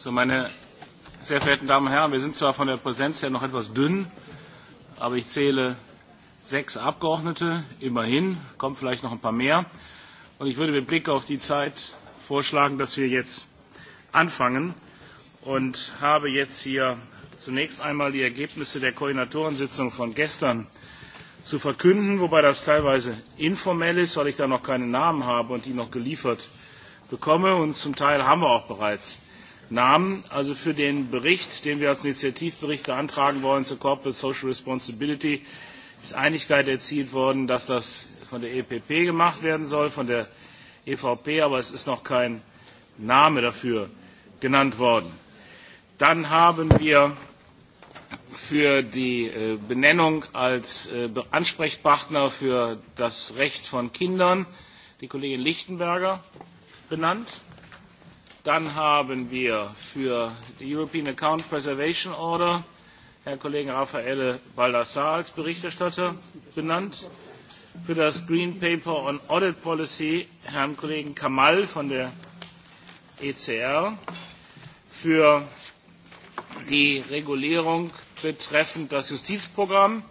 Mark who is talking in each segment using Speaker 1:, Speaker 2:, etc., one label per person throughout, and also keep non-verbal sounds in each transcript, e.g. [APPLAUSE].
Speaker 1: So, meine sehr verehrten Damen und Herren, wir sind zwar von der Präsenz her noch etwas dünn, aber ich zähle sechs Abgeordnete, immerhin, kommen vielleicht noch ein paar mehr. Und ich würde mit Blick auf die Zeit vorschlagen, dass wir jetzt anfangen und habe jetzt hier zunächst einmal die Ergebnisse der Koordinatorensitzung von gestern zu verkünden, wobei das teilweise informell ist, weil ich da noch keine Namen habe und die noch geliefert bekomme. Und zum Teil haben wir auch bereits Namen. Also für den Bericht, den wir als Initiativbericht beantragen wollen zur Corporate Social Responsibility, ist Einigkeit erzielt worden, dass das von der EPP gemacht werden soll, von der EVP, aber es ist noch kein Name dafür genannt worden. Dann haben wir für die äh, Benennung als äh, Ansprechpartner für das Recht von Kindern die Kollegin Lichtenberger benannt. Dann haben wir für die European Account Preservation Order Herrn Kollegen Raffaele Baldassar als Berichterstatter benannt. Für das Green Paper on Audit Policy Herrn Kollegen Kamal von der ECR. Für die Regulierung betreffend das Justizprogramm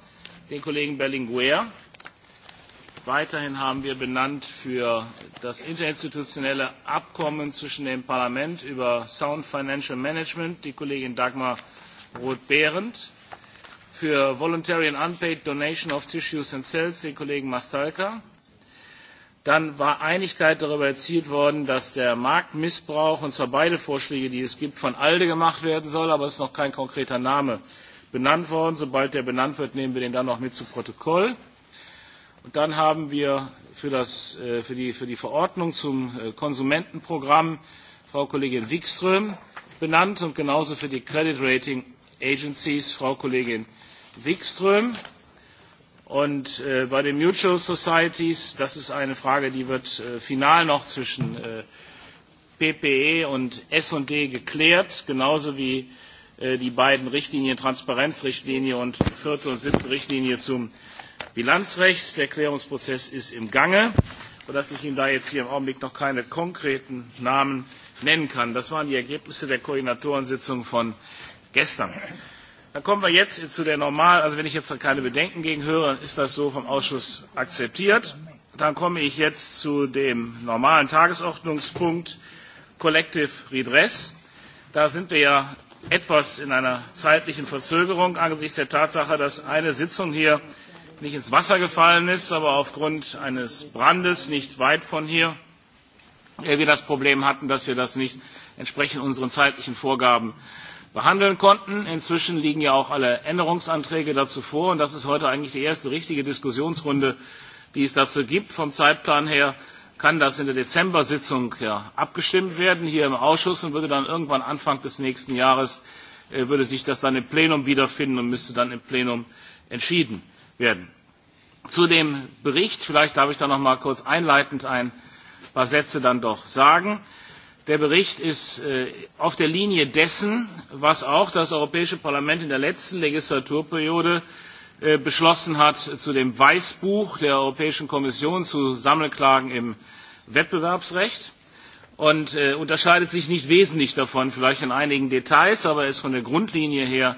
Speaker 1: den Kollegen Berlinguer Weiterhin haben wir benannt für das interinstitutionelle Abkommen zwischen dem Parlament über Sound Financial Management die Kollegin Dagmar Roth-Behrendt, für Voluntary and Unpaid Donation of Tissues and Cells den Kollegen Mastalka. Dann war Einigkeit darüber erzielt worden, dass der Marktmissbrauch, und zwar beide Vorschläge, die es gibt, von ALDE gemacht werden soll, aber es ist noch kein konkreter Name benannt worden. Sobald der benannt wird, nehmen wir den dann noch mit zu Protokoll. Und dann haben wir für, das, äh, für, die, für die Verordnung zum äh, Konsumentenprogramm Frau Kollegin Wikström benannt und genauso für die Credit Rating Agencies Frau Kollegin Wikström. Und äh, bei den Mutual Societies, das ist eine Frage, die wird äh, final noch zwischen äh, PPE und S&D geklärt, genauso wie äh, die beiden Richtlinien, Transparenzrichtlinie und vierte und siebte Richtlinie zum Bilanzrecht. Der Klärungsprozess ist im Gange, sodass ich Ihnen da jetzt hier im Augenblick noch keine konkreten Namen nennen kann. Das waren die Ergebnisse der Koordinatorensitzung von gestern. Dann kommen wir jetzt zu der normalen, also wenn ich jetzt keine Bedenken gegen höre, dann ist das so vom Ausschuss akzeptiert. Dann komme ich jetzt zu dem normalen Tagesordnungspunkt Collective Redress. Da sind wir ja etwas in einer zeitlichen Verzögerung angesichts der Tatsache, dass eine Sitzung hier nicht ins Wasser gefallen ist, aber aufgrund eines Brandes nicht weit von hier äh, wir das Problem hatten, dass wir das nicht entsprechend unseren zeitlichen Vorgaben behandeln konnten. Inzwischen liegen ja auch alle Änderungsanträge dazu vor und das ist heute eigentlich die erste richtige Diskussionsrunde, die es dazu gibt. Vom Zeitplan her kann das in der Dezember-Sitzung ja, abgestimmt werden hier im Ausschuss und würde dann irgendwann Anfang des nächsten Jahres äh, würde sich das dann im Plenum wiederfinden und müsste dann im Plenum entschieden werden. Zu dem Bericht, vielleicht darf ich da noch mal kurz einleitend ein paar Sätze dann doch sagen. Der Bericht ist äh, auf der Linie dessen, was auch das Europäische Parlament in der letzten Legislaturperiode äh, beschlossen hat zu dem Weißbuch der Europäischen Kommission zu Sammelklagen im Wettbewerbsrecht und äh, unterscheidet sich nicht wesentlich davon, vielleicht in einigen Details, aber er ist von der Grundlinie her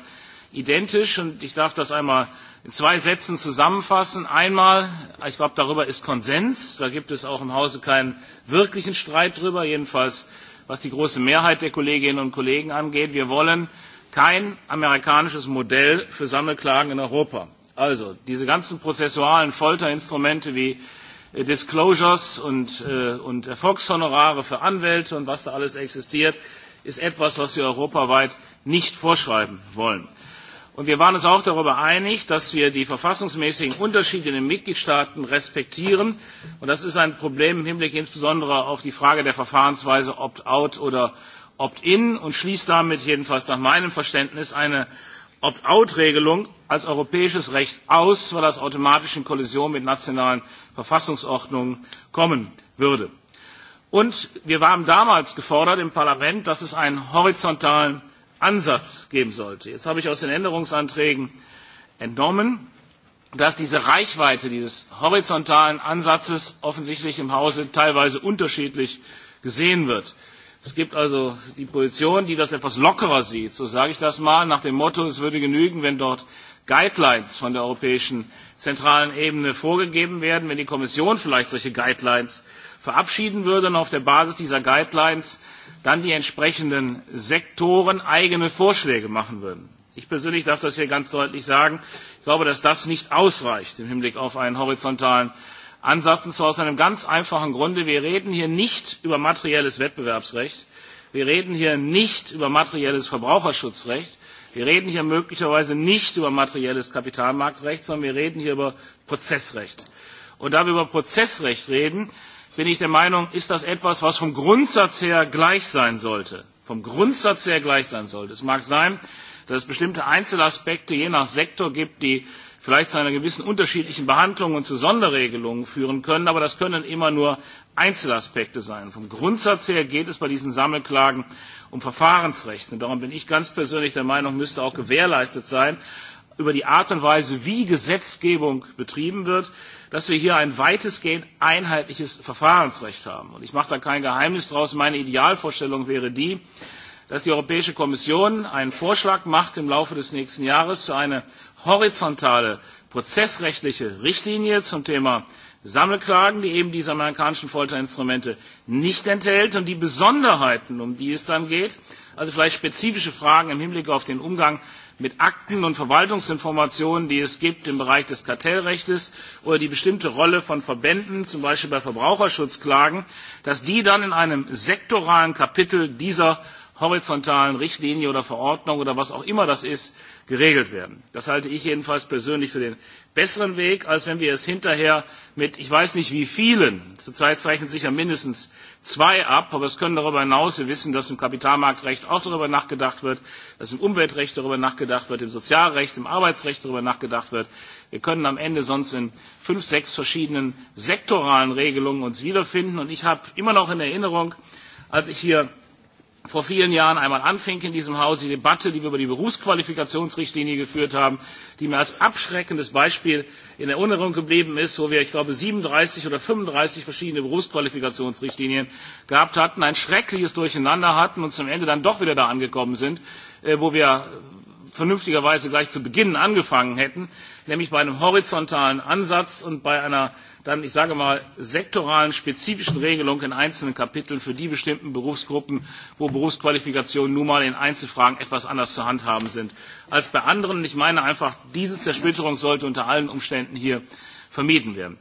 Speaker 1: identisch. Und ich darf das einmal in zwei Sätzen zusammenfassen. Einmal, ich glaube, darüber ist Konsens. Da gibt es auch im Hause keinen wirklichen Streit darüber, jedenfalls was die große Mehrheit der Kolleginnen und Kollegen angeht. Wir wollen kein amerikanisches Modell für Sammelklagen in Europa. Also diese ganzen prozessualen Folterinstrumente wie äh, Disclosures und, äh, und Erfolgshonorare für Anwälte und was da alles existiert, ist etwas, was wir europaweit nicht vorschreiben wollen. Und wir waren uns auch darüber einig, dass wir die verfassungsmäßigen Unterschiede in den Mitgliedstaaten respektieren. Und das ist ein Problem im Hinblick insbesondere auf die Frage der Verfahrensweise Opt-out oder Opt-in und schließt damit jedenfalls nach meinem Verständnis eine Opt-out-Regelung als europäisches Recht aus, weil das automatisch in Kollision mit nationalen Verfassungsordnungen kommen würde. Und wir haben damals gefordert im Parlament, dass es einen horizontalen Ansatz geben sollte. Jetzt habe ich aus den Änderungsanträgen entnommen, dass diese Reichweite dieses horizontalen Ansatzes offensichtlich im Hause teilweise unterschiedlich gesehen wird. Es gibt also die Position, die das etwas lockerer sieht, so sage ich das mal, nach dem Motto, es würde genügen, wenn dort Guidelines von der europäischen zentralen Ebene vorgegeben werden, wenn die Kommission vielleicht solche Guidelines verabschieden würde und auf der Basis dieser Guidelines dann die entsprechenden Sektoren eigene Vorschläge machen würden. Ich persönlich darf das hier ganz deutlich sagen. Ich glaube, dass das nicht ausreicht im Hinblick auf einen horizontalen Ansatz, und zwar aus einem ganz einfachen Grunde. Wir reden hier nicht über materielles Wettbewerbsrecht. Wir reden hier nicht über materielles Verbraucherschutzrecht. Wir reden hier möglicherweise nicht über materielles Kapitalmarktrecht, sondern wir reden hier über Prozessrecht. Und da wir über Prozessrecht reden, bin ich der Meinung, ist das etwas, was vom Grundsatz her gleich sein sollte. Vom Grundsatz her gleich sein sollte. Es mag sein, dass es bestimmte Einzelaspekte je nach Sektor gibt, die vielleicht zu einer gewissen unterschiedlichen Behandlung und zu Sonderregelungen führen können, aber das können immer nur Einzelaspekte sein. Vom Grundsatz her geht es bei diesen Sammelklagen um Verfahrensrechte. Und darum bin ich ganz persönlich der Meinung, müsste auch gewährleistet sein über die Art und Weise, wie Gesetzgebung betrieben wird, dass wir hier ein weitestgehend einheitliches Verfahrensrecht haben. Und ich mache da kein Geheimnis draus. Meine Idealvorstellung wäre die, dass die Europäische Kommission einen Vorschlag macht im Laufe des nächsten Jahres für eine horizontale prozessrechtliche Richtlinie zum Thema Sammelklagen, die eben diese amerikanischen Folterinstrumente nicht enthält und die Besonderheiten, um die es dann geht, also vielleicht spezifische Fragen im Hinblick auf den Umgang mit Akten und Verwaltungsinformationen, die es gibt im Bereich des Kartellrechts oder die bestimmte Rolle von Verbänden, zum Beispiel bei Verbraucherschutzklagen, dass die dann in einem sektoralen Kapitel dieser horizontalen Richtlinie oder Verordnung oder was auch immer das ist, geregelt werden. Das halte ich jedenfalls persönlich für den besseren Weg, als wenn wir es hinterher mit, ich weiß nicht wie vielen, zurzeit zeichnen sich ja mindestens zwei ab, aber es können darüber hinaus, wir wissen, dass im Kapitalmarktrecht auch darüber nachgedacht wird, dass im Umweltrecht darüber nachgedacht wird, im Sozialrecht, im Arbeitsrecht darüber nachgedacht wird. Wir können am Ende sonst in fünf, sechs verschiedenen sektoralen Regelungen uns wiederfinden. Und ich habe immer noch in Erinnerung, als ich hier vor vielen Jahren einmal anfing in diesem Haus, die Debatte, die wir über die Berufsqualifikationsrichtlinie geführt haben, die mir als abschreckendes Beispiel in Erinnerung geblieben ist, wo wir, ich glaube, 37 oder 35 verschiedene Berufsqualifikationsrichtlinien gehabt hatten, ein schreckliches Durcheinander hatten und zum Ende dann doch wieder da angekommen sind, äh, wo wir vernünftigerweise gleich zu Beginn angefangen hätten, nämlich bei einem horizontalen Ansatz und bei einer dann, ich sage mal, sektoralen, spezifischen Regelungen in einzelnen Kapiteln für die bestimmten Berufsgruppen, wo Berufsqualifikationen nun mal in Einzelfragen etwas anders zu handhaben sind als bei anderen. Ich meine einfach, diese Zersplitterung sollte unter allen Umständen hier vermieden werden.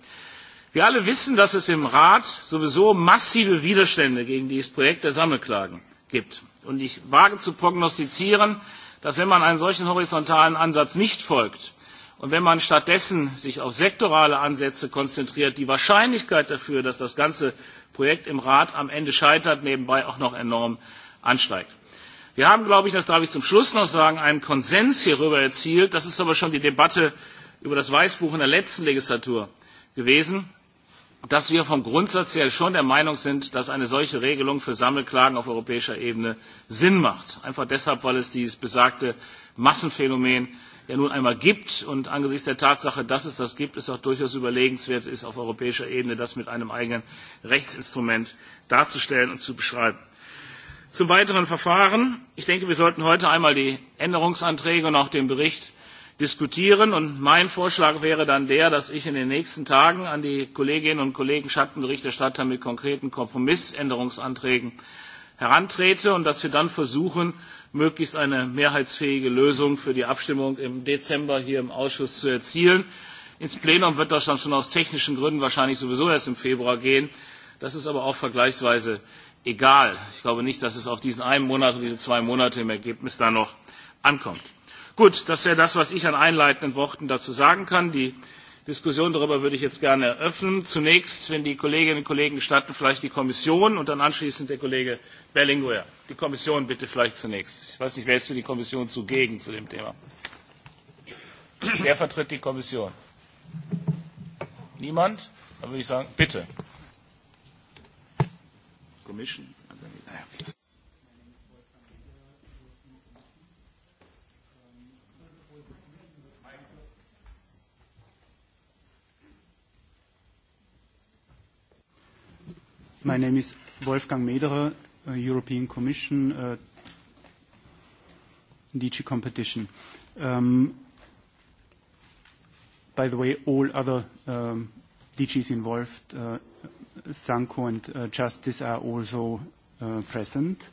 Speaker 1: Wir alle wissen, dass es im Rat sowieso massive Widerstände gegen dieses Projekt der Sammelklagen gibt. Und ich wage zu prognostizieren, dass wenn man einem solchen horizontalen Ansatz nicht folgt, Und wenn man stattdessen sich auf sektorale Ansätze konzentriert, die Wahrscheinlichkeit dafür, dass das ganze Projekt im Rat am Ende scheitert, nebenbei auch noch enorm ansteigt. Wir haben, das darf ich zum Schluss noch sagen, einen Konsens hierüber erzielt. Das ist aber schon die Debatte über das Weißbuch in der letzten Legislatur gewesen, dass wir vom Grundsatz her schon der Meinung sind, dass eine solche Regelung für Sammelklagen auf europäischer Ebene Sinn macht. Einfach deshalb, weil es dieses besagte Massenphänomen ja nun einmal gibt. Und angesichts der Tatsache, dass es das gibt, ist auch durchaus überlegenswert ist, auf europäischer Ebene das mit einem eigenen Rechtsinstrument darzustellen und zu beschreiben. Zum weiteren Verfahren. Ich denke, wir sollten heute einmal die Änderungsanträge und auch den Bericht diskutieren. Und mein Vorschlag wäre dann der, dass ich in den nächsten Tagen an die Kolleginnen und Kollegen Schattenberichterstatter mit konkreten Kompromissänderungsanträgen herantrete und dass wir dann versuchen, möglichst eine mehrheitsfähige Lösung für die Abstimmung im Dezember hier im Ausschuss zu erzielen. Ins Plenum wird das dann schon aus technischen Gründen wahrscheinlich sowieso erst im Februar gehen. Das ist aber auch vergleichsweise egal. Ich glaube nicht, dass es auf diesen einen Monat und diese zwei Monate im Ergebnis dann noch ankommt. Gut, das wäre das, was ich an einleitenden Worten dazu sagen kann. Die Diskussion darüber würde ich jetzt gerne eröffnen. Zunächst, wenn die Kolleginnen und Kollegen gestatten, vielleicht die Kommission und dann anschließend der Kollege Berlinguer. Die Kommission bitte vielleicht zunächst. Ich weiß nicht, wer ist für die Kommission zugegen zu dem Thema? Wer vertritt die Kommission? Niemand? Dann würde ich sagen, bitte. Commission.
Speaker 2: My name is Wolfgang Mederer, Uh, European Commission, uh, DG Competition. Um, by the way, all other um, DGs involved, uh, Sanco and uh, Justice, are also uh, present.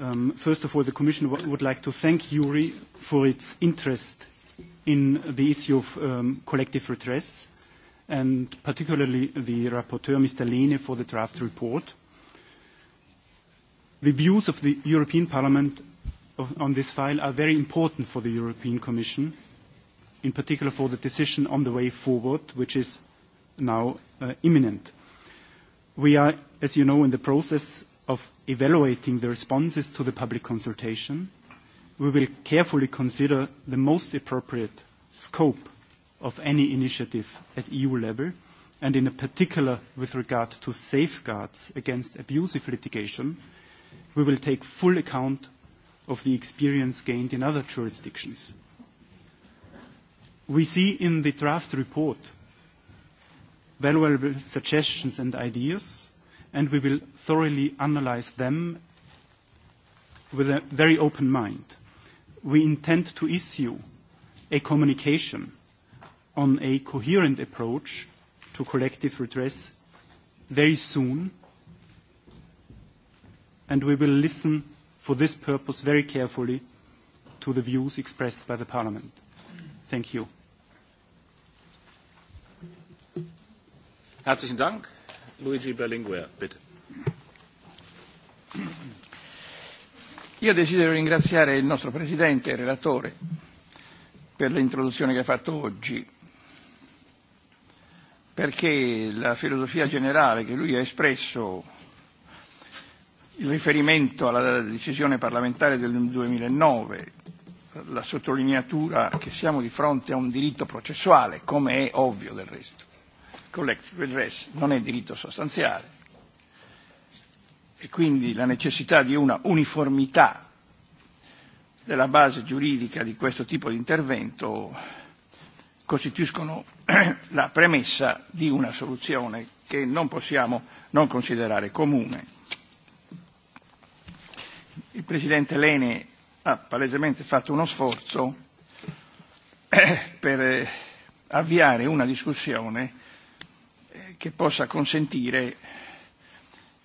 Speaker 2: Um, first of all, the Commission w would like to thank Yuri for its interest in the issue of um, collective redress, and particularly the rapporteur, Mr. Lehne, for the draft report The views of the European Parliament of, on this file are very important for the European Commission, in particular for the decision on the way forward, which is now uh, imminent. We are, as you know, in the process of evaluating the responses to the public consultation. We will carefully consider the most appropriate scope of any initiative at EU level, and in particular with regard to safeguards against abusive litigation, we will take full account of the experience gained in other jurisdictions. We see in the draft report valuable suggestions and ideas, and we will thoroughly analyze them with a very open mind. We intend to issue a communication on a coherent approach to collective redress very soon and we will listen for this purpose very carefully to the views expressed by the Parliament. Thank you.
Speaker 3: Herzlichen Dank. Luigi Berlinguer, bitte. Io desidero ringraziare il nostro Presidente e relatore per l'introduzione che ha fatto oggi, perché la filosofia generale che lui ha espresso il riferimento alla decisione parlamentare del 2009, la sottolineatura che siamo di fronte a un diritto processuale, come è ovvio del resto. Collective redress non è diritto sostanziale e quindi la necessità di una uniformità della base giuridica di questo tipo di intervento costituiscono [CLEARS THROAT] la premessa di una soluzione che non possiamo non considerare comune il Presidente Lene ha palesemente fatto uno sforzo eh, per eh, avviare una discussione eh, che possa consentire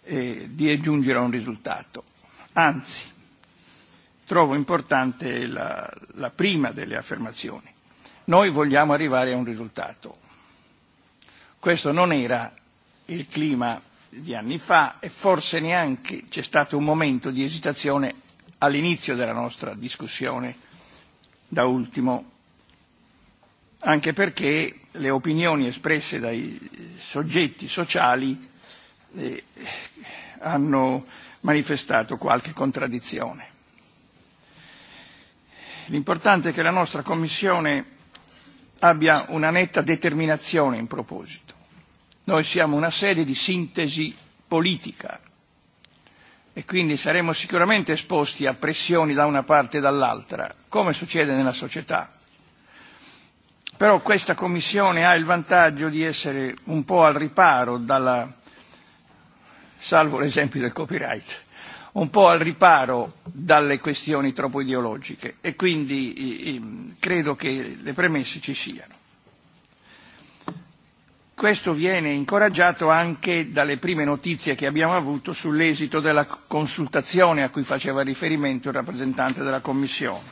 Speaker 3: di giungere a un risultato. Anzi, trovo importante la, la prima delle affermazioni. Noi vogliamo arrivare a un risultato. Questo non era il clima di anni fa e forse neanche c'è stato un momento di esitazione all'inizio della nostra discussione, da ultimo, anche perché le opinioni espresse dai soggetti sociali eh, hanno manifestato qualche contraddizione. L'importante è che la nostra Commissione abbia una netta determinazione in proposito Noi siamo una sede di sintesi politica e quindi saremo sicuramente esposti a pressioni da una parte e dall'altra, come succede nella società. Però questa Commissione ha il vantaggio di essere un po' al riparo dalla, salvo l'esempio del copyright, un po' al riparo dalle questioni troppo ideologiche e quindi credo che le premesse ci siano. Questo viene incoraggiato anche dalle prime notizie che abbiamo avuto sull'esito della consultazione a cui faceva riferimento il rappresentante della Commissione.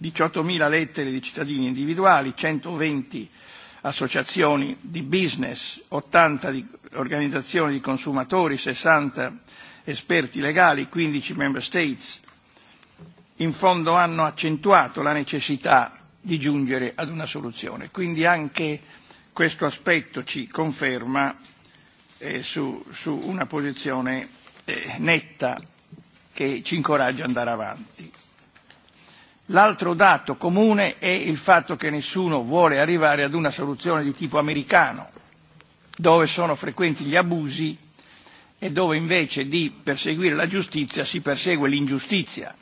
Speaker 3: 18.000 lettere di cittadini individuali, 120 associazioni di business, 80 di organizzazioni di consumatori, 60 esperti legali, 15 member states, in fondo hanno accentuato la necessità di giungere ad una soluzione. Quindi anche questo aspetto ci conferma eh, su, su una posizione eh, netta che ci incoraggia ad andare avanti. L'altro dato comune è il fatto che nessuno vuole arrivare ad una soluzione di tipo americano, dove sono frequenti gli abusi e dove invece di perseguire la giustizia si persegue l'ingiustizia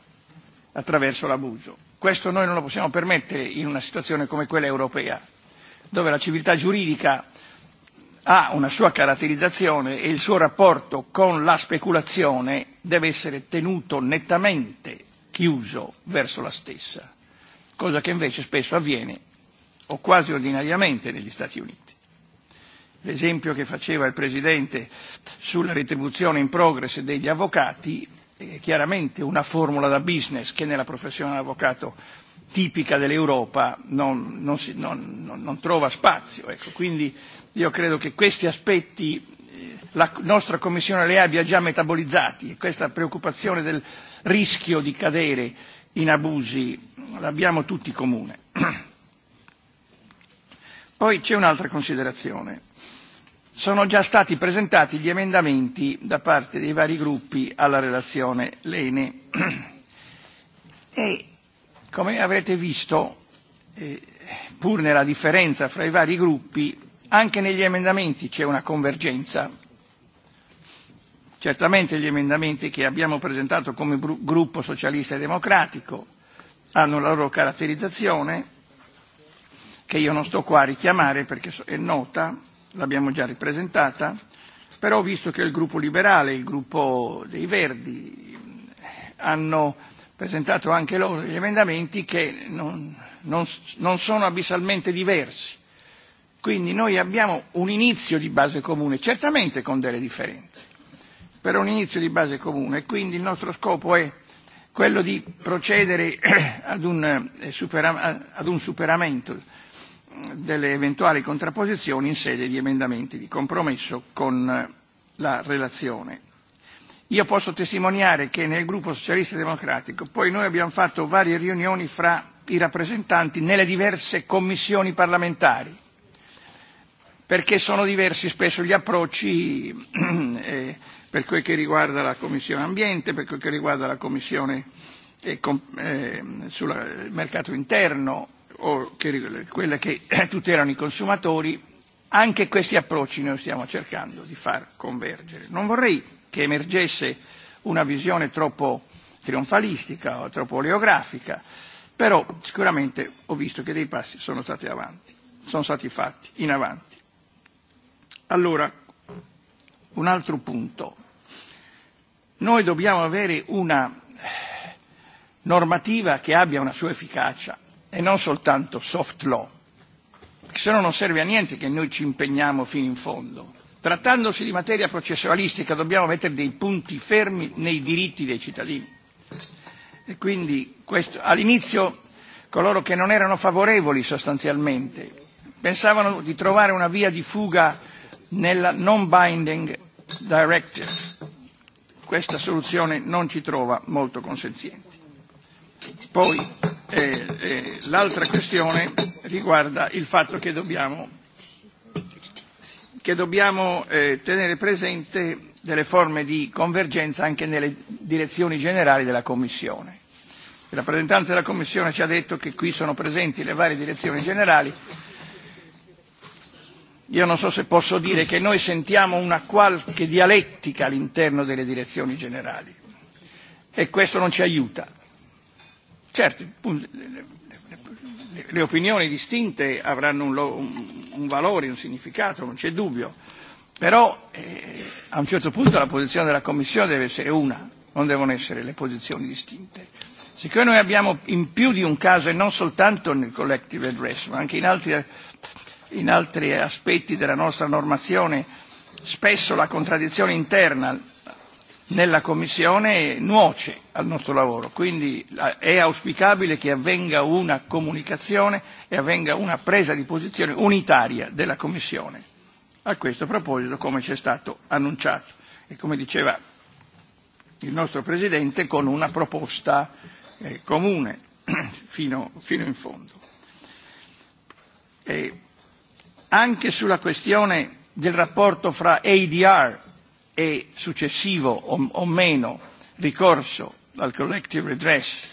Speaker 3: attraverso l'abuso. Questo noi non lo possiamo permettere in una situazione come quella europea, dove la civiltà giuridica ha una sua caratterizzazione e il suo rapporto con la speculazione deve essere tenuto nettamente chiuso verso la stessa, cosa che invece spesso avviene o quasi ordinariamente negli Stati Uniti. L'esempio che faceva il Presidente sulla retribuzione in progress degli avvocati Eh, chiaramente una formula da business che nella professione dell'avvocato tipica dell'Europa non, non, si, non, non, non trova spazio. Ecco, quindi io credo che questi aspetti eh, la nostra Commissione le abbia già metabolizzati e questa preoccupazione del rischio di cadere in abusi l'abbiamo tutti comune. [CLEARS THROAT] Poi c'è un'altra considerazione Sono già stati presentati gli emendamenti da parte dei vari gruppi alla relazione Lene e, come avrete visto, eh, pur nella differenza fra i vari gruppi, anche negli emendamenti c'è una convergenza. Certamente gli emendamenti che abbiamo presentato come gruppo socialista e democratico hanno la loro caratterizzazione, che io non sto qua a richiamare perché è nota, l'abbiamo già ripresentata, però visto che il gruppo liberale e il gruppo dei Verdi hanno presentato anche loro degli emendamenti che non, non, non sono abissalmente diversi. Quindi noi abbiamo un inizio di base comune, certamente con delle differenze, però un inizio di base comune. E quindi il nostro scopo è quello di procedere ad un, eh, ad un superamento delle eventuali contrapposizioni in sede di emendamenti di compromesso con eh, la relazione. Io posso testimoniare che nel gruppo socialista e democratico poi noi abbiamo fatto varie riunioni fra i rappresentanti nelle diverse commissioni parlamentari, perché sono diversi spesso gli approcci [CLEARS THROAT] eh, per quel che riguarda la Commissione Ambiente, per quel che riguarda la Commissione eh, com, eh, sul mercato interno, o che, quelle che [CLEARS THROAT] tutelano i consumatori, anche questi approcci noi stiamo cercando di far convergere. Non vorrei che emergesse una visione troppo trionfalistica o troppo oleografica, però sicuramente ho visto che dei passi sono stati avanti, sono stati fatti in avanti. Allora, un altro punto. Noi dobbiamo avere una normativa che abbia una sua efficacia e non soltanto soft law, perché se no non serve a niente che noi ci impegniamo fino in fondo. Trattandosi di materia processualistica dobbiamo mettere dei punti fermi nei diritti dei cittadini. E quindi questo, all'inizio coloro che non erano favorevoli sostanzialmente pensavano di trovare una via di fuga nella non binding directive. Questa soluzione non ci trova molto consenzienti. Poi Eh, eh, l'altra questione riguarda il fatto che dobbiamo, che dobbiamo eh, tenere presente delle forme di convergenza anche nelle direzioni generali della Commissione. Il rappresentante della Commissione ci ha detto che qui sono presenti le varie direzioni generali. Io non so se posso dire che noi sentiamo una qualche dialettica all'interno delle direzioni generali e questo non ci aiuta Certo, le opinioni distinte avranno un, un, un valore, un significato, non c'è dubbio, però eh, a un certo punto la posizione della Commissione deve essere una, non devono essere le posizioni distinte. Siccome noi abbiamo in più di un caso, e non soltanto nel collective address, ma anche in altri, in altri aspetti della nostra normazione, spesso la contraddizione interna nella Commissione nuoce al nostro lavoro, quindi è auspicabile che avvenga una comunicazione e avvenga una presa di posizione unitaria della Commissione a questo proposito, come ci è stato annunciato e come diceva il nostro Presidente, con una proposta eh, comune [CLEARS THROAT] fino, fino in fondo. E anche sulla questione del rapporto fra ADR e successivo o, o meno ricorso al collective redress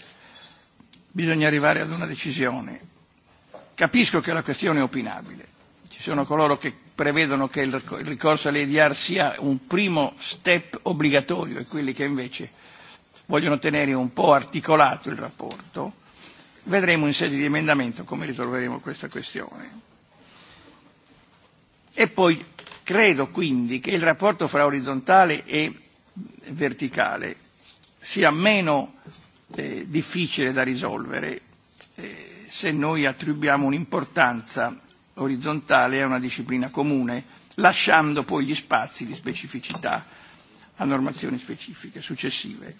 Speaker 3: bisogna arrivare ad una decisione. Capisco che la questione è opinabile. Ci sono coloro che prevedono che il ricorso all'EDR sia un primo step obbligatorio e quelli che invece vogliono tenere un po' articolato il rapporto. Vedremo in sede di emendamento come risolveremo questa questione. E poi Credo quindi che il rapporto fra orizzontale e verticale sia meno eh, difficile da risolvere eh, se noi attribuiamo un'importanza orizzontale a una disciplina comune, lasciando poi gli spazi di specificità a normazioni specifiche successive.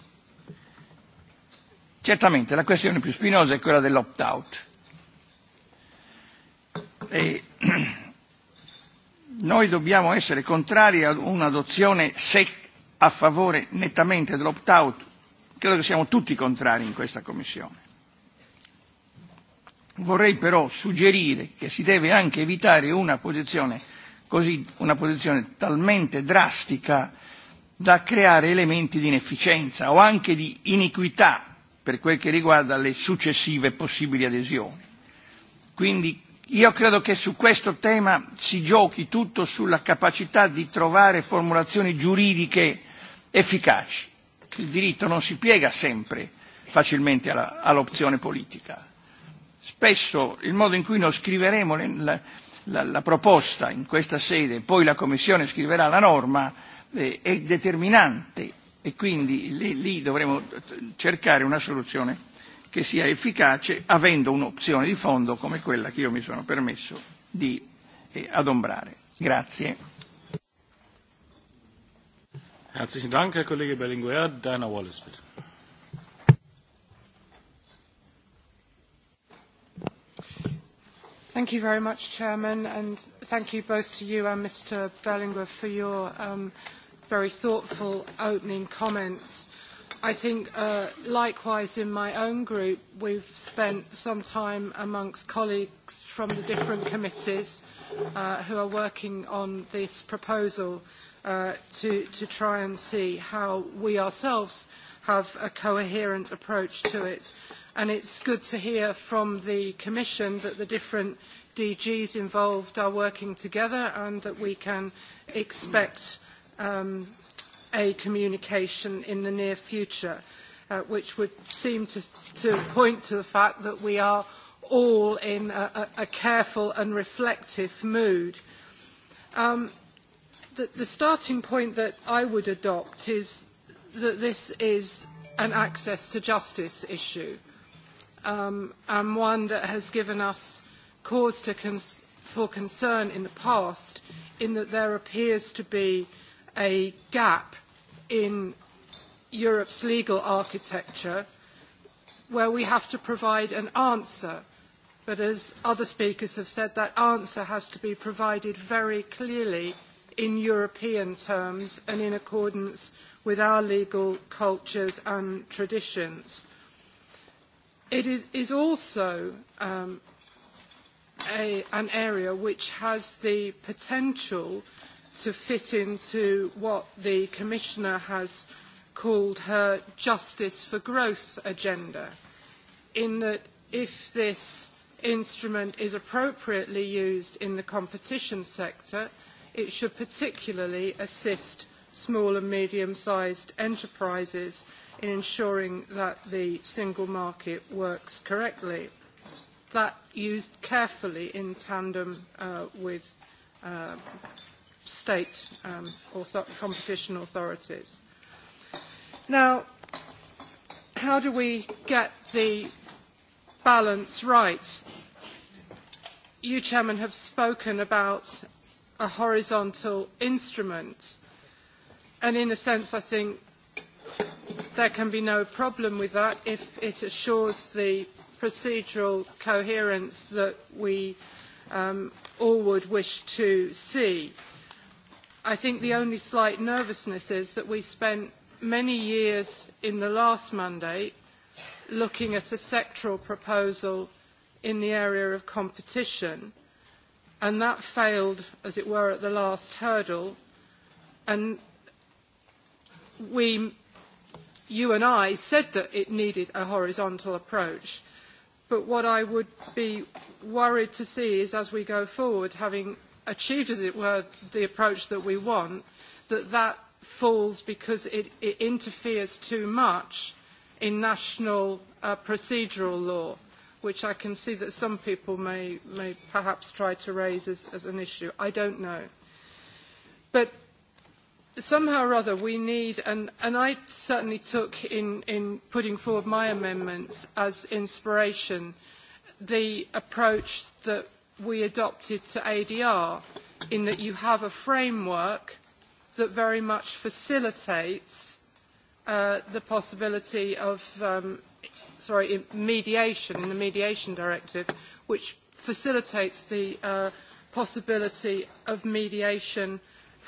Speaker 3: Certamente la questione più spinosa è quella dell'opt-out. E [CLEARS THROAT] noi dobbiamo essere contrari ad un'adozione sec a favore nettamente dell'opt-out, credo che siamo tutti contrari in questa Commissione. Vorrei però suggerire che si deve anche evitare una posizione, così, una posizione talmente drastica da creare elementi di inefficienza o anche di iniquità per quel che riguarda le successive possibili adesioni. Quindi Io credo che su questo tema si giochi tutto sulla capacità di trovare formulazioni giuridiche efficaci. Il diritto non si piega sempre facilmente alla, all'opzione politica. Spesso il modo in cui noi scriveremo le, la, la, la proposta in questa sede, poi la Commissione scriverà la norma, eh, è determinante e quindi lì, lì dovremo cercare una soluzione che sia efficace avendo un'opzione di fondo come quella che io mi sono permesso di eh, adombrare. Grazie. Herzlichen Dank, Herr Kollege
Speaker 1: Berlinguer. Diana Wallace, bitte.
Speaker 4: Thank you very much, Chairman, and thank you both to you and Mr. Berlinguer for your um, very thoughtful opening comments. I think uh, likewise in my own group, we've spent some time amongst colleagues from the different committees uh, who are working on this proposal uh, to, to try and see how we ourselves have a coherent approach to it. And it's good to hear from the Commission that the different DGs involved are working together and that we can expect um, a communication in the near future, uh, which would seem to, to point to the fact that we are all in a, a careful and reflective mood. Um, the, the starting point that I would adopt is that this is an access to justice issue um, and one that has given us cause to cons- for concern in the past in that there appears to be a gap in Europe's legal architecture where we have to provide an answer. But as other speakers have said, that answer has to be provided very clearly in European terms and in accordance with our legal cultures and traditions. It is, is also um, a, an area which has the potential to fit into what the Commissioner has called her Justice for Growth agenda, in that if this instrument is appropriately used in the competition sector, it should particularly assist small and medium-sized enterprises in ensuring that the single market works correctly. That used carefully in tandem uh, with uh, state um, competition authorities. Now, how do we get the balance right? You, Chairman, have spoken about a horizontal instrument, and in a sense, I think there can be no problem with that if it assures the procedural coherence that we um, all would wish to see. I think the only slight nervousness is that we spent many years in the last mandate looking at a sectoral proposal in the area of competition, and that failed, as it were, at the last hurdle. And we, you and I, said that it needed a horizontal approach. But what I would be worried to see is, as we go forward, having achieved, as it were, the approach that we want, that that falls because it, it interferes too much in national uh, procedural law, which I can see that some people may, may perhaps try to raise as, as an issue. I don't know. But somehow or other we need, and, and I certainly took in, in putting forward my amendments as inspiration, the approach that we adopted to ADR, in that you have a framework that very much facilitates uh, the possibility of, um, sorry, mediation, in the mediation directive, which facilitates the uh, possibility of mediation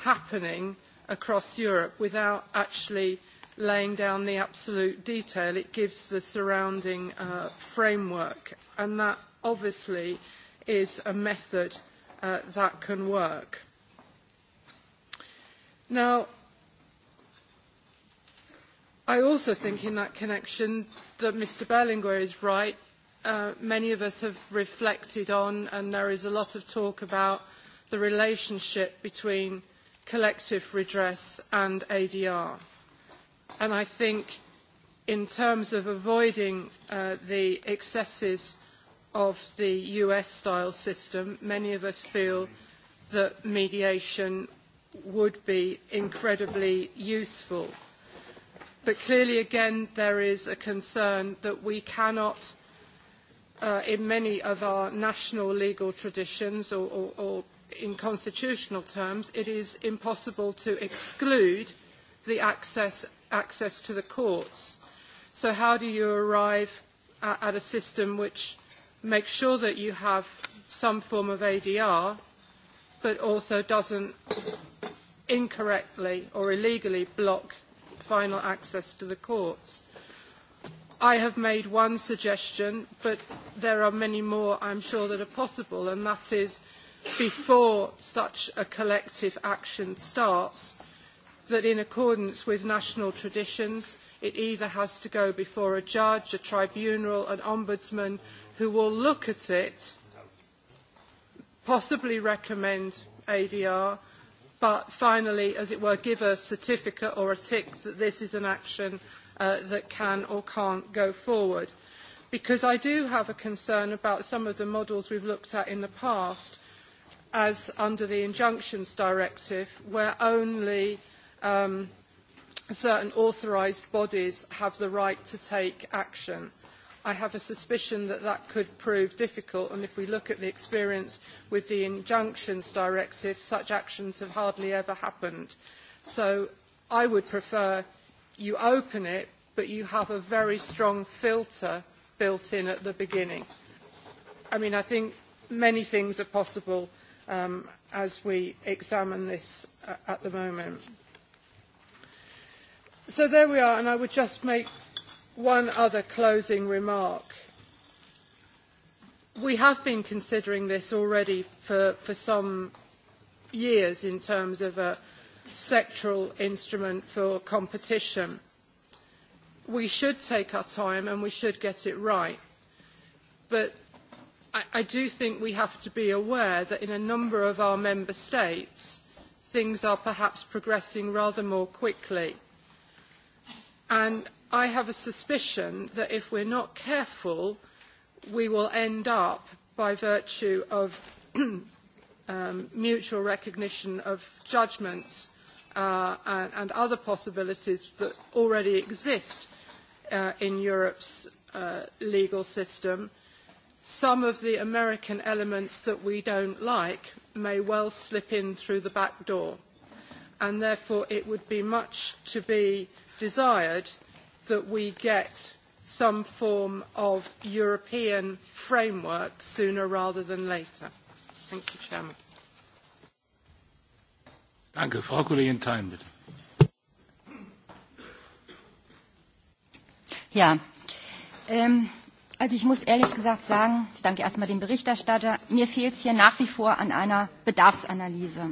Speaker 4: happening across Europe without actually laying down the absolute detail. It gives the surrounding uh, framework, and that obviously is a method uh, that can work. Now, I also think in that connection that Mr. Berlinguer is right. Uh, many of us have reflected on, and there is a lot of talk about the relationship between collective redress and ADR. And I think in terms of avoiding uh, the excesses of the US-style system, many of us feel that mediation would be incredibly useful. But clearly, again, there is a concern that we cannot, uh, in many of our national legal traditions or, or, or in constitutional terms, it is impossible to exclude the access, access to the courts. So how do you arrive at, at a system which – make sure that you have some form of ADR, but also doesn't incorrectly or illegally block final access to the courts. I have made one suggestion, but there are many more I'm sure that are possible, and that is before such a collective action starts, that in accordance with national traditions, it either has to go before a judge, a tribunal, an ombudsman, who will look at it, possibly recommend ADR, but finally, as it were, give a certificate or a tick that this is an action uh, that can or can't go forward. Because I do have a concern about some of the models we've looked at in the past, as under the Injunctions Directive, where only um, certain authorised bodies have the right to take action. I have a suspicion that that could prove difficult, and if we look at the experience with the injunctions directive, such actions have hardly ever happened. So I would prefer you open it, but you have a very strong filter built in at the beginning. I mean, I think many things are possible um, as we examine this uh, at the moment. So there we are, and I would just make one other closing remark. We have been considering this already for, for some years in terms of a sectoral instrument for competition. We should take our time and we should get it right. But I, I do think we have to be aware that in a number of our member states, things are perhaps progressing rather more quickly. And i have a suspicion that if we are not careful, we will end up, by virtue of [CLEARS THROAT] um, mutual recognition of judgments uh, and, and, other possibilities that already exist uh, in Europe's uh, legal system, some of the American elements that we don't like may well slip in through the back door. And therefore, it would be much to be desired that we get some form of European framework sooner rather than later. Thank you,
Speaker 1: Chairman. Danke. Frau Kollegin Thein, bitte.
Speaker 5: Ja, ähm, also ich muss ehrlich gesagt sagen, ich danke erstmal dem Berichterstatter, mir fehlt es hier nach wie vor an einer Bedarfsanalyse.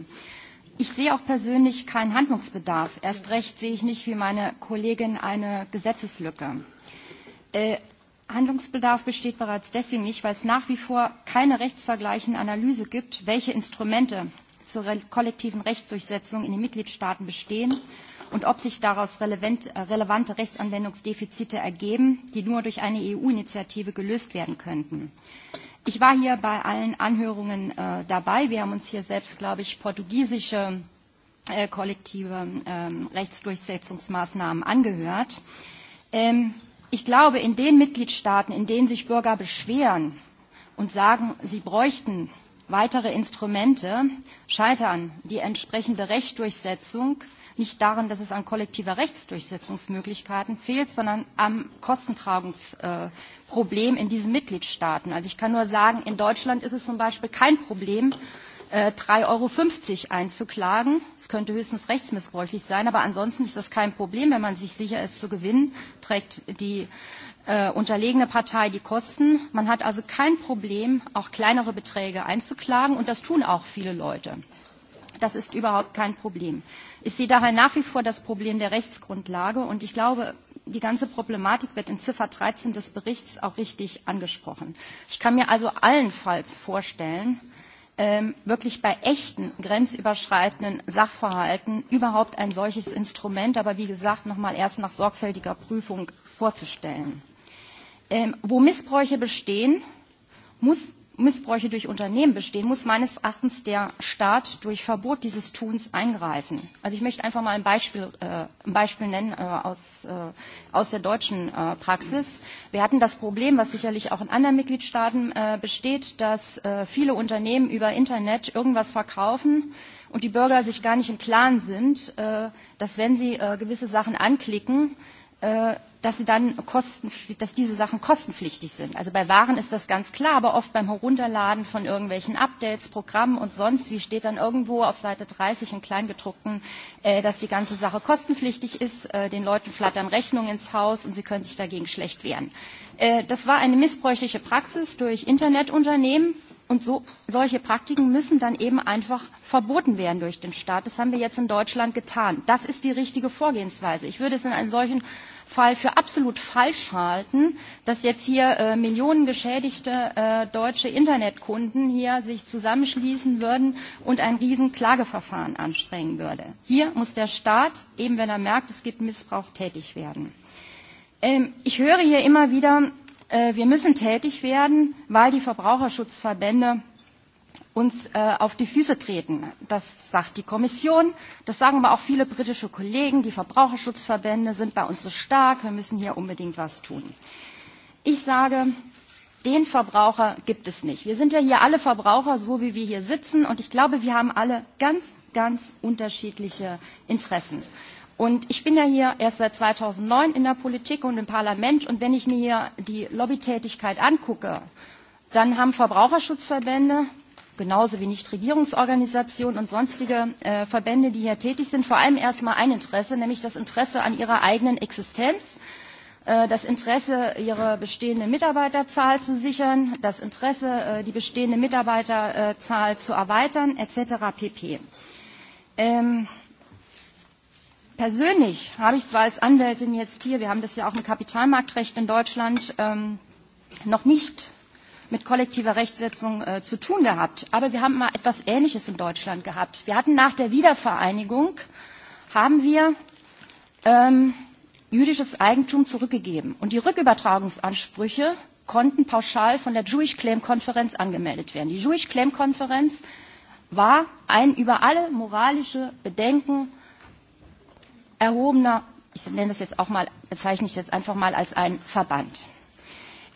Speaker 5: Ich sehe auch persönlich keinen Handlungsbedarf. Erst recht sehe ich nicht wie meine Kollegin eine Gesetzeslücke. Äh, Handlungsbedarf besteht bereits deswegen nicht, weil es nach wie vor keine rechtsvergleichende Analyse gibt, welche Instrumente zur kollektiven Rechtsdurchsetzung in den Mitgliedstaaten bestehen und ob sich daraus relevant, äh, relevante Rechtsanwendungsdefizite ergeben, die nur durch eine EU-Initiative gelöst werden könnten. Ich war hier bei allen Anhörungen äh, dabei. Wir haben uns hier selbst, glaube ich, portugiesische äh, kollektive äh, Rechtsdurchsetzungsmaßnahmen angehört. Ähm, ich glaube, in den Mitgliedstaaten, in denen sich Bürger beschweren und sagen, sie bräuchten weitere Instrumente, scheitern die entsprechende äh, nicht darin, dass es an kollektiver Rechtsdurchsetzungsmöglichkeiten fehlt, sondern am Kostentragungsproblem äh, in diesen Mitgliedstaaten. Also ich kann nur sagen, in Deutschland ist es zum Beispiel kein Problem, 3,50 äh, Euro einzuklagen. Es könnte höchstens rechtsmissbräuchlich sein, aber ansonsten ist das kein Problem. Wenn man sich sicher ist zu gewinnen, trägt die äh, unterlegene Partei die Kosten. Man hat also kein Problem, auch kleinere Beträge einzuklagen und das tun auch viele Leute. Das ist überhaupt kein Problem. Ich sehe daher nach wie vor das Problem der Rechtsgrundlage und ich glaube, die ganze Problematik wird in Ziffer 13 des Berichts auch richtig angesprochen. Ich kann mir also allenfalls vorstellen, ähm, wirklich bei echten grenzüberschreitenden Sachverhalten überhaupt ein solches Instrument, aber wie gesagt, nochmal erst nach sorgfältiger Prüfung vorzustellen. Ähm, wo Missbräuche bestehen, muss Missbräuche durch Unternehmen bestehen, muss meines Erachtens der Staat durch Verbot dieses Tuns eingreifen. Also ich möchte einfach mal ein Beispiel, äh, ein Beispiel nennen äh, aus, äh, aus der deutschen äh, Praxis. Wir hatten das Problem, was sicherlich auch in anderen Mitgliedstaaten äh, besteht, dass äh, viele Unternehmen über Internet irgendwas verkaufen und die Bürger sich gar nicht im Klaren sind, äh, dass wenn sie äh, gewisse Sachen anklicken, äh, dass, sie dann Kosten, dass diese Sachen kostenpflichtig sind. Also bei Waren ist das ganz klar, aber oft beim Herunterladen von irgendwelchen Updates, Programmen und sonst wie steht dann irgendwo auf Seite 30 in Kleingedruckten, äh, dass die ganze Sache kostenpflichtig ist. Äh, den Leuten flattern Rechnungen ins Haus und sie können sich dagegen schlecht wehren. Äh, das war eine missbräuchliche Praxis durch Internetunternehmen. Und so, solche Praktiken müssen dann eben einfach verboten werden durch den Staat. Das haben wir jetzt in Deutschland getan. Das ist die richtige Vorgehensweise. Ich würde es in einem solchen Fall für absolut falsch halten, dass jetzt hier äh, Millionen geschädigte äh, deutsche Internetkunden hier sich zusammenschließen würden und ein riesen Klageverfahren anstrengen würde. Hier muss der Staat, eben wenn er merkt, es gibt Missbrauch, tätig werden. Ähm, ich höre hier immer wieder, äh, wir müssen tätig werden, weil die Verbraucherschutzverbände uns äh, auf die Füße treten. Das sagt die Kommission, das sagen aber auch viele britische Kollegen, die Verbraucherschutzverbände sind bei uns so stark, wir müssen hier unbedingt was tun. Ich sage, den Verbraucher gibt es nicht. Wir sind ja hier alle Verbraucher, so wie wir hier sitzen, und ich glaube, wir haben alle ganz, ganz unterschiedliche Interessen. Und ich bin ja hier erst seit 2009 in der Politik und im Parlament, und wenn ich mir hier die Lobbytätigkeit angucke, dann haben Verbraucherschutzverbände, genauso wie Nichtregierungsorganisationen und sonstige äh, Verbände, die hier tätig sind, vor allem erstmal ein Interesse, nämlich das Interesse an ihrer eigenen Existenz, äh, das Interesse, ihre bestehende Mitarbeiterzahl zu sichern, das Interesse, äh, die bestehende Mitarbeiterzahl zu erweitern, etc. pp. Ähm, persönlich habe ich zwar als Anwältin jetzt hier, wir haben das ja auch im Kapitalmarktrecht in Deutschland, ähm, noch nicht mit kollektiver Rechtsetzung äh, zu tun gehabt. Aber wir haben mal etwas Ähnliches in Deutschland gehabt. Wir hatten nach der Wiedervereinigung haben wir ähm, jüdisches Eigentum zurückgegeben. Und die Rückübertragungsansprüche konnten pauschal von der Jewish Claim Konferenz angemeldet werden. Die Jewish Claim Konferenz war ein über alle moralische Bedenken erhobener, ich nenne das jetzt auch mal, bezeichne ich jetzt einfach mal als ein Verband.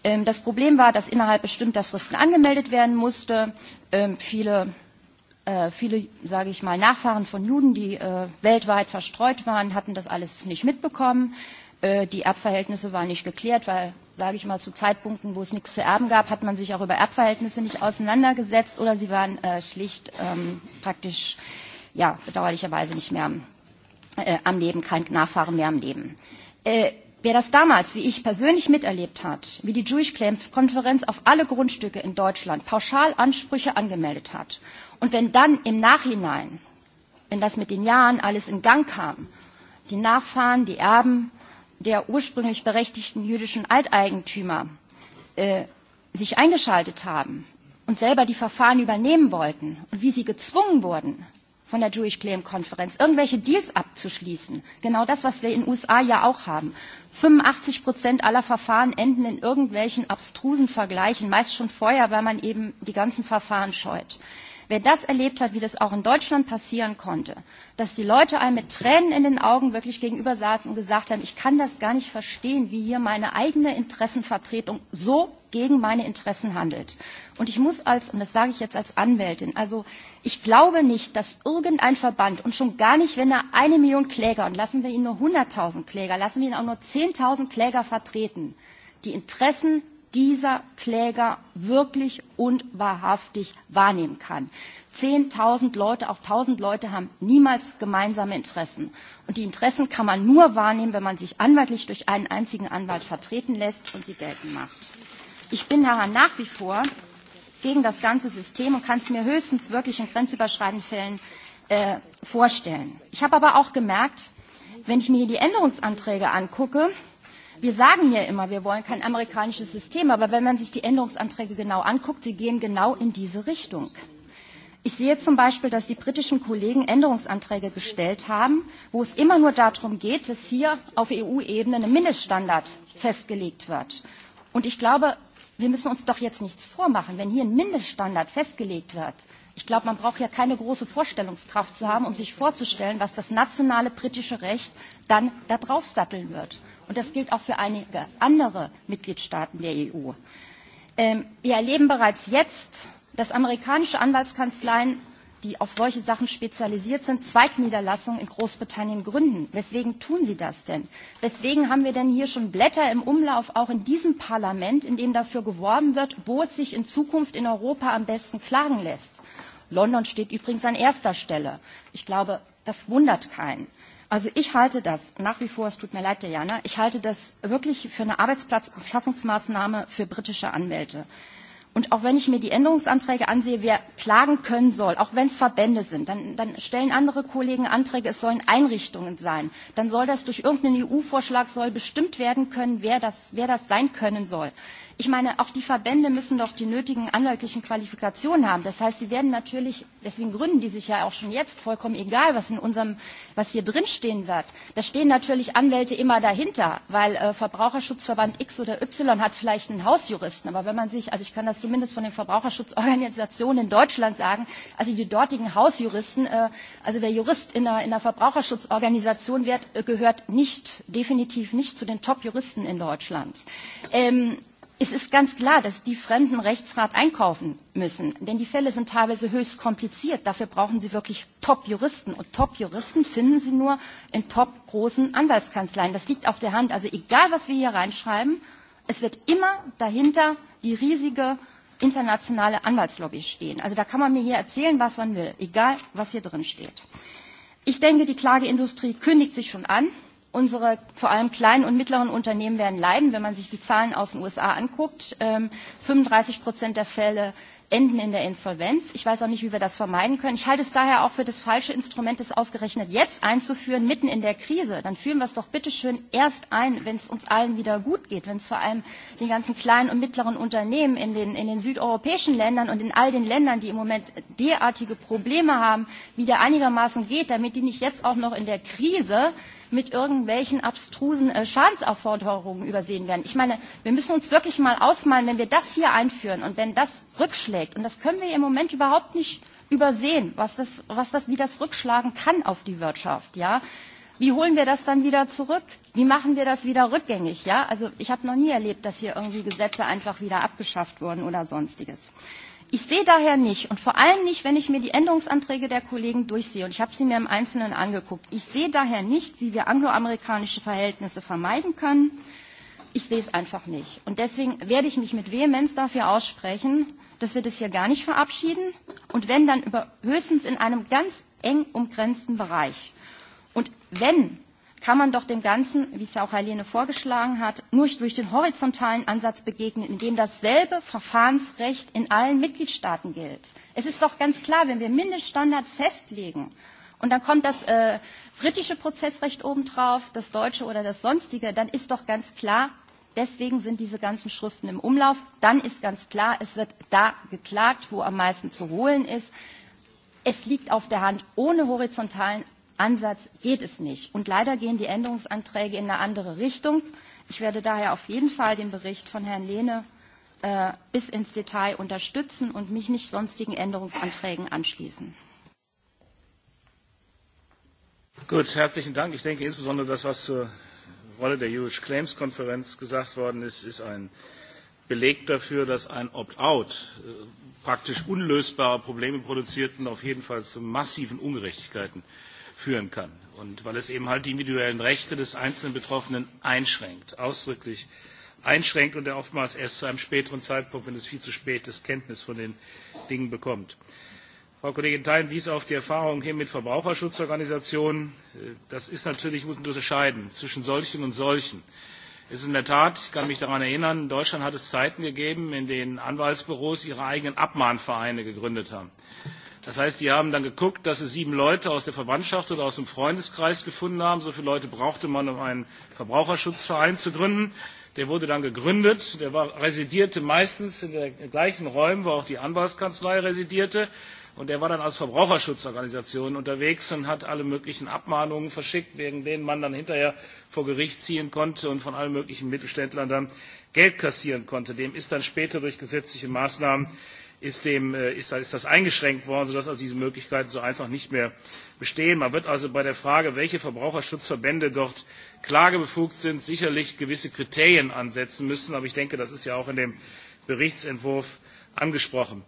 Speaker 5: Ähm, das Problem war, dass innerhalb bestimmter Fristen angemeldet werden musste. Ähm, viele, äh, viele sage ich mal, Nachfahren von Juden, die äh, weltweit verstreut waren, hatten das alles nicht mitbekommen. Äh, die Erbverhältnisse waren nicht geklärt, weil, sage ich mal, zu Zeitpunkten, wo es nichts zu erben gab, hat man sich auch über Erbverhältnisse nicht auseinandergesetzt oder sie waren schlicht ähm, praktisch, ja, bedauerlicherweise nicht mehr am Leben, kein Nachfahren mehr am Leben Wer das damals, wie ich persönlich miterlebt hat, wie die Jewish Claim Konferenz auf alle Grundstücke in Deutschland pauschal Ansprüche angemeldet hat und wenn dann im Nachhinein, wenn das mit den Jahren alles in Gang kam, die Nachfahren, die Erben der ursprünglich berechtigten jüdischen Alteigentümer äh, sich eingeschaltet haben und selber die Verfahren übernehmen wollten und wie sie gezwungen wurden, von der Jewish Claim Konferenz, irgendwelche Deals abzuschließen. Genau das, was wir in den USA ja auch haben. 85 Prozent aller Verfahren enden in irgendwelchen abstrusen Vergleichen, meist schon vorher, weil man eben die ganzen Verfahren scheut. Wer das erlebt hat, wie das auch in Deutschland passieren konnte, dass die Leute einem mit Tränen in den Augen wirklich gegenüber saßen und gesagt haben, ich kann das gar nicht verstehen, wie hier meine eigene Interessenvertretung so gegen meine Interessen handelt. Und ich muss als, und das sage ich jetzt als Anwältin, also ich glaube nicht, dass irgendein Verband und schon gar nicht, wenn er eine Million Kläger und lassen wir ihn nur 100.000 Kläger, lassen wir ihn auch nur 10.000 Kläger vertreten, die Interessen dieser Kläger wirklich und wahrhaftig wahrnehmen kann. Zehntausend Leute, auch tausend Leute haben niemals gemeinsame Interessen. Und die Interessen kann man nur wahrnehmen, wenn man sich anwaltlich durch einen einzigen Anwalt vertreten lässt und sie geltend macht. Ich bin daher nach wie vor gegen das ganze System und kann es mir höchstens wirklich in grenzüberschreitenden Fällen äh, vorstellen. Ich habe aber auch gemerkt, wenn ich mir hier die Änderungsanträge angucke, wir sagen hier immer, wir wollen kein amerikanisches System, aber wenn man sich die Änderungsanträge genau anguckt, sie gehen genau in diese Richtung. Ich sehe zum Beispiel, dass die britischen Kollegen Änderungsanträge gestellt haben, wo es immer nur darum geht, dass hier auf EU-Ebene ein Mindeststandard festgelegt wird. Und ich glaube, wir müssen uns doch jetzt nichts vormachen. Wenn hier ein Mindeststandard festgelegt wird, ich glaube, man braucht ja keine große Vorstellungskraft zu haben, um sich vorzustellen, was das nationale britische Recht dann da draufsatteln wird. Und das gilt auch für einige andere Mitgliedstaaten der EU. Ähm, wir erleben bereits jetzt, dass amerikanische Anwaltskanzleien, die auf solche Sachen spezialisiert sind, Zweigniederlassungen in Großbritannien gründen. Weswegen tun sie das denn? Weswegen haben wir denn hier schon Blätter im Umlauf, auch in diesem Parlament, in dem dafür geworben wird, wo es sich in Zukunft in Europa am besten klagen lässt? London steht übrigens an erster Stelle. Ich glaube, das wundert keinen. Also ich halte das nach wie vor, es tut mir leid, Diana, ich halte das wirklich für eine Arbeitsplatzbeschaffungsmaßnahme für britische Anwälte. Und auch wenn ich mir die Änderungsanträge ansehe, wer klagen können soll, auch wenn es Verbände sind, dann, dann stellen andere Kollegen Anträge, es sollen Einrichtungen sein. Dann soll das durch irgendeinen EU-Vorschlag soll bestimmt werden können, wer das, wer das sein können soll ich meine, auch die Verbände müssen doch die nötigen anwaltlichen Qualifikationen haben. Das heißt, sie werden natürlich, deswegen gründen die sich ja auch schon jetzt, vollkommen egal, was in unserem, was hier drin stehen wird. Da stehen natürlich Anwälte immer dahinter, weil äh, Verbraucherschutzverband X oder Y hat vielleicht einen Hausjuristen. Aber wenn man sich, also ich kann das zumindest von den Verbraucherschutzorganisationen in Deutschland sagen, also die dortigen Hausjuristen, äh, also der Jurist in einer, in einer Verbraucherschutzorganisation wird, äh, gehört nicht, definitiv nicht zu den Top-Juristen in Deutschland. Ähm, Es ist ganz klar, dass die Fremden Rechtsrat einkaufen müssen, denn die Fälle sind teilweise höchst kompliziert. Dafür brauchen sie wirklich Top-Juristen und Top-Juristen finden sie nur in top-großen Anwaltskanzleien. Das liegt auf der Hand. Also egal, was wir hier reinschreiben, es wird immer dahinter die riesige internationale Anwaltslobby stehen. Also da kann man mir hier erzählen, was man will, egal, was hier drin steht. Ich denke, die Klageindustrie kündigt sich schon an unsere vor allem kleinen und mittleren Unternehmen werden leiden, wenn man sich die Zahlen aus den USA anguckt. 35 ähm, Prozent der Fälle enden in der Insolvenz. Ich weiß auch nicht, wie wir das vermeiden können. Ich halte es daher auch für das falsche Instrument, das ausgerechnet jetzt einzuführen, mitten in der Krise. Dann führen wir es doch bitte schön erst ein, wenn es uns allen wieder gut geht, wenn es vor allem den ganzen kleinen und mittleren Unternehmen in den, in den südeuropäischen Ländern und in all den Ländern, die im Moment derartige Probleme haben, wieder einigermaßen geht, damit die nicht jetzt auch noch in der Krise mit irgendwelchen abstrusen äh, Schadensaufforderungen übersehen werden. Ich meine, wir müssen uns wirklich mal ausmalen, wenn wir das hier einführen und wenn das rückschlägt, und das können wir im Moment überhaupt nicht übersehen, was das, was das, wie das rückschlagen kann auf die Wirtschaft, ja. Wie holen wir das dann wieder zurück? Wie machen wir das wieder rückgängig? Ja, also ich habe noch nie erlebt, dass hier irgendwie Gesetze einfach wieder abgeschafft wurden oder sonstiges. Ich sehe daher nicht, und vor allem nicht, wenn ich mir die Änderungsanträge der Kollegen durchsehe, und ich habe sie mir im Einzelnen angeguckt, ich sehe daher nicht, wie wir angloamerikanische Verhältnisse vermeiden können. Ich sehe es einfach nicht. Und deswegen werde ich mich mit Vehemenz dafür aussprechen, dass wir das hier gar nicht verabschieden und wenn, dann über, höchstens in einem ganz eng umgrenzten Bereich. Und wenn kann man doch dem Ganzen, wie es ja auch Herr Lehne vorgeschlagen hat, nur durch den horizontalen Ansatz begegnen, in dem dasselbe Verfahrensrecht in allen Mitgliedstaaten gilt. Es ist doch ganz klar, wenn wir Mindeststandards festlegen und dann kommt das äh, britische Prozessrecht obendrauf, das deutsche oder das sonstige, dann ist doch ganz klar, deswegen sind diese ganzen Schriften im Umlauf, dann ist ganz klar, es wird da geklagt, wo am meisten zu holen ist. Es liegt auf der Hand, ohne horizontalen Ansatz geht es nicht. Und leider gehen die Änderungsanträge in eine andere Richtung. Ich werde daher auf jeden Fall den Bericht von Herrn Lehne äh, bis ins Detail unterstützen und mich nicht sonstigen Änderungsanträgen anschließen.
Speaker 1: Gut, herzlichen Dank. Ich denke insbesondere das, was zur Rolle der Jewish Claims Konferenz gesagt worden ist, ist ein Beleg dafür, dass ein Opt-out äh, praktisch unlösbare Probleme produziert und auf jeden Fall zu massiven Ungerechtigkeiten führen kann und weil es eben halt die individuellen Rechte des einzelnen Betroffenen einschränkt, ausdrücklich einschränkt und er oftmals erst zu einem späteren Zeitpunkt, wenn es viel zu spät ist, Kenntnis von den Dingen bekommt. Frau Kollegin Thein wies auf die Erfahrungen hin mit Verbraucherschutzorganisationen. Das ist natürlich, muss man unterscheiden zwischen solchen und solchen. Es ist in der Tat, ich kann mich daran erinnern, in Deutschland hat es Zeiten gegeben, in denen Anwaltsbüros ihre eigenen Abmahnvereine gegründet haben. Das heißt, die haben dann geguckt, dass sie sieben Leute aus der Verwandtschaft oder aus dem Freundeskreis gefunden haben. So viele Leute brauchte man, um einen Verbraucherschutzverein zu gründen. Der wurde dann gegründet. Der war, residierte meistens in den gleichen Räumen, wo auch die Anwaltskanzlei residierte. Und der war dann als Verbraucherschutzorganisation unterwegs und hat alle möglichen Abmahnungen verschickt, wegen denen man dann hinterher vor Gericht ziehen konnte und von allen möglichen Mittelständlern dann Geld kassieren konnte. Dem ist dann später durch gesetzliche Maßnahmen ist, dem, äh, ist, ist das eingeschränkt worden, sodass also diese Möglichkeiten so einfach nicht mehr bestehen. Man wird also bei der Frage, welche Verbraucherschutzverbände dort klagebefugt sind, sicherlich gewisse Kriterien ansetzen müssen. Aber ich denke, das ist ja auch in dem Berichtsentwurf angesprochen.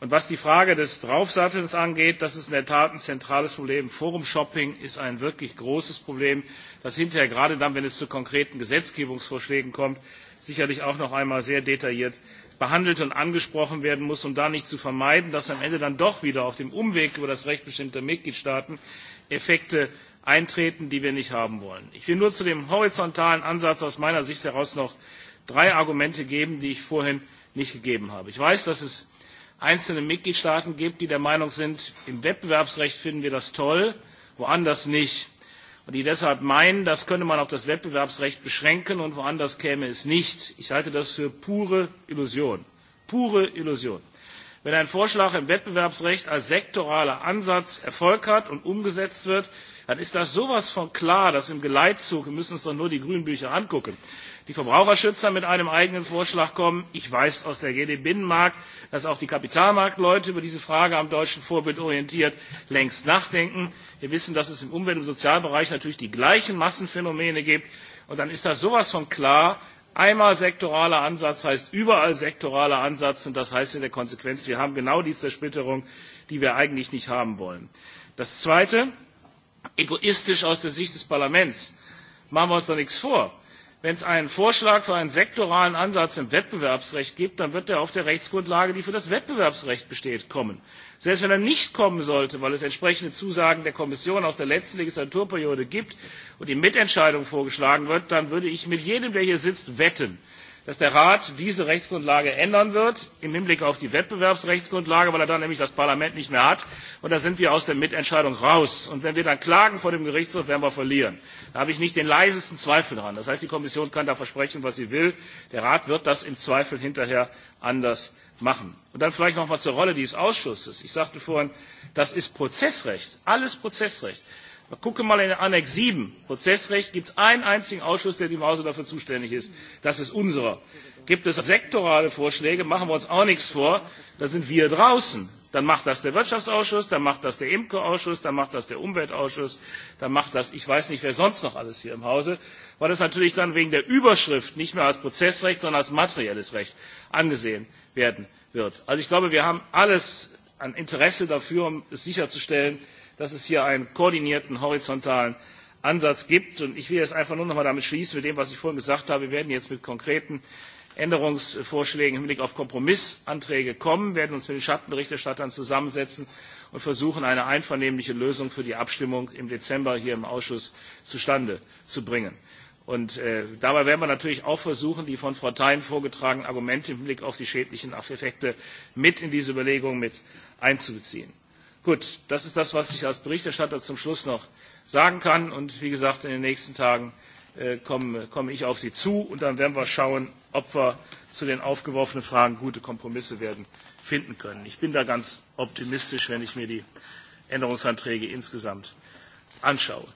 Speaker 1: Und was die Frage des Draufsattelns angeht, das ist in der Tat ein zentrales Problem. Forum Shopping ist ein wirklich großes Problem, das hinterher gerade dann, wenn es zu konkreten Gesetzgebungsvorschlägen kommt, sicherlich auch noch einmal sehr detailliert behandelt und angesprochen werden muss, um da nicht zu vermeiden, dass am Ende dann doch wieder auf dem Umweg über das Recht bestimmter Mitgliedstaaten Effekte eintreten, die wir nicht haben wollen. Ich will nur zu dem horizontalen Ansatz aus meiner Sicht heraus noch drei Argumente geben, die ich vorhin nicht gegeben habe. Ich weiß, dass es einzelne Mitgliedstaaten gibt, die der Meinung sind, im Wettbewerbsrecht finden wir das toll, woanders nicht und die deshalb meinen, das könne man auf das Wettbewerbsrecht beschränken und woanders käme es nicht. Ich halte das für pure Illusion. Pure Illusion. Wenn ein Vorschlag im Wettbewerbsrecht als sektoraler Ansatz Erfolg hat und umgesetzt wird, dann ist das sowas von klar, dass im Geleitzug, wir müssen uns doch nur die grünen Bücher angucken, die Verbraucherschützer mit einem eigenen Vorschlag kommen. Ich weiß aus der GD Binnenmarkt, dass auch die Kapitalmarktleute über diese Frage am deutschen Vorbild orientiert längst nachdenken. Wir wissen, dass es im Umwelt- und Sozialbereich natürlich die gleichen Massenphänomene gibt. Und dann ist das etwas von klar, einmal sektoraler Ansatz heißt überall sektoraler Ansatz und das heißt in der Konsequenz, wir haben genau die Zersplitterung, die wir eigentlich nicht haben wollen. Das Zweite, egoistisch aus der Sicht des Parlaments. Machen wir uns doch nichts vor wenn es einen Vorschlag für einen sektoralen Ansatz im Wettbewerbsrecht gibt, dann wird er auf der Rechtsgrundlage, die für das Wettbewerbsrecht besteht, kommen. Selbst wenn er nicht kommen sollte, weil es entsprechende Zusagen der Kommission aus der letzten Legislaturperiode gibt und die Mitentscheidung vorgeschlagen wird, dann würde ich mit jedem, der hier sitzt, wetten, dass der Rat diese Rechtsgrundlage ändern wird im Hinblick auf die Wettbewerbsrechtsgrundlage, weil er dann nämlich das Parlament nicht mehr hat. Und da sind wir aus der Mitentscheidung raus. Und wenn wir dann klagen vor dem Gerichtshof, werden wir verlieren. Da habe ich nicht den leisesten Zweifel daran. Das heißt, die Kommission kann da versprechen, was sie will. Der Rat wird das im Zweifel hinterher anders machen. Und dann vielleicht noch einmal zur Rolle dieses Ausschusses. Ich sagte vorhin, das ist Prozessrecht, alles Prozessrecht. Gucke mal in Annex 7, Prozessrecht, gibt es einen einzigen Ausschuss, der dem Hause dafür zuständig ist. Das ist unserer. Gibt es sektorale Vorschläge, machen wir uns auch nichts vor, da sind wir draußen. Dann macht das der Wirtschaftsausschuss, dann macht das der IMCO-Ausschuss, dann macht das der Umweltausschuss, dann macht das, ich weiß nicht, wer sonst noch alles hier im Hause, weil das natürlich dann wegen der Überschrift nicht mehr als Prozessrecht, sondern als materielles Recht angesehen werden wird. Also ich glaube, wir haben alles an Interesse dafür, um es sicherzustellen, dass es hier einen koordinierten horizontalen Ansatz gibt. Und ich will jetzt einfach nur noch mal damit schließen, mit dem, was ich vorhin gesagt habe. Wir werden jetzt mit konkreten Änderungsvorschlägen im Hinblick auf Kompromissanträge kommen, werden uns mit den Schattenberichterstattern zusammensetzen und versuchen, eine einvernehmliche Lösung für die Abstimmung im Dezember hier im Ausschuss zustande zu bringen. Und äh, dabei werden wir natürlich auch versuchen, die von Frau Thein vorgetragenen Argumente im Hinblick auf die schädlichen Effekte mit in diese Überlegungen mit einzubeziehen. Gut, das ist das, was ich als Berichterstatter zum Schluss noch sagen kann. Und wie gesagt, in den nächsten Tagen äh, komme, ich auf Sie zu und dann werden wir schauen, ob wir zu den aufgeworfenen Fragen gute Kompromisse werden finden können. Ich bin da ganz optimistisch, wenn ich mir die Änderungsanträge insgesamt anschaue.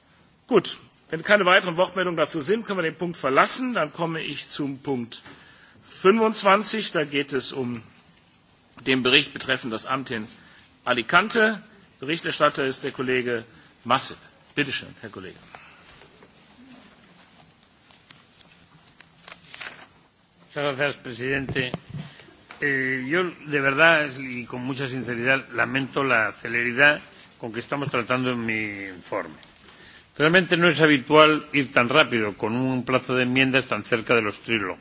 Speaker 1: Gut, wenn keine weiteren Wortmeldungen dazu sind, können wir den Punkt verlassen. Dann komme ich zum Punkt 25. Da geht es um den Bericht betreffend das Amt in Alicante. Berichterstatter ist der Kollege Masse.
Speaker 6: Bitte schön, Herr Kollege. Señor presidente. Eh, yo, de verdad y con mucha sinceridad, lamento la celeridad con que estamos tratando en mi informe. Realmente no es habitual ir tan rápido, con un plazo de enmiendas tan cerca de los trílogos.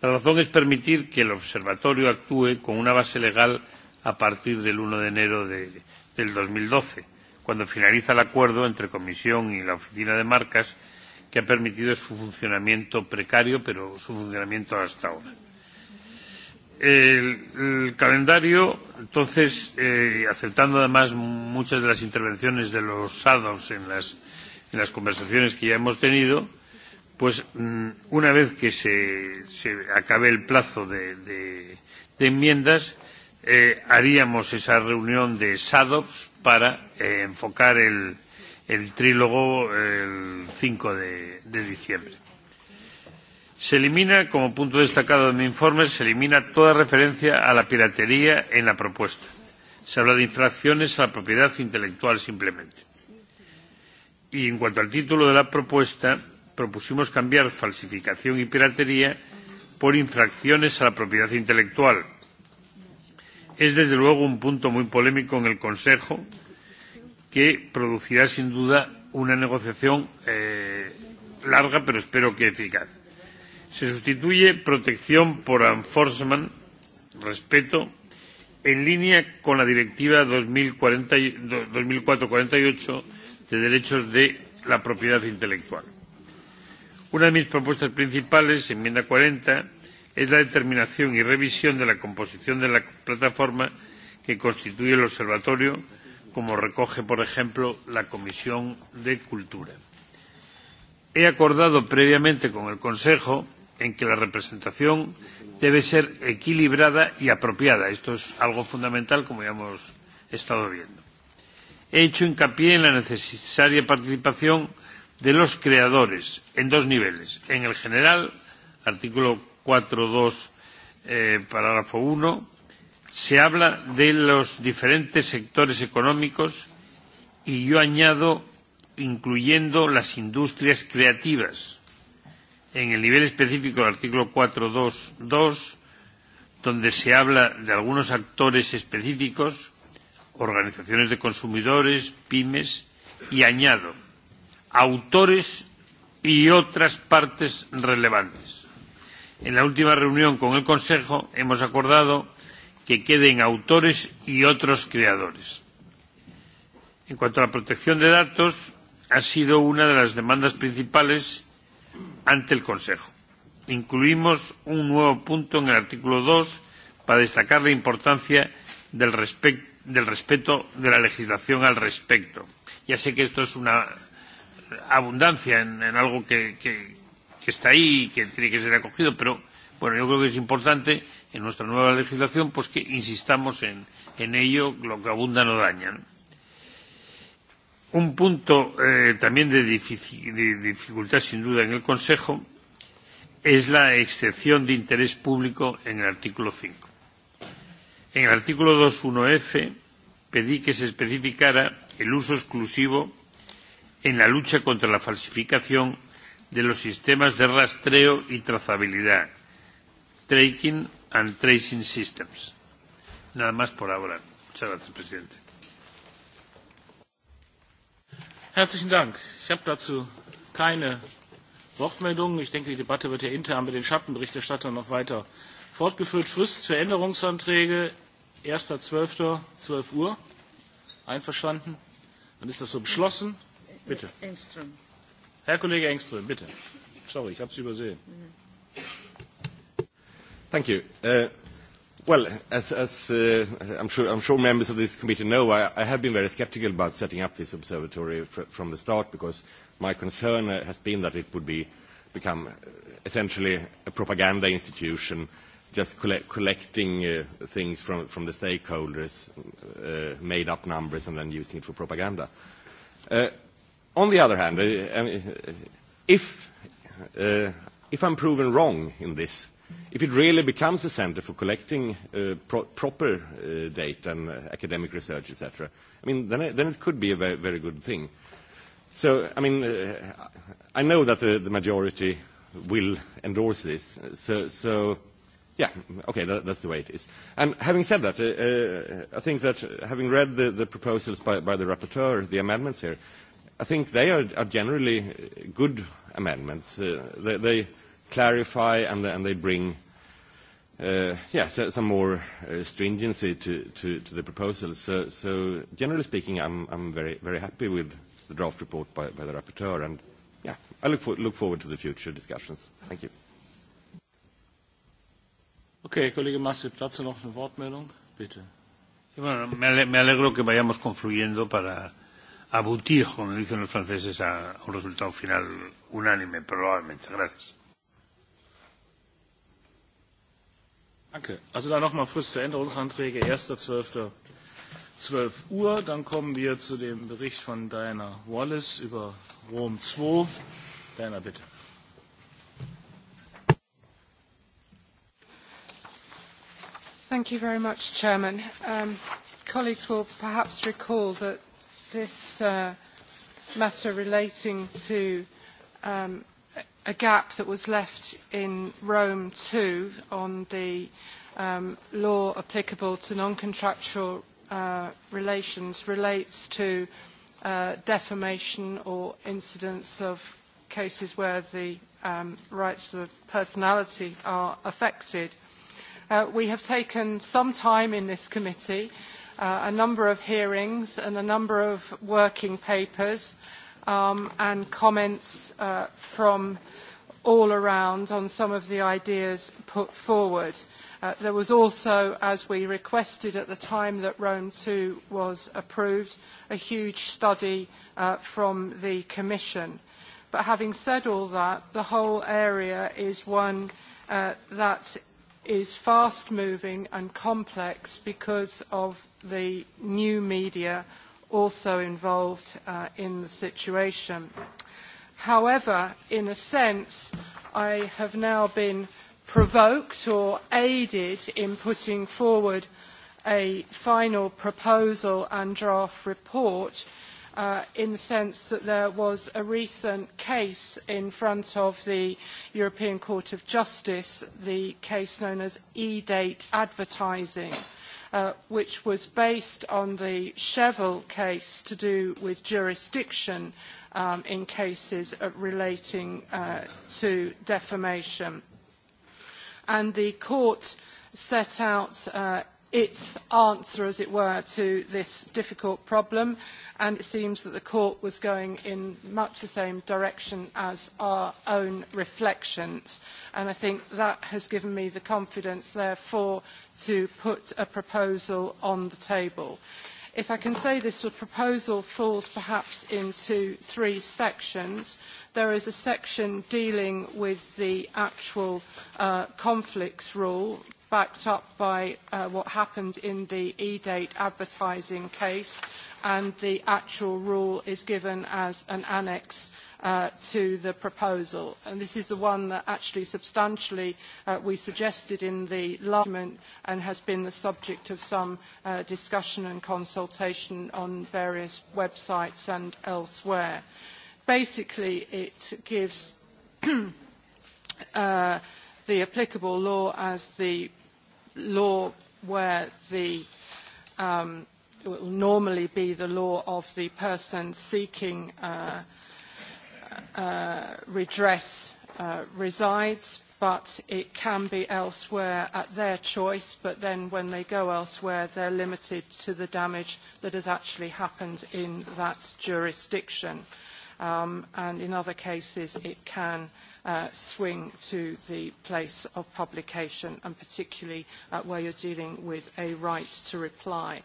Speaker 6: La razón es permitir que el observatorio actúe con una base legal a partir del 1 de enero de, del 2012, cuando finaliza el acuerdo entre Comisión y la Oficina de Marcas que ha permitido su funcionamiento precario, pero su funcionamiento hasta ahora. El, el calendario, entonces, eh, aceptando además muchas de las intervenciones de los SADOS en las, en las conversaciones que ya hemos tenido, pues mm, una vez que se, se acabe el plazo de, de, de enmiendas, eh, haríamos esa reunión de SADOPS para eh, enfocar el, el trílogo el 5 de, de diciembre. Se elimina, como punto destacado de mi informe, se elimina toda referencia a la piratería en la propuesta. Se habla de infracciones a la propiedad intelectual simplemente. Y en cuanto al título de la propuesta, propusimos cambiar falsificación y piratería por infracciones a la propiedad intelectual, es desde luego un punto muy polémico en el Consejo que producirá sin duda una negociación eh, larga pero espero que eficaz. Se sustituye protección por enforcement, respeto, en línea con la Directiva 2004-48 de Derechos de la Propiedad Intelectual. Una de mis propuestas principales, enmienda 40, es la determinación y revisión de la composición de la plataforma que constituye el observatorio, como recoge, por ejemplo, la Comisión de Cultura. He acordado previamente con el Consejo en que la representación debe ser equilibrada y apropiada. Esto es algo fundamental, como ya hemos estado viendo. He hecho hincapié en la necesaria participación de los creadores en dos niveles. En el general, artículo 4.2, eh, parágrafo 1, se habla de los diferentes sectores económicos y yo añado incluyendo las industrias creativas en el nivel específico del artículo 4.2.2, donde se habla de algunos actores específicos, organizaciones de consumidores, pymes, y añado, autores y otras partes relevantes. En la última reunión con el Consejo hemos acordado que queden autores y otros creadores. En cuanto a la protección de datos, ha sido una de las demandas principales ante el Consejo. Incluimos un nuevo punto en el artículo 2 para destacar la importancia del, respect, del respeto de la legislación al respecto. Ya sé que esto es una abundancia en, en algo que, que, que está ahí y que tiene que ser acogido, pero bueno, yo creo que es importante en nuestra nueva legislación pues que insistamos en, en ello, lo que abunda no daña. ¿no? Un punto eh, también de, de dificultad sin duda en el Consejo es la excepción de interés público en el artículo 5. En el artículo 2.1f pedí que se especificara el uso exclusivo en la lucha contra la falsificación de los sistemas de rastreo y trazabilidad, Tracking and Tracing Systems. Nada más por ahora. Muchas gracias, presidente.
Speaker 1: Herzlichen Dank. Ich habe dazu keine Wortmeldungen. Ich denke, die Debatte wird ja intern mit den Schattenberichterstattern noch weiter fortgeführt. Frist für Änderungsanträge 1.12.12 12 Uhr. Einverstanden? Dann ist das so beschlossen.
Speaker 3: Bitte. Engström.
Speaker 1: Herr Kollege Engström, bitte. Sorry, ich habe Sie übersehen.
Speaker 7: Thank you. Uh, well, as, as uh, I'm, sure, I'm sure members of this committee know, I, I have been very skeptical about setting up this observatory fr from the start because my concern uh, has been that it would be, become uh, essentially a propaganda institution just collect, collecting uh, things from, from the stakeholders, uh, made up numbers, and then using it for propaganda. Uh, on the other hand, uh, um, if, uh, if I'm proven wrong in this, if it really becomes a center for collecting uh, pro proper uh, data and uh, academic research, etc., I mean, then, I, then it could be a very, very good thing. So, I mean, uh, I know that the, the majority will endorse this. So, so yeah, okay, that, that's the way it is. And having said that, uh, uh, I think that having read the, the proposals by, by the rapporteur, the amendments here, uh, i think they are, are generally uh, good amendments. Uh, they, they clarify and, and they bring uh, yeah, so, some more uh, stringency to, to, to the proposal. So, so generally speaking, I'm, I'm very, very happy with the draft report by, by the rapporteur, and yeah, I look, for, look forward to the future discussions. Thank you.
Speaker 1: Okay, Kollege Masip, dazu noch eine Wortmeldung,
Speaker 6: bitte. Bueno, me, ale me alegro que vayamos confluyendo para aboutir, como dicen los franceses, a un resultado final unánime, probablemente. Gracias.
Speaker 1: Danke. Also dann nochmal Frist für Änderungsanträge, 1.12.12 Uhr. Dann kommen wir zu dem Bericht von Diana Wallace über Rom II. Diana, bitte. Thank you very much,
Speaker 4: Chairman. Um, colleagues will perhaps recall that this uh, matter relating to um, a gap that was left in Rome 2 on the um, law applicable to non-contractual uh, relations relates to uh, defamation or incidents of cases where the um, rights of personality are affected. Uh, we have taken some time in this committee uh, uh, a number of hearings and a number of working papers um, and comments uh, from all around on some of the ideas put forward. Uh, there was also, as we requested at the time that Rome II was approved, a huge study uh, from the Commission. But having said all that, the whole area is one uh, that is fast moving and complex because of the new media also involved uh, in the situation. However, in a sense, I have now been provoked or aided in putting forward a final proposal and draft report uh, in the sense that there was a recent case in front of the European Court of Justice, the case known as E-Date Advertising. Uh, which was based on the Cheval case to do with jurisdiction um, in cases uh, relating uh, to defamation. And the court set out uh, its answer, as it were, to this difficult problem, and it seems that the court was going in much the same direction as our own reflections. And I think that has given me the confidence, therefore, to put a proposal on the table. If I can say this, the proposal falls perhaps into three sections. There is a section dealing with the actual uh, conflicts rule, backed up by uh, what happened in the e-date advertising case, and the actual rule is given as an annex uh, to the proposal. And this is the one that actually substantially uh, we suggested in the document and has been the subject of some uh, discussion and consultation on various websites and elsewhere. Basically, it gives [CLEARS THROAT] uh, the applicable law as the law where the um, it will normally be the law of the person seeking uh, uh, redress uh, resides, but it can be elsewhere at their choice, but then when they go elsewhere, they're limited to the damage that has actually happened in that jurisdiction. Um, and in other cases, it can uh, uh, swing to the place of publication and particularly uh, where you're dealing with a right to reply.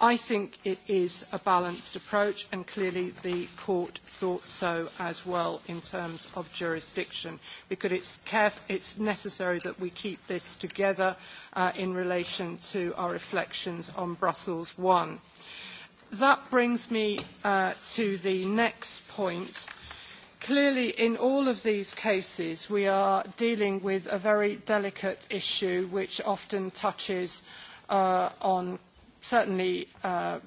Speaker 4: I think it is a balanced approach and clearly the court thought so as well in terms of jurisdiction because it's, caref- it's necessary that we keep this together uh, in relation to our reflections on Brussels I. That brings me uh, to the next point, clearly in all of these cases we are dealing with a very delicate issue which often touches uh, on certainly uh,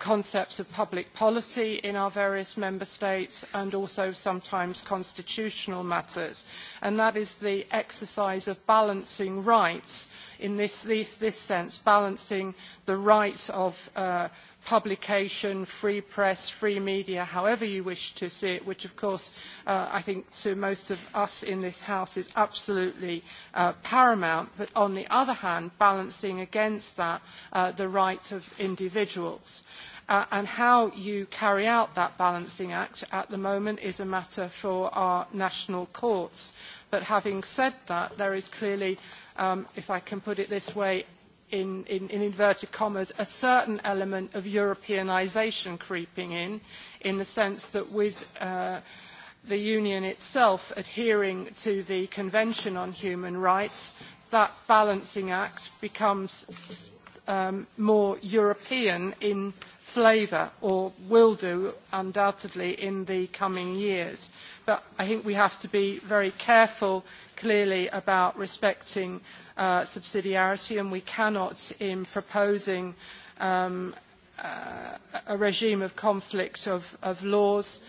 Speaker 4: concepts of public policy in our various member states and also sometimes constitutional matters. And that is the exercise of balancing rights, in this, this, this sense, balancing the right of uh, publication, free press, free media, however you wish to see it, which of course uh, I think to most of us in this House is absolutely uh, paramount, but on the other hand, balancing against that uh, the rights of individuals. Uh, and how you carry out that balancing act at the moment is a matter for our national courts. But having said that, there is clearly, um, if I can put it this way, in, in, in inverted commas, a certain element of Europeanisation creeping in, in the sense that with uh, the Union itself adhering to the Convention on Human Rights, that balancing act becomes um, more European in flavour, or will do undoubtedly in the coming years. But I think we have to be very careful clearly about respecting uh, subsidiarity, and we cannot, in proposing um, uh, a regime of conflict of, of laws,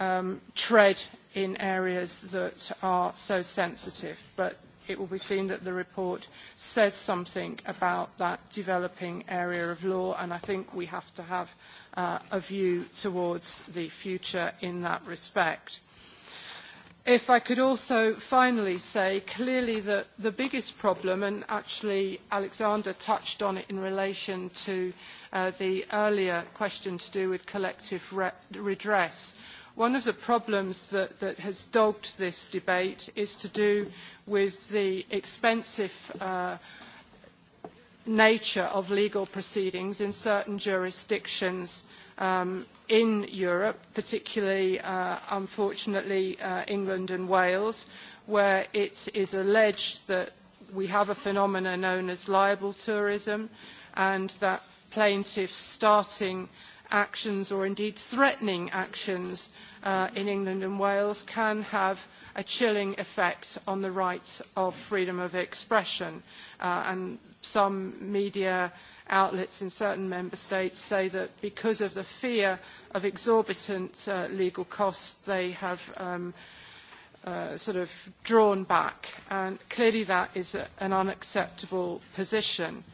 Speaker 4: um, tread in areas that are so sensitive. But it will be seen that the report says something about that developing area of law, and I think we have to have uh, a view towards the future in that respect. If I could also finally say clearly that the biggest problem, and actually Alexander touched on it in relation to uh, the earlier question to do with collective redress, one of the problems that, has dogged this debate is to do with the expensive uh, nature of legal proceedings in certain jurisdictions um, in Europe, particularly, uh, unfortunately, uh, England and Wales, where it is alleged that we have a phenomenon known as libel tourism and that plaintiffs starting actions or indeed threatening actions uh, in England and Wales can have a chilling effect on the right of freedom of expression. Uh, and some media outlets in certain member states say that because of the fear of exorbitant uh, legal costs, they have um, uh, sort of drawn back. And clearly that is a, an unacceptable position.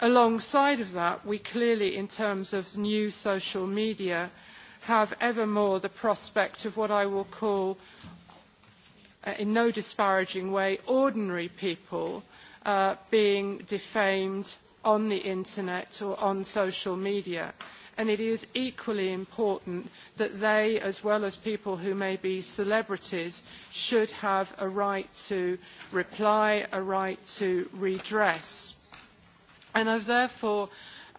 Speaker 4: Alongside of that, we clearly, in terms of new social media, have ever more the prospect of what I will call, uh, in no disparaging way, ordinary people – Uh, being defamed on the internet or on social media. And it is equally important that they, as well as people who may be celebrities, should have a right to reply, a right to redress. And I've therefore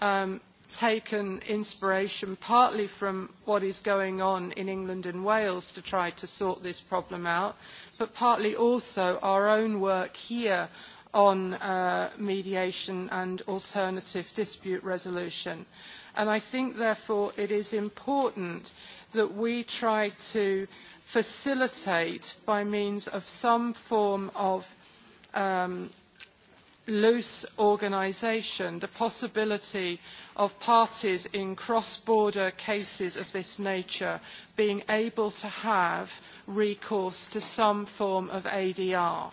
Speaker 4: um, taken inspiration partly from what is going on in England and Wales to try to sort this problem out, but partly also our own work here on uh, mediation and alternative dispute resolution. And I think, therefore, it is important that we try to facilitate, by means of some form of um, loose organisation, the possibility of parties in cross-border cases of this nature being able to have recourse to some form of ADR.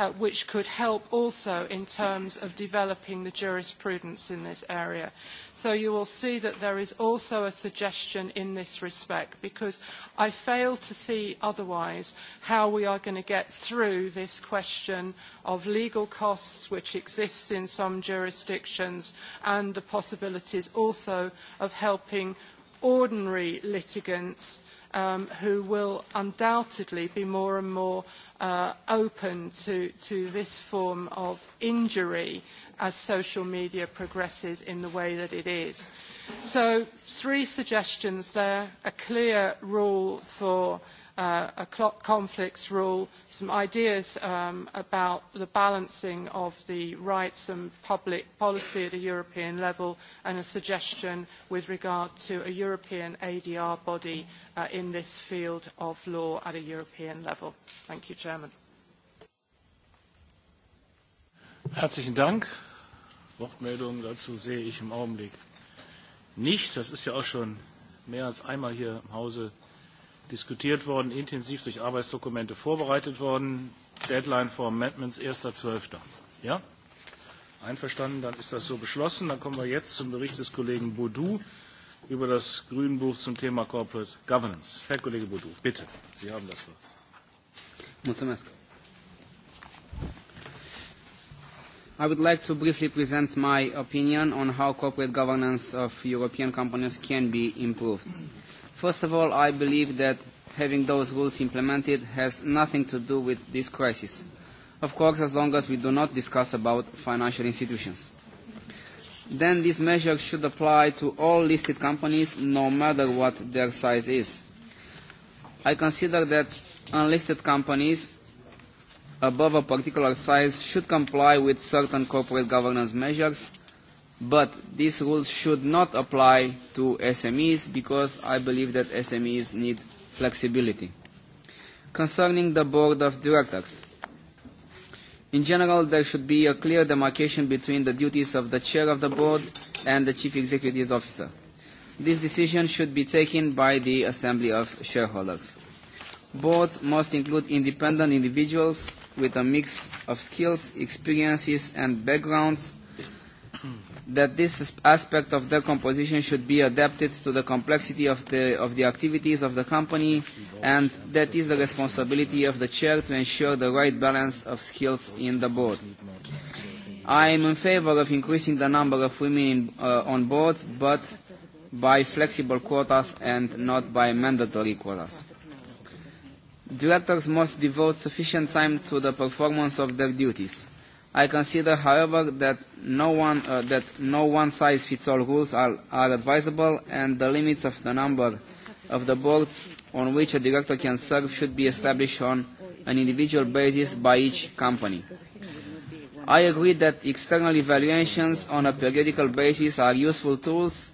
Speaker 4: Uh, which could help also in terms of developing the jurisprudence in this area. So you will see that there is also a suggestion in this respect because I fail to see otherwise how we are going to get through this question of legal costs which exists in some jurisdictions and the possibilities also of helping ordinary litigants um, who will undoubtedly be more and more uh, open to, to this form of injury as social media progresses in the way that it is. So three suggestions there, a clear rule for uh, a conflicts rule, some ideas um, about the balancing of the rights and public policy at a European level, and a suggestion with regard to a European ADR body uh, in this field of law at a European level. Thank you, Chairman.
Speaker 1: Herzlichen Dank. Wortmeldungen dazu sehe ich im Augenblick nicht. Das ist ja auch schon mehr als einmal hier im Hause diskutiert worden, intensiv durch Arbeitsdokumente vorbereitet worden. Deadline for Amendments 1.12. Ja? Einverstanden, dann ist das so beschlossen. Dann kommen wir jetzt zum Bericht des Kollegen Baudou über das Grünbuch zum Thema Corporate
Speaker 8: Governance. Herr Kollege Baudou, bitte, Sie haben das Wort. Mulțumesc. I would like to briefly present my opinion on how corporate governance of European companies can be improved. First of all, I believe that having those rules implemented has nothing to do with this crisis. Of course, as long as we do not discuss about financial institutions. Then these measures should apply to all listed companies, no matter what their size is. I consider that unlisted companies above a particular size should comply with certain corporate governance measures but these rules should not apply to SMEs because I believe that SMEs need flexibility. Concerning the board of directors, in general, there should be a clear demarcation between the duties of the chair of the board and the chief executive officer. This decision should be taken by the assembly of shareholders. Boards must include independent individuals with a mix of skills, experiences, and backgrounds that this aspect of the composition should be adapted to the complexity of the, of the activities of the company and that is the responsibility of the chair to ensure the right balance of skills in the board. I am in favor of increasing the number of women in, uh, on boards, but by flexible quotas and not by mandatory quotas. Directors must devote sufficient time to the performance of their duties. I consider, however, that no, one, uh, that no one-size-fits-all rules are, are advisable and the limits of the number of the boards on which a director can serve should be established on an individual basis by each company. I agree that external evaluations on a periodical basis are useful tools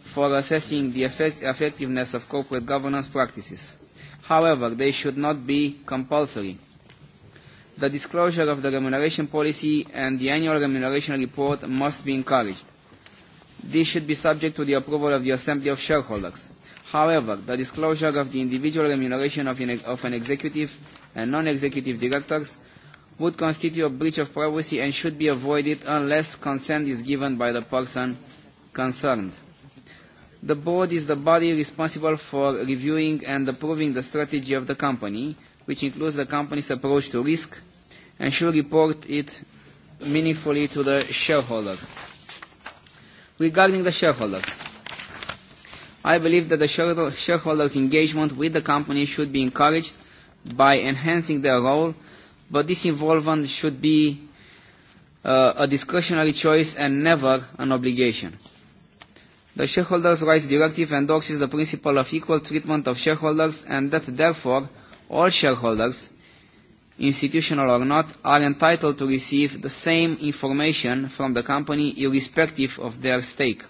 Speaker 8: for assessing the effect effectiveness of corporate governance practices. However, they should not be compulsory the disclosure of the remuneration policy and the annual remuneration report must be encouraged. This should be subject to the approval of the Assembly of Shareholders. However, the disclosure of the individual remuneration of an, of an executive and non-executive directors would constitute a breach of privacy and should be avoided unless consent is given by the person concerned. The board is the body responsible for reviewing and approving the strategy of the company, which includes the company's approach to risk, and should report it meaningfully to the shareholders. Regarding the shareholders, I believe that the shareholders' engagement with the company should be encouraged by enhancing their role, but this involvement should be uh, a discretionary choice and never an obligation. The Shareholders' Rights Directive endorses the principle of equal treatment of shareholders and that therefore all shareholders, institutional or not, are entitled to receive the same information from the company irrespective of their stake.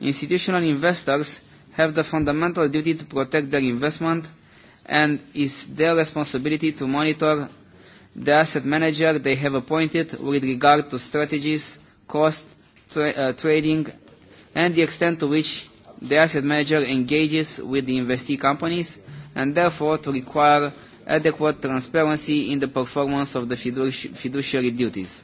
Speaker 8: Institutional investors have the fundamental duty to protect their investment and is their responsibility to monitor the asset manager they have appointed with regard to strategies, cost, tra uh, trading, and the extent to which the asset manager engages with the investee companies, and therefore to require adequate transparency in the performance of the fiduciary duties.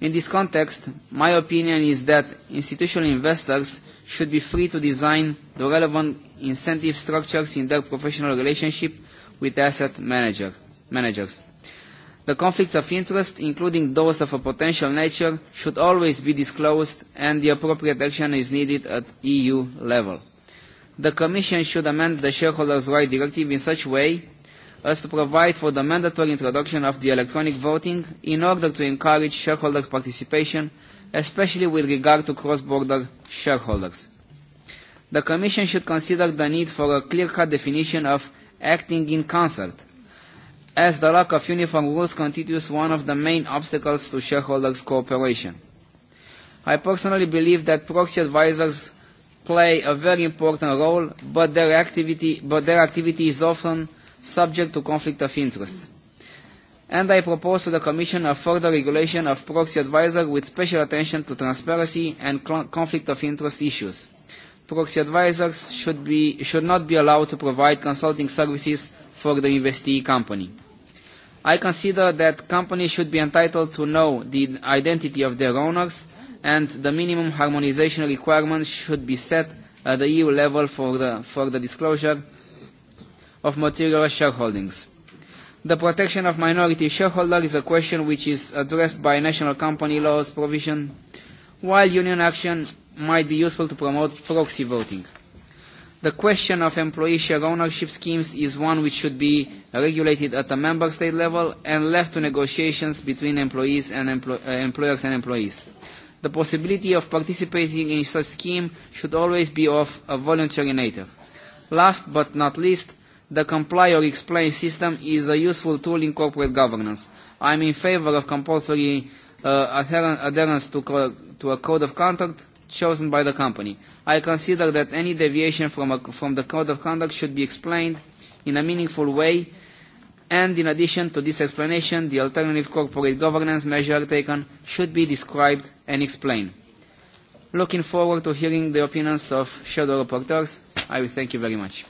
Speaker 8: In this context, my opinion is that institutional investors should be free to design the relevant incentive structures in their professional relationship with asset manager, managers. The conflicts of interest, including those of a potential nature, should always be disclosed and the appropriate action is needed at EU level. The Commission should amend the Shareholders' Right Directive in such a way as to provide for the mandatory introduction of the electronic voting in order to encourage shareholder participation, especially with regard to cross-border shareholders. The Commission should consider the need for a clear-cut definition of acting in concert, as the lack of uniform rules constitutes one of the main obstacles to shareholders' cooperation. I personally believe that proxy advisors play a very important role, but their activity, but their activity is often subject to conflict of interest. And I propose to the Commission a further regulation of proxy advisor with special attention to transparency and conflict of interest issues. Proxy advisors should, be, should not be allowed to provide consulting services for the investee company. I consider that companies should be entitled to know the identity of their owners and the minimum harmonization requirements should be set at the EU level for the, for the disclosure of material shareholdings. The protection of minority shareholders is a question which is addressed by national company laws provision, while union action might be useful to promote proxy voting. The question of employee share ownership schemes is one which should be regulated at the member state level and left to negotiations between employees and empl uh, employers and employees. The possibility of participating in such scheme should always be of a voluntary nature. Last but not least, The comply or explain system is a useful tool in corporate governance. I am in favor of compulsory uh, adherence, to, co to a code of conduct chosen by the company. I consider that any deviation from, a, from the code of conduct should be explained in a meaningful way, and in addition to this explanation, the alternative corporate governance measure taken should be described and explained. Looking forward to hearing the opinions of shadow rapporteurs. I will thank you very much.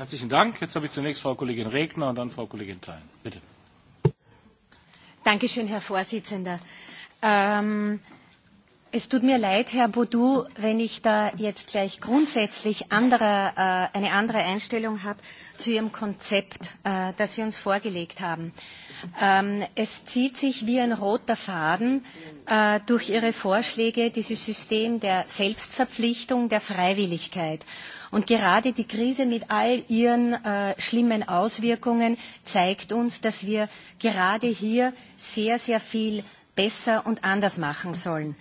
Speaker 1: Herzlichen Dank. Jetzt habe ich zunächst Frau Kollegin Regner und dann Frau Kollegin Thein. Bitte.
Speaker 9: Dankeschön, Herr Vorsitzender. Ähm, es tut mir leid, Herr Baudou, wenn ich da jetzt gleich grundsätzlich andere, äh, eine andere Einstellung habe zu Ihrem Konzept, äh, das Sie uns vorgelegt haben. Ähm, es zieht sich wie ein roter Faden äh, durch Ihre Vorschläge dieses System der Selbstverpflichtung, der Freiwilligkeit. Und gerade die Krise mit all ihren äh, schlimmen Auswirkungen zeigt uns, dass wir gerade hier sehr, sehr viel besser und anders machen sollen.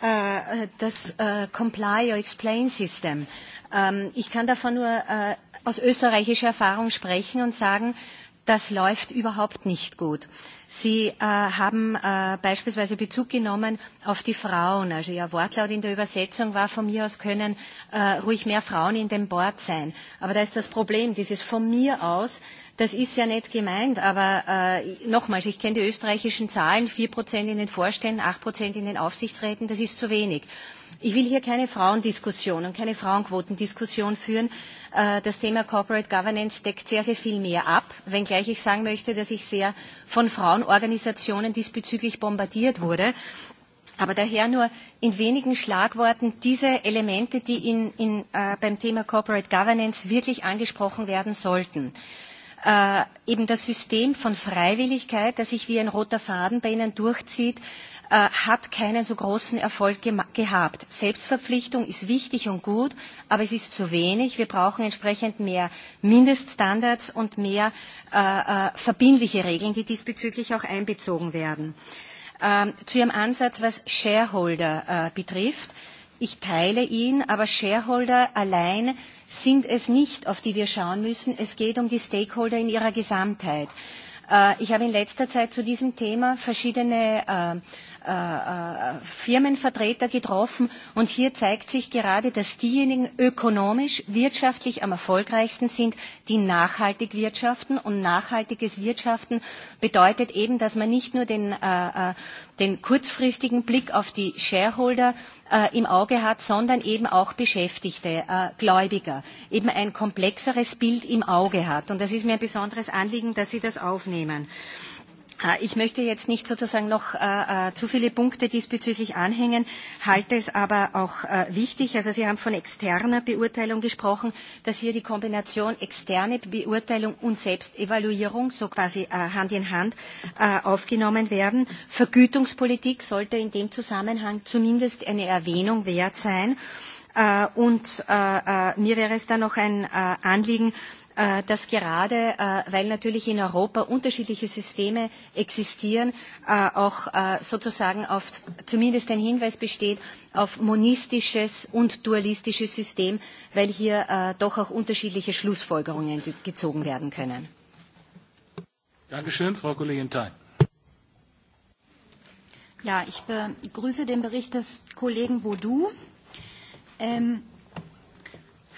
Speaker 9: Äh, das äh, Comply or Explain System. Ähm, ich kann davon nur äh, aus österreichischer Erfahrung sprechen und sagen, das läuft überhaupt nicht gut. Sie äh, haben äh, beispielsweise Bezug genommen auf die Frauen. Also Ihr Wortlaut in der Übersetzung war, von mir aus können äh, ruhig mehr Frauen in dem Board sein. Aber da ist das Problem, dieses von mir aus, das ist ja nicht gemeint, aber äh, nochmals, ich kenne die österreichischen Zahlen, 4% in den Vorständen, 8% in den Aufsichtsräten, das ist zu wenig. Ich will hier keine Frauendiskussion und keine Frauenquotendiskussion führen, Äh, das Thema Corporate Governance deckt sehr, sehr viel mehr ab, wenngleich ich sagen möchte, dass ich sehr von Frauenorganisationen diesbezüglich bombardiert wurde. Aber daher nur in wenigen Schlagworten diese Elemente, die in, in, äh, beim Thema Corporate Governance wirklich angesprochen werden sollten. Äh, eben das System von Freiwilligkeit, das sich wie ein roter Faden bei Ihnen durchzieht, Äh, hat keinen so großen Erfolg gehabt. Selbstverpflichtung ist wichtig und gut, aber es ist zu wenig. Wir brauchen entsprechend mehr Mindeststandards und mehr äh, äh, verbindliche Regeln, die diesbezüglich auch einbezogen werden. Ähm, zu Ihrem Ansatz, was Shareholder äh, betrifft. Ich teile ihn, aber Shareholder allein sind es nicht, auf die wir schauen müssen. Es geht um die Stakeholder in ihrer Gesamtheit. Äh, ich habe in letzter Zeit zu diesem Thema verschiedene äh, Äh, äh, Firmenvertreter getroffen. Und hier zeigt sich gerade, dass diejenigen ökonomisch, wirtschaftlich am erfolgreichsten sind, die nachhaltig wirtschaften. Und nachhaltiges Wirtschaften bedeutet eben, dass man nicht nur den, äh, äh, den kurzfristigen Blick auf die Shareholder äh, im Auge hat, sondern eben auch Beschäftigte, äh, Gläubiger, eben ein komplexeres Bild im Auge hat. Und das ist mir ein besonderes Anliegen, dass Sie das aufnehmen. Äh, Äh, ich möchte jetzt nicht sozusagen noch äh, äh, zu viele Punkte diesbezüglich anhängen, halte es aber auch äh, wichtig. Also Sie haben von externer Beurteilung gesprochen, dass hier die Kombination externe Beurteilung und Selbstevaluierung so quasi äh, Hand in Hand äh, aufgenommen werden. Vergütungspolitik sollte in dem Zusammenhang zumindest eine Erwähnung wert sein. Und mir wäre es dann noch ein Anliegen, Äh, dass gerade, äh, weil natürlich in Europa unterschiedliche Systeme existieren, äh, auch sozusagen auf zumindest ein Hinweis besteht auf monistisches und dualistisches System, weil hier doch auch unterschiedliche Schlussfolgerungen
Speaker 5: gezogen werden können.
Speaker 1: Dankeschön, Frau Kollegin Thein.
Speaker 5: Ja, ich begrüße den Bericht des Kollegen Baudou, ähm,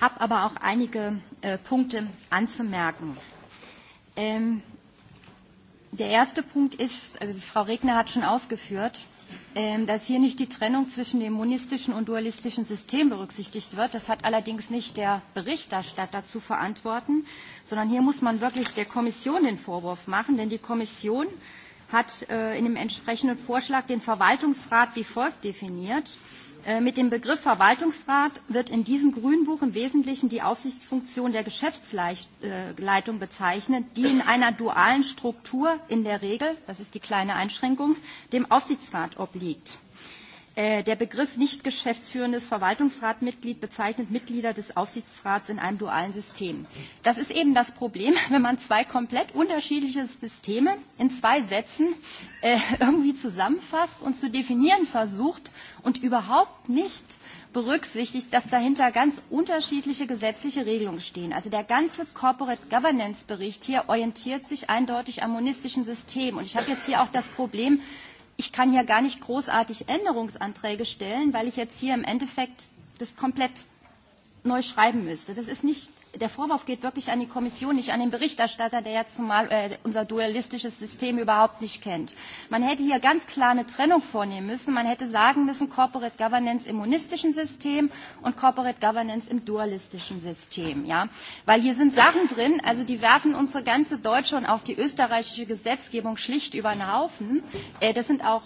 Speaker 5: habe aber auch einige Äh, Punkte anzumerken. Ähm, der erste Punkt ist, äh, Frau Regner hat schon ausgeführt, ähm, dass hier nicht die Trennung zwischen dem monistischen und dualistischen System berücksichtigt wird. Das hat allerdings nicht der Berichterstatter zu verantworten, sondern hier muss man wirklich der Kommission den Vorwurf machen, denn die Kommission hat äh, in dem entsprechenden Vorschlag den Verwaltungsrat wie folgt definiert. Äh, mit dem Begriff Verwaltungsrat wird in diesem Grünbuch im Wesentlichen die Aufsichtsfunktion der Geschäftsleitung bezeichnet, die in einer dualen Struktur in der Regel, das ist die kleine Einschränkung, dem Aufsichtsrat obliegt. Äh, der Begriff nicht geschäftsführendes Verwaltungsratmitglied bezeichnet Mitglieder des Aufsichtsrats in einem dualen System. Das ist eben das Problem, [LAUGHS] wenn man zwei komplett unterschiedliche Systeme in zwei Sätzen äh, irgendwie zusammenfasst und zu definieren versucht, und überhaupt nicht berücksichtigt, dass dahinter ganz unterschiedliche gesetzliche Regelungen stehen. Also der ganze Corporate Governance Bericht hier orientiert sich eindeutig am monistischen System. Und ich habe jetzt hier auch das Problem, ich kann hier gar nicht großartig Änderungsanträge stellen, weil ich jetzt hier im Endeffekt das komplett neu schreiben müsste. Das ist nicht der Vorwurf geht wirklich an die Kommission, nicht an den Berichterstatter, der jetzt zumal äh, unser dualistisches System überhaupt nicht kennt. Man hätte hier ganz klar eine Trennung vornehmen müssen. Man hätte sagen müssen, Corporate Governance im monistischen System und Corporate Governance im dualistischen System. Ja? Weil hier sind Sachen drin, also die werfen unsere ganze deutsche und auch die österreichische Gesetzgebung schlicht über den Haufen. Äh, das sind auch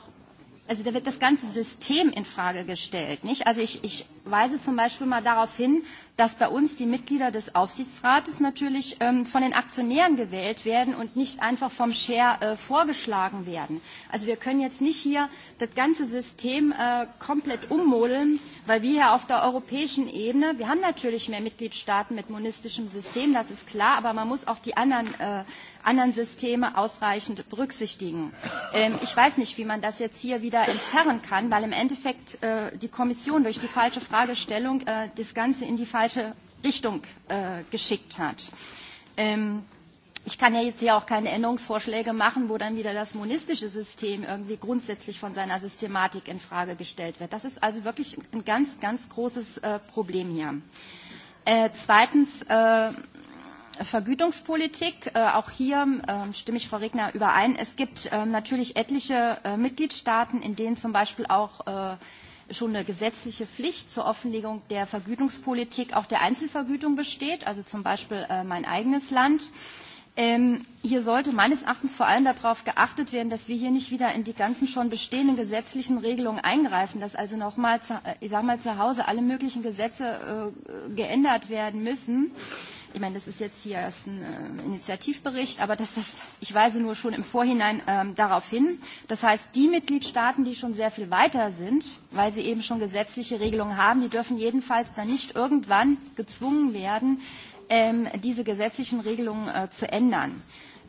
Speaker 5: also da wird das ganze System in Frage gestellt. Nicht? Also ich, ich weise zum Beispiel mal darauf hin, dass bei uns die Mitglieder des Aufsichtsrates natürlich ähm, von den Aktionären gewählt werden und nicht einfach vom Share äh, vorgeschlagen werden. Also wir können jetzt nicht hier das ganze System äh, komplett ummodeln, weil wir ja auf der europäischen Ebene, wir haben natürlich mehr Mitgliedstaaten mit monistischem System, das ist klar, aber man muss auch die anderen äh, anderen Systeme ausreichend berücksichtigen. Ähm, ich weiß nicht, wie man das jetzt hier wieder entzerren kann, weil im Endeffekt äh, die Kommission durch die falsche Fragestellung äh, das Ganze in die falsche Richtung äh, geschickt hat. Ähm, ich kann ja jetzt hier auch keine Änderungsvorschläge machen, wo dann wieder das monistische System irgendwie grundsätzlich von seiner Systematik in Frage gestellt wird. Das ist also wirklich ein ganz, ganz großes äh, Problem hier. Äh, zweitens äh, Vergütungspolitik. Äh, auch hier ähm, stimme ich Frau Regner überein. Es gibt ähm, natürlich etliche äh, Mitgliedstaaten, in denen zum Beispiel auch äh, schon eine gesetzliche Pflicht zur Offenlegung der Vergütungspolitik auch der Einzelvergütung besteht, also zum Beispiel mein eigenes Land. Ähm, hier sollte meines Erachtens vor allem darauf geachtet werden, dass wir hier nicht wieder in die ganzen schon bestehenden gesetzlichen Regelungen eingreifen, dass also nochmal, ich mal, zu Hause alle möglichen Gesetze äh, geändert werden müssen. Äh, ich meine, das ist jetzt hier erst ein äh, Initiativbericht, aber das, das, ich weise nur schon im Vorhinein ähm, darauf hin. Das heißt, die Mitgliedstaaten, die schon sehr viel weiter sind, weil sie eben schon gesetzliche Regelungen haben, die dürfen jedenfalls dann nicht irgendwann gezwungen werden, ähm, diese gesetzlichen Regelungen äh, zu ändern.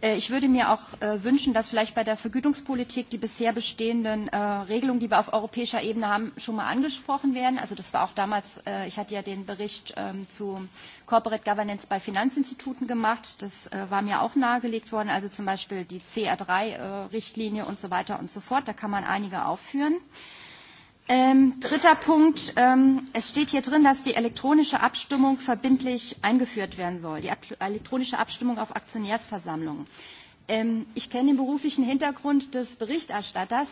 Speaker 5: Äh, ich würde mir auch äh, wünschen, dass vielleicht bei der Vergütungspolitik die bisher bestehenden äh, Regelungen, die wir auf europäischer Ebene haben, schon mal angesprochen werden. Also das war auch damals, ich hatte ja den Bericht ähm, zu Corporate Governance bei Finanzinstituten gemacht. Das war mir auch nahegelegt worden. Also zum Beispiel die CR3-Richtlinie und so weiter und so fort. Da kann man einige aufführen. Ähm, dritter Punkt. Ähm, es steht hier drin, dass die elektronische Abstimmung verbindlich eingeführt werden soll. Die Ab elektronische Abstimmung auf Aktionärsversammlungen. Ähm, ich kenne den beruflichen Hintergrund des Berichterstatters,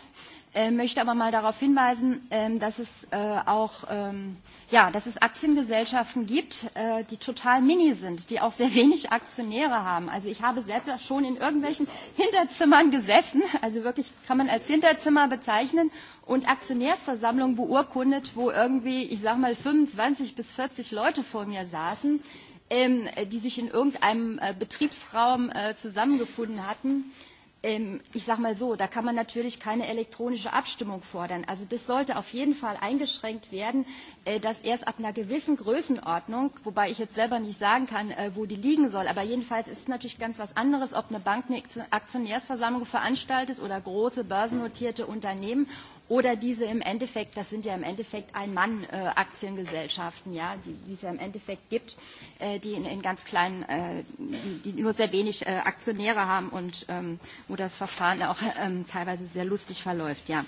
Speaker 5: äh, möchte aber mal darauf hinweisen, ähm, dass es äh, auch ähm, ja, dass es Aktiengesellschaften gibt, äh, die total mini sind, die auch sehr wenig Aktionäre haben. Also ich habe selbst schon in irgendwelchen Hinterzimmern gesessen, also wirklich kann man als Hinterzimmer bezeichnen und Aktionärsversammlung beurkundet, wo irgendwie, ich sag mal, 25 bis 40 Leute vor mir saßen, ähm, die sich in irgendeinem äh, Betriebsraum äh, zusammengefunden hatten. Ähm, ich sag mal so, da kann man natürlich keine elektronische Abstimmung fordern. Also das sollte auf jeden Fall eingeschränkt werden, äh, dass erst ab einer gewissen Größenordnung, wobei ich jetzt selber nicht sagen kann, äh, wo die liegen soll, aber jedenfalls ist es natürlich ganz was anderes, ob eine Bank eine Aktionärsversammlung veranstaltet oder große börsennotierte Unternehmen oder diese im Endeffekt, das sind ja im Endeffekt Ein-Mann-Aktiengesellschaften, ja, die, die es ja im Endeffekt gibt, äh, die in, in ganz kleinen, äh, die, die nur sehr wenig äh, Aktionäre haben und ähm, wo das Verfahren auch äh, teilweise sehr lustig verläuft, ja.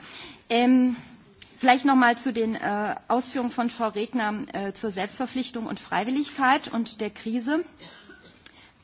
Speaker 5: Ähm, Vielleicht noch mal zu den äh, Ausführungen von Frau Regner äh, zur Selbstverpflichtung und Freiwilligkeit und der Krise.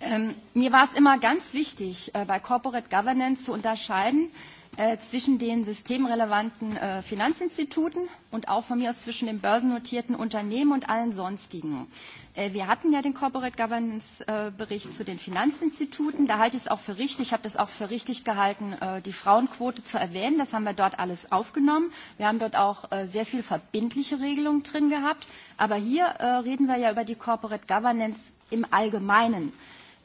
Speaker 5: Ähm, mir war es immer ganz wichtig, äh, bei Corporate Governance zu unterscheiden äh, Äh, zwischen den systemrelevanten äh, Finanzinstituten und auch von mir aus zwischen den börsennotierten Unternehmen und allen sonstigen. Äh, wir hatten ja den Corporate Governance Bericht zu den Finanzinstituten. Da halte ich es auch für richtig. Ich habe das auch für richtig gehalten, die Frauenquote zu erwähnen. Das haben wir dort alles aufgenommen. Wir haben dort auch sehr viel verbindliche Regelungen drin gehabt. Aber hier reden wir ja über die Corporate Governance im Allgemeinen.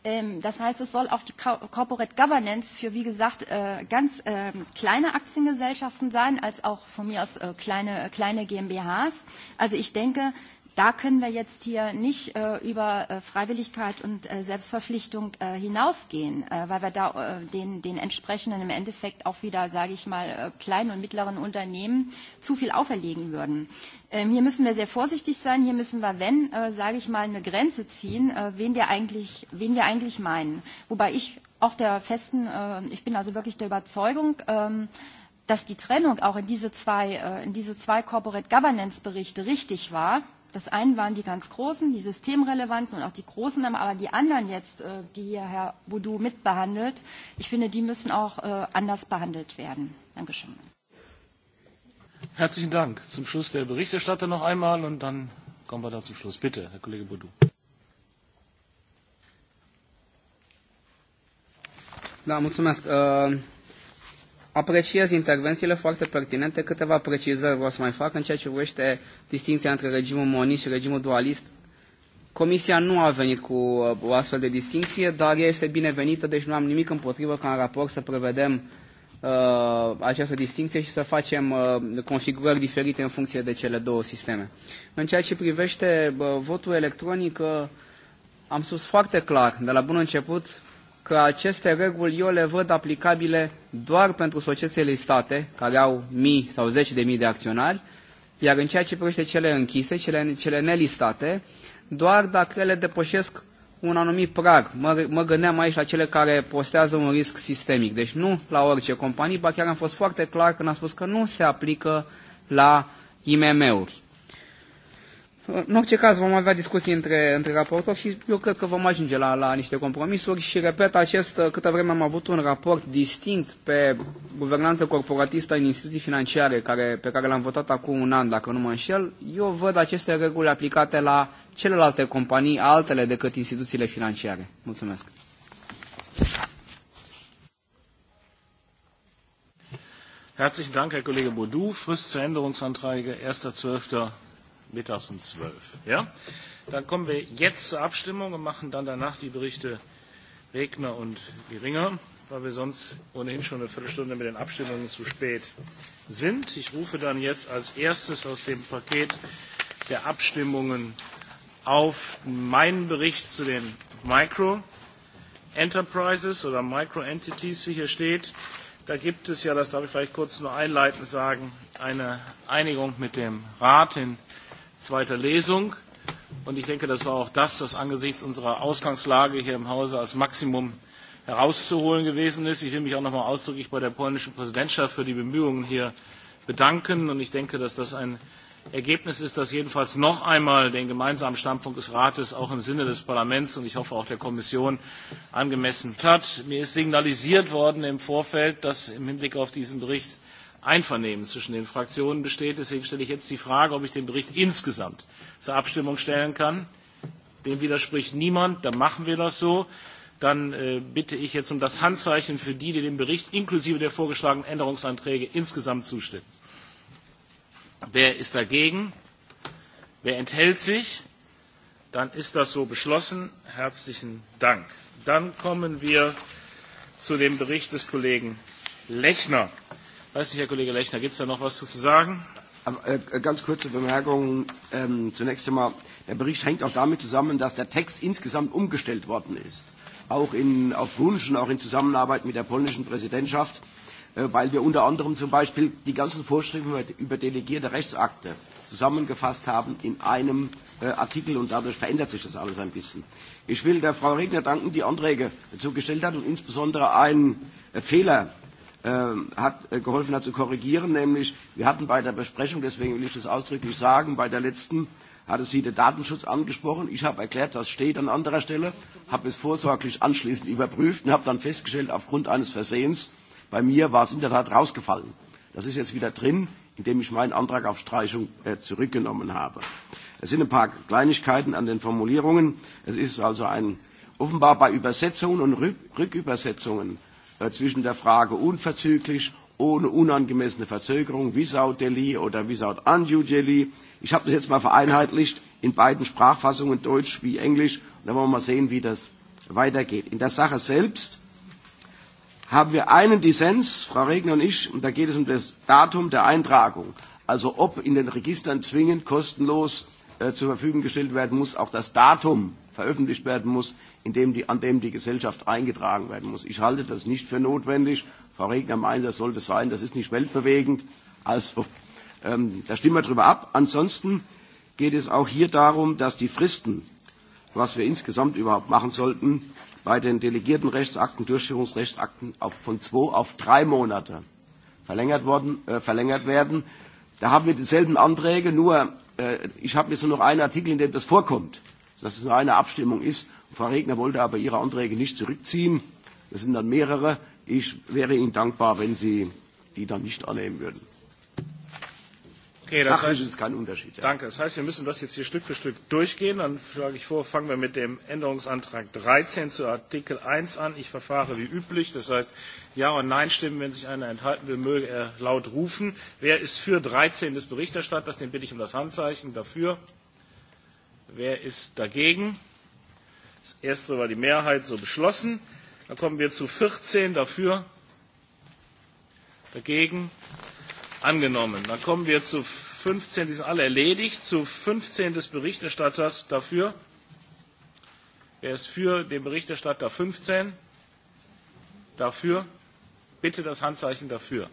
Speaker 5: Ähm, das heißt, es soll auch die Corporate Governance für, wie gesagt, äh, ganz ähm, kleine Aktiengesellschaften sein, als auch von mir aus äh, kleine, äh, kleine GmbHs. Also ich denke, Da können wir jetzt hier nicht äh, über äh, Freiwilligkeit und äh, Selbstverpflichtung äh, hinausgehen, äh, weil wir da äh, den, den entsprechenden im Endeffekt auch wieder, sage ich mal, äh, kleinen und mittleren Unternehmen zu viel auferlegen würden. Ähm, hier müssen wir sehr vorsichtig sein. Hier müssen wir, wenn, äh, sage ich mal, eine Grenze ziehen, äh, wen, wir eigentlich, wen wir eigentlich meinen. Wobei ich auch der festen, äh, ich bin also wirklich der Überzeugung, äh, dass die Trennung auch in diese zwei, äh, in diese zwei Corporate Governance Berichte richtig war, Das eine waren die ganz Großen, die systemrelevanten und auch die Großen, aber die anderen jetzt, äh, die Herr Boudou mitbehandelt, ich finde, die müssen auch äh, anders behandelt werden. Dankeschön.
Speaker 1: Herzlichen Dank. Zum Schluss der Berichterstatter noch einmal und dann kommen wir da zum Schluss. Bitte, Herr Kollege Boudou.
Speaker 8: Da, mulțumesc. Uh... Apreciez intervențiile foarte pertinente. Câteva precizări vreau să mai fac în ceea ce privește distinția între regimul monist și regimul dualist. Comisia nu a venit cu uh, o astfel de distinție, dar ea este binevenită, deci nu am nimic împotrivă ca în raport să prevedem uh, această distinție și să facem uh, configurări diferite în funcție de cele două sisteme. În ceea ce privește uh, votul electronic, uh, am spus foarte clar de la bun început că aceste reguli eu le văd aplicabile doar pentru societățile state, care au mii sau zeci de mii de acționari, iar în ceea ce privește cele închise, cele, cele nelistate, doar dacă ele depășesc un anumit prag. Mă, mă gândeam aici la cele care postează un risc sistemic. Deci nu la orice companie, ba chiar am fost foarte clar când am spus că nu se aplică la IMM-uri. În orice caz vom avea discuții între, între raportori și eu cred că vom ajunge la, la niște compromisuri și repet, acest, câtă vreme am avut un raport distinct pe guvernanță corporatistă în instituții financiare care, pe care l-am votat acum un an, dacă nu mă înșel, eu văd aceste reguli aplicate la celelalte companii, altele decât instituțiile financiare. Mulțumesc!
Speaker 1: Herzlichen Dank, Herr Kollege Baudou. Frist zu Änderungsanträge 1.12 mittags um Ja? Dann kommen wir jetzt zur Abstimmung und machen dann danach die Berichte Regner und Geringer, weil wir sonst ohnehin schon eine Viertelstunde mit den Abstimmungen zu spät sind. Ich rufe dann jetzt als erstes aus dem Paket der Abstimmungen auf meinen Bericht zu den Micro Enterprises oder Micro Entities, wie hier steht. Da gibt es ja, das darf ich vielleicht kurz nur einleitend sagen, eine Einigung mit dem Rat in zweiter Lesung. Und ich denke, das war auch das, was angesichts unserer Ausgangslage hier im Hause als Maximum herauszuholen gewesen ist. Ich will mich auch noch einmal ausdrücklich bei der polnischen Präsidentschaft für die Bemühungen hier bedanken. Und ich denke, dass das ein Ergebnis ist, das jedenfalls noch einmal den gemeinsamen Standpunkt des Rates auch im Sinne des Parlaments und ich hoffe auch der Kommission angemessen hat. Mir ist signalisiert worden im Vorfeld, dass im Hinblick auf diesen Bericht Einvernehmen zwischen den Fraktionen besteht. Deswegen stelle ich jetzt die Frage, ob ich den Bericht insgesamt zur Abstimmung stellen kann. Dem widerspricht niemand. Dann machen wir das so. Dann äh, bitte ich jetzt um das Handzeichen für die, die dem Bericht inklusive der vorgeschlagenen Änderungsanträge insgesamt zustimmen. Wer ist dagegen? Wer enthält sich? Dann ist das so beschlossen. Herzlichen Dank. Dann kommen wir zu dem Bericht des Kollegen Lechner. Weiß nicht, Herr Kollege Lechner, gibt es da noch was zu sagen?
Speaker 10: Aber, äh, äh, ganz kurze Bemerkung ähm, zunächst einmal. Der Bericht hängt auch damit zusammen, dass der Text insgesamt umgestellt worden ist. Auch in, auf Wunsch und auch in Zusammenarbeit mit der polnischen Präsidentschaft, äh, weil wir unter anderem zum Beispiel die ganzen Vorschriften über, über delegierte Rechtsakte zusammengefasst haben in einem äh, Artikel und dadurch verändert sich das alles ein bisschen. Ich will der Frau Regner danken, die Anträge zugestellt hat und insbesondere einen äh, Fehler Ähm, hat, äh, geholfen hat zu korrigieren, nämlich wir hatten bei der Besprechung, deswegen will ich das ausdrücklich sagen, bei der letzten hatte sie den Datenschutz angesprochen. Ich habe erklärt, das steht an anderer Stelle, habe es vorsorglich anschließend überprüft und habe dann festgestellt, aufgrund eines Versehens, bei mir war es in der Tat rausgefallen. Das ist jetzt wieder drin, indem ich meinen Antrag auf Streichung äh, zurückgenommen habe. Es sind ein paar Kleinigkeiten an den Formulierungen. Es ist also ein, offenbar bei Übersetzungen und Rück Rückübersetzungen Äh, zwischen der Frage unverzüglich, ohne unangemessene Verzögerung, without delay oder without undue delay. Ich habe das jetzt mal vereinheitlicht in beiden Sprachfassungen, Deutsch wie Englisch. Und dann wollen wir mal sehen, wie das weitergeht. In der Sache selbst haben wir einen Dissens, Frau Regner und ich, und da geht es um das Datum der Eintragung. Also ob in den Registern zwingend kostenlos äh, zur Verfügung gestellt werden muss, auch das Datum veröffentlicht werden muss, in dem die, an dem die Gesellschaft eingetragen werden muss. Ich halte das nicht für notwendig. Frau Regner meint, das sollte sein. Das ist nicht weltbewegend. Also, ähm, da stimmen wir drüber ab. Ansonsten geht es auch hier darum, dass die Fristen, was wir insgesamt überhaupt machen sollten, bei den delegierten Rechtsakten, Durchführungsrechtsakten auf, von zwei auf drei Monate verlängert, worden, äh, verlängert werden. Da haben wir dieselben Anträge, nur äh, ich habe jetzt nur noch einen Artikel, in dem das vorkommt, dass es nur eine Abstimmung ist. Frau Regner wollte aber ihre Anträge nicht zurückziehen. Das sind dann mehrere. Ich wäre Ihnen dankbar, wenn Sie die dann nicht annehmen würden. Okay, das Sachlich heißt, ist kein Unterschied. Ja. Danke.
Speaker 1: Das heißt, wir müssen das jetzt hier Stück für Stück durchgehen. Dann schlage ich vor, fangen wir mit dem Änderungsantrag 13 zu Artikel 1 an. Ich verfahre wie üblich. Das heißt, Ja und Nein stimmen, wenn sich einer enthalten will, möge er laut rufen. Wer ist für 13 des Berichterstatters? Den bitte ich um das Handzeichen. Dafür. Wer ist dagegen? Das erste war die Mehrheit so beschlossen. Dann kommen wir zu 14 dafür, dagegen angenommen. Dann kommen wir zu 15, die sind alle erledigt, zu 15 des Berichterstatters dafür. Wer ist für den Berichterstatter 15? Dafür? Bitte das Handzeichen dafür.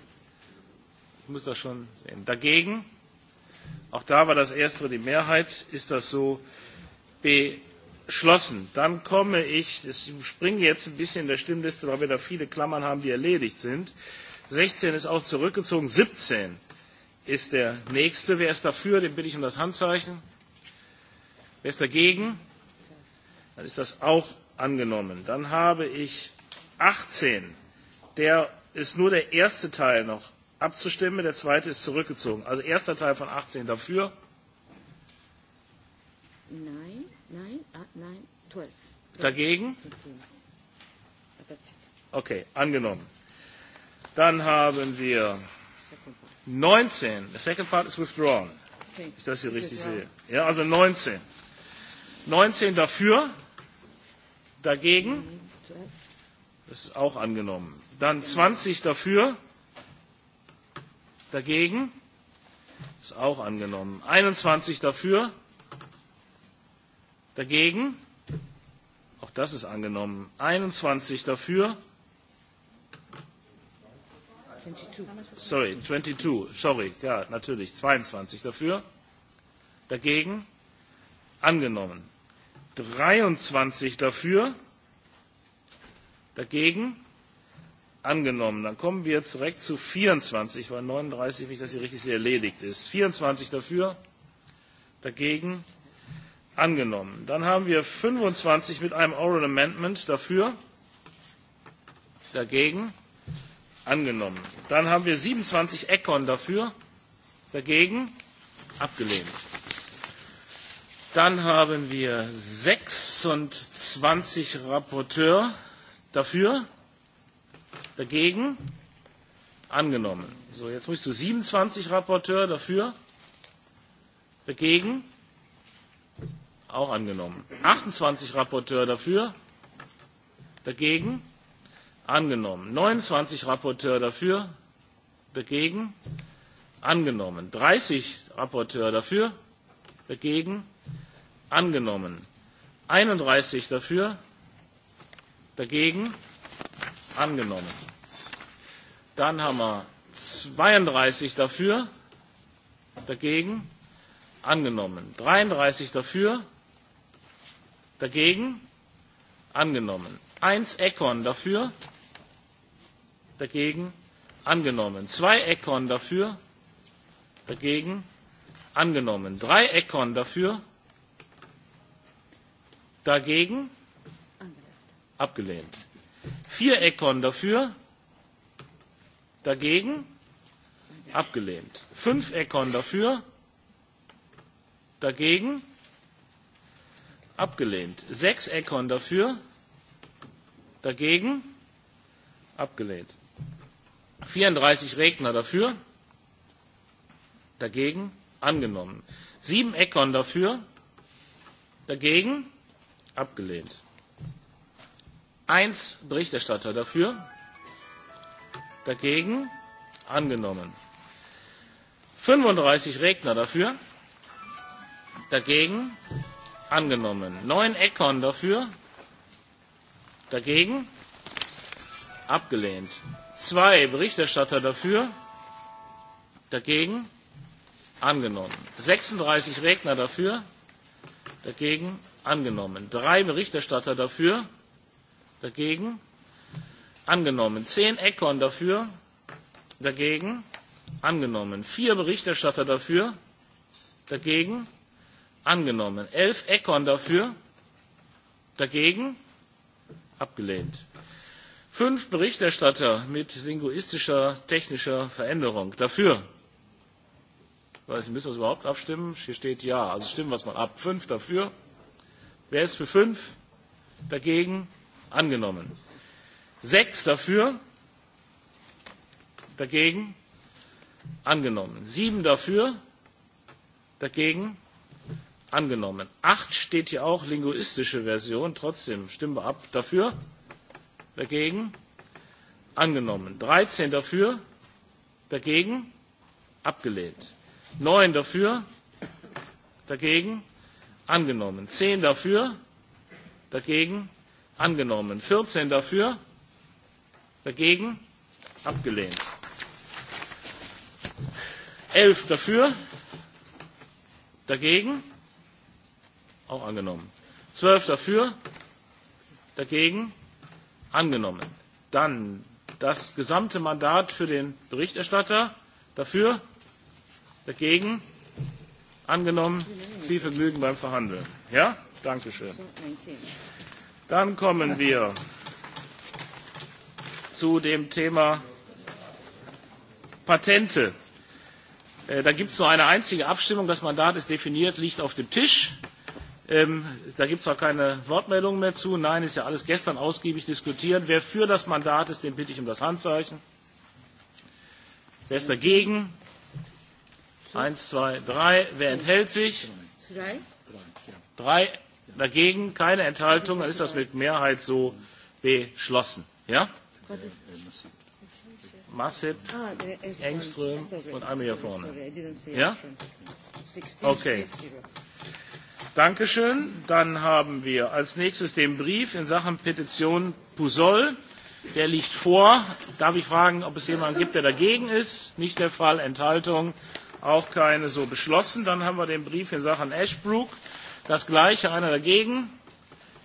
Speaker 1: Ich muss das schon sehen. Dagegen? Auch da war das erste die Mehrheit. Ist das so beschlossen? geschlossen. Dann komme ich, ich springe jetzt ein bisschen in der Stimmliste, weil wir da viele Klammern haben, die erledigt sind. 16 ist auch zurückgezogen. 17 ist der nächste. Wer ist dafür? Den bitte ich um das Handzeichen. Wer ist dagegen? Dann ist das auch angenommen. Dann habe ich 18. Der ist nur der erste Teil noch abzustimmen. Der zweite ist zurückgezogen. Also erster Teil von 18 dafür.
Speaker 11: Nein. Dagegen?
Speaker 1: Okay, angenommen. Dann haben wir 19. The second part is withdrawn.
Speaker 8: Okay. Ich das hier richtig sehe.
Speaker 1: Ja, also 19. 19 dafür, dagegen. Das ist auch angenommen. Dann 20 dafür, dagegen. Das ist auch angenommen. 21 dafür, dagegen. Auch das ist angenommen. 21 dafür. Sorry, 22. Sorry, ja, natürlich. 22 dafür. Dagegen. Angenommen. 23 dafür. Dagegen. Angenommen. Dann kommen wir jetzt direkt zu 24, weil 39, wenn ich das hier richtig sehe, erledigt ist. 24 dafür. Dagegen angenommen. Dann haben wir 25 mit einem Oral Amendment dafür, dagegen, angenommen. Dann haben wir 27 Econ dafür, dagegen, abgelehnt. Dann haben wir 26 Rapporteur dafür, dagegen, angenommen. So, jetzt musst du 27 Rapporteur dafür, dagegen, Auch angenommen. 28 Rapporteur dafür. Dagegen. Angenommen. 29 Rapporteur dafür. Dagegen. Angenommen. 30 Rapporteur dafür. Dagegen. Angenommen. 31 dafür. Dagegen. Angenommen. Dann haben wir 32 dafür. Dagegen. Angenommen. 33 dafür Dagegen? Angenommen. Eins Econ dafür? Dagegen? Angenommen. Zwei Econ dafür? Dagegen? Angenommen. Drei Econ dafür? Dagegen? Abgelehnt. Vier Econ dafür? Dagegen? Abgelehnt. Fünf Econ dafür? Dagegen? abgelehnt. Sechs Eckhorn dafür, dagegen, abgelehnt. 34 Regner dafür, dagegen, angenommen. Sieben Eckhorn dafür, dagegen, abgelehnt. Eins Berichterstatter dafür, dagegen, angenommen. 35 Regner dafür, dagegen, angenommen. Neun Eckern dafür, dagegen, abgelehnt. Zwei Berichterstatter dafür, dagegen, angenommen. 36 Regner dafür, dagegen, angenommen. Drei Berichterstatter dafür, dagegen, angenommen. Zehn Eckern dafür, dagegen, angenommen. Vier Berichterstatter dafür, dagegen, angenommen. elf Eckern dafür, dagegen abgelehnt. Fünf Berichterstatter mit linguistischer technischer Veränderung dafür. Ich weiß nicht, müssen wir es überhaupt abstimmen? Hier steht ja, also stimmen wir es mal ab. Fünf dafür. Wer ist für fünf? Dagegen angenommen. Sechs dafür. Dagegen angenommen. Sieben dafür. Dagegen angenommen. Acht steht hier auch, linguistische Version, trotzdem stimmen wir ab. Dafür? Dagegen? Angenommen. Dreizehn dafür? Dagegen? Abgelehnt. Neun dafür? Dagegen? Angenommen. Zehn dafür? Dagegen? Angenommen. Vierzehn dafür? Dagegen? Abgelehnt. Elf dafür? Dagegen? Auch angenommen. Zwölf dafür, dagegen angenommen. Dann das gesamte Mandat für den Berichterstatter dafür, dagegen angenommen. Viel Vergnügen beim Verhandeln. Ja? danke schön. Dann kommen wir zu dem Thema Patente. Äh, da gibt es nur eine einzige Abstimmung. Das Mandat ist definiert, liegt auf dem Tisch. Ähm, da gibt es auch keine Wortmeldungen mehr zu. Nein, ist ja alles gestern ausgiebig diskutiert. Wer für das Mandat ist, den bitte ich um das Handzeichen. Wer ist dagegen? Eins, zwei, drei. Wer enthält sich? Drei. Drei dagegen, keine Enthaltung. Dann ist das mit Mehrheit so beschlossen. Ja? Massip, Engström und einmal hier vorne. Ja? Okay. Dankeschön. Dann haben wir als nächstes den Brief in Sachen Petition Pusol. Der liegt vor. Darf ich fragen, ob es jemanden gibt, der dagegen ist? Nicht der Fall. Enthaltung? Auch keine. So beschlossen. Dann haben wir den Brief in Sachen Ashbrook. Das gleiche. Einer dagegen?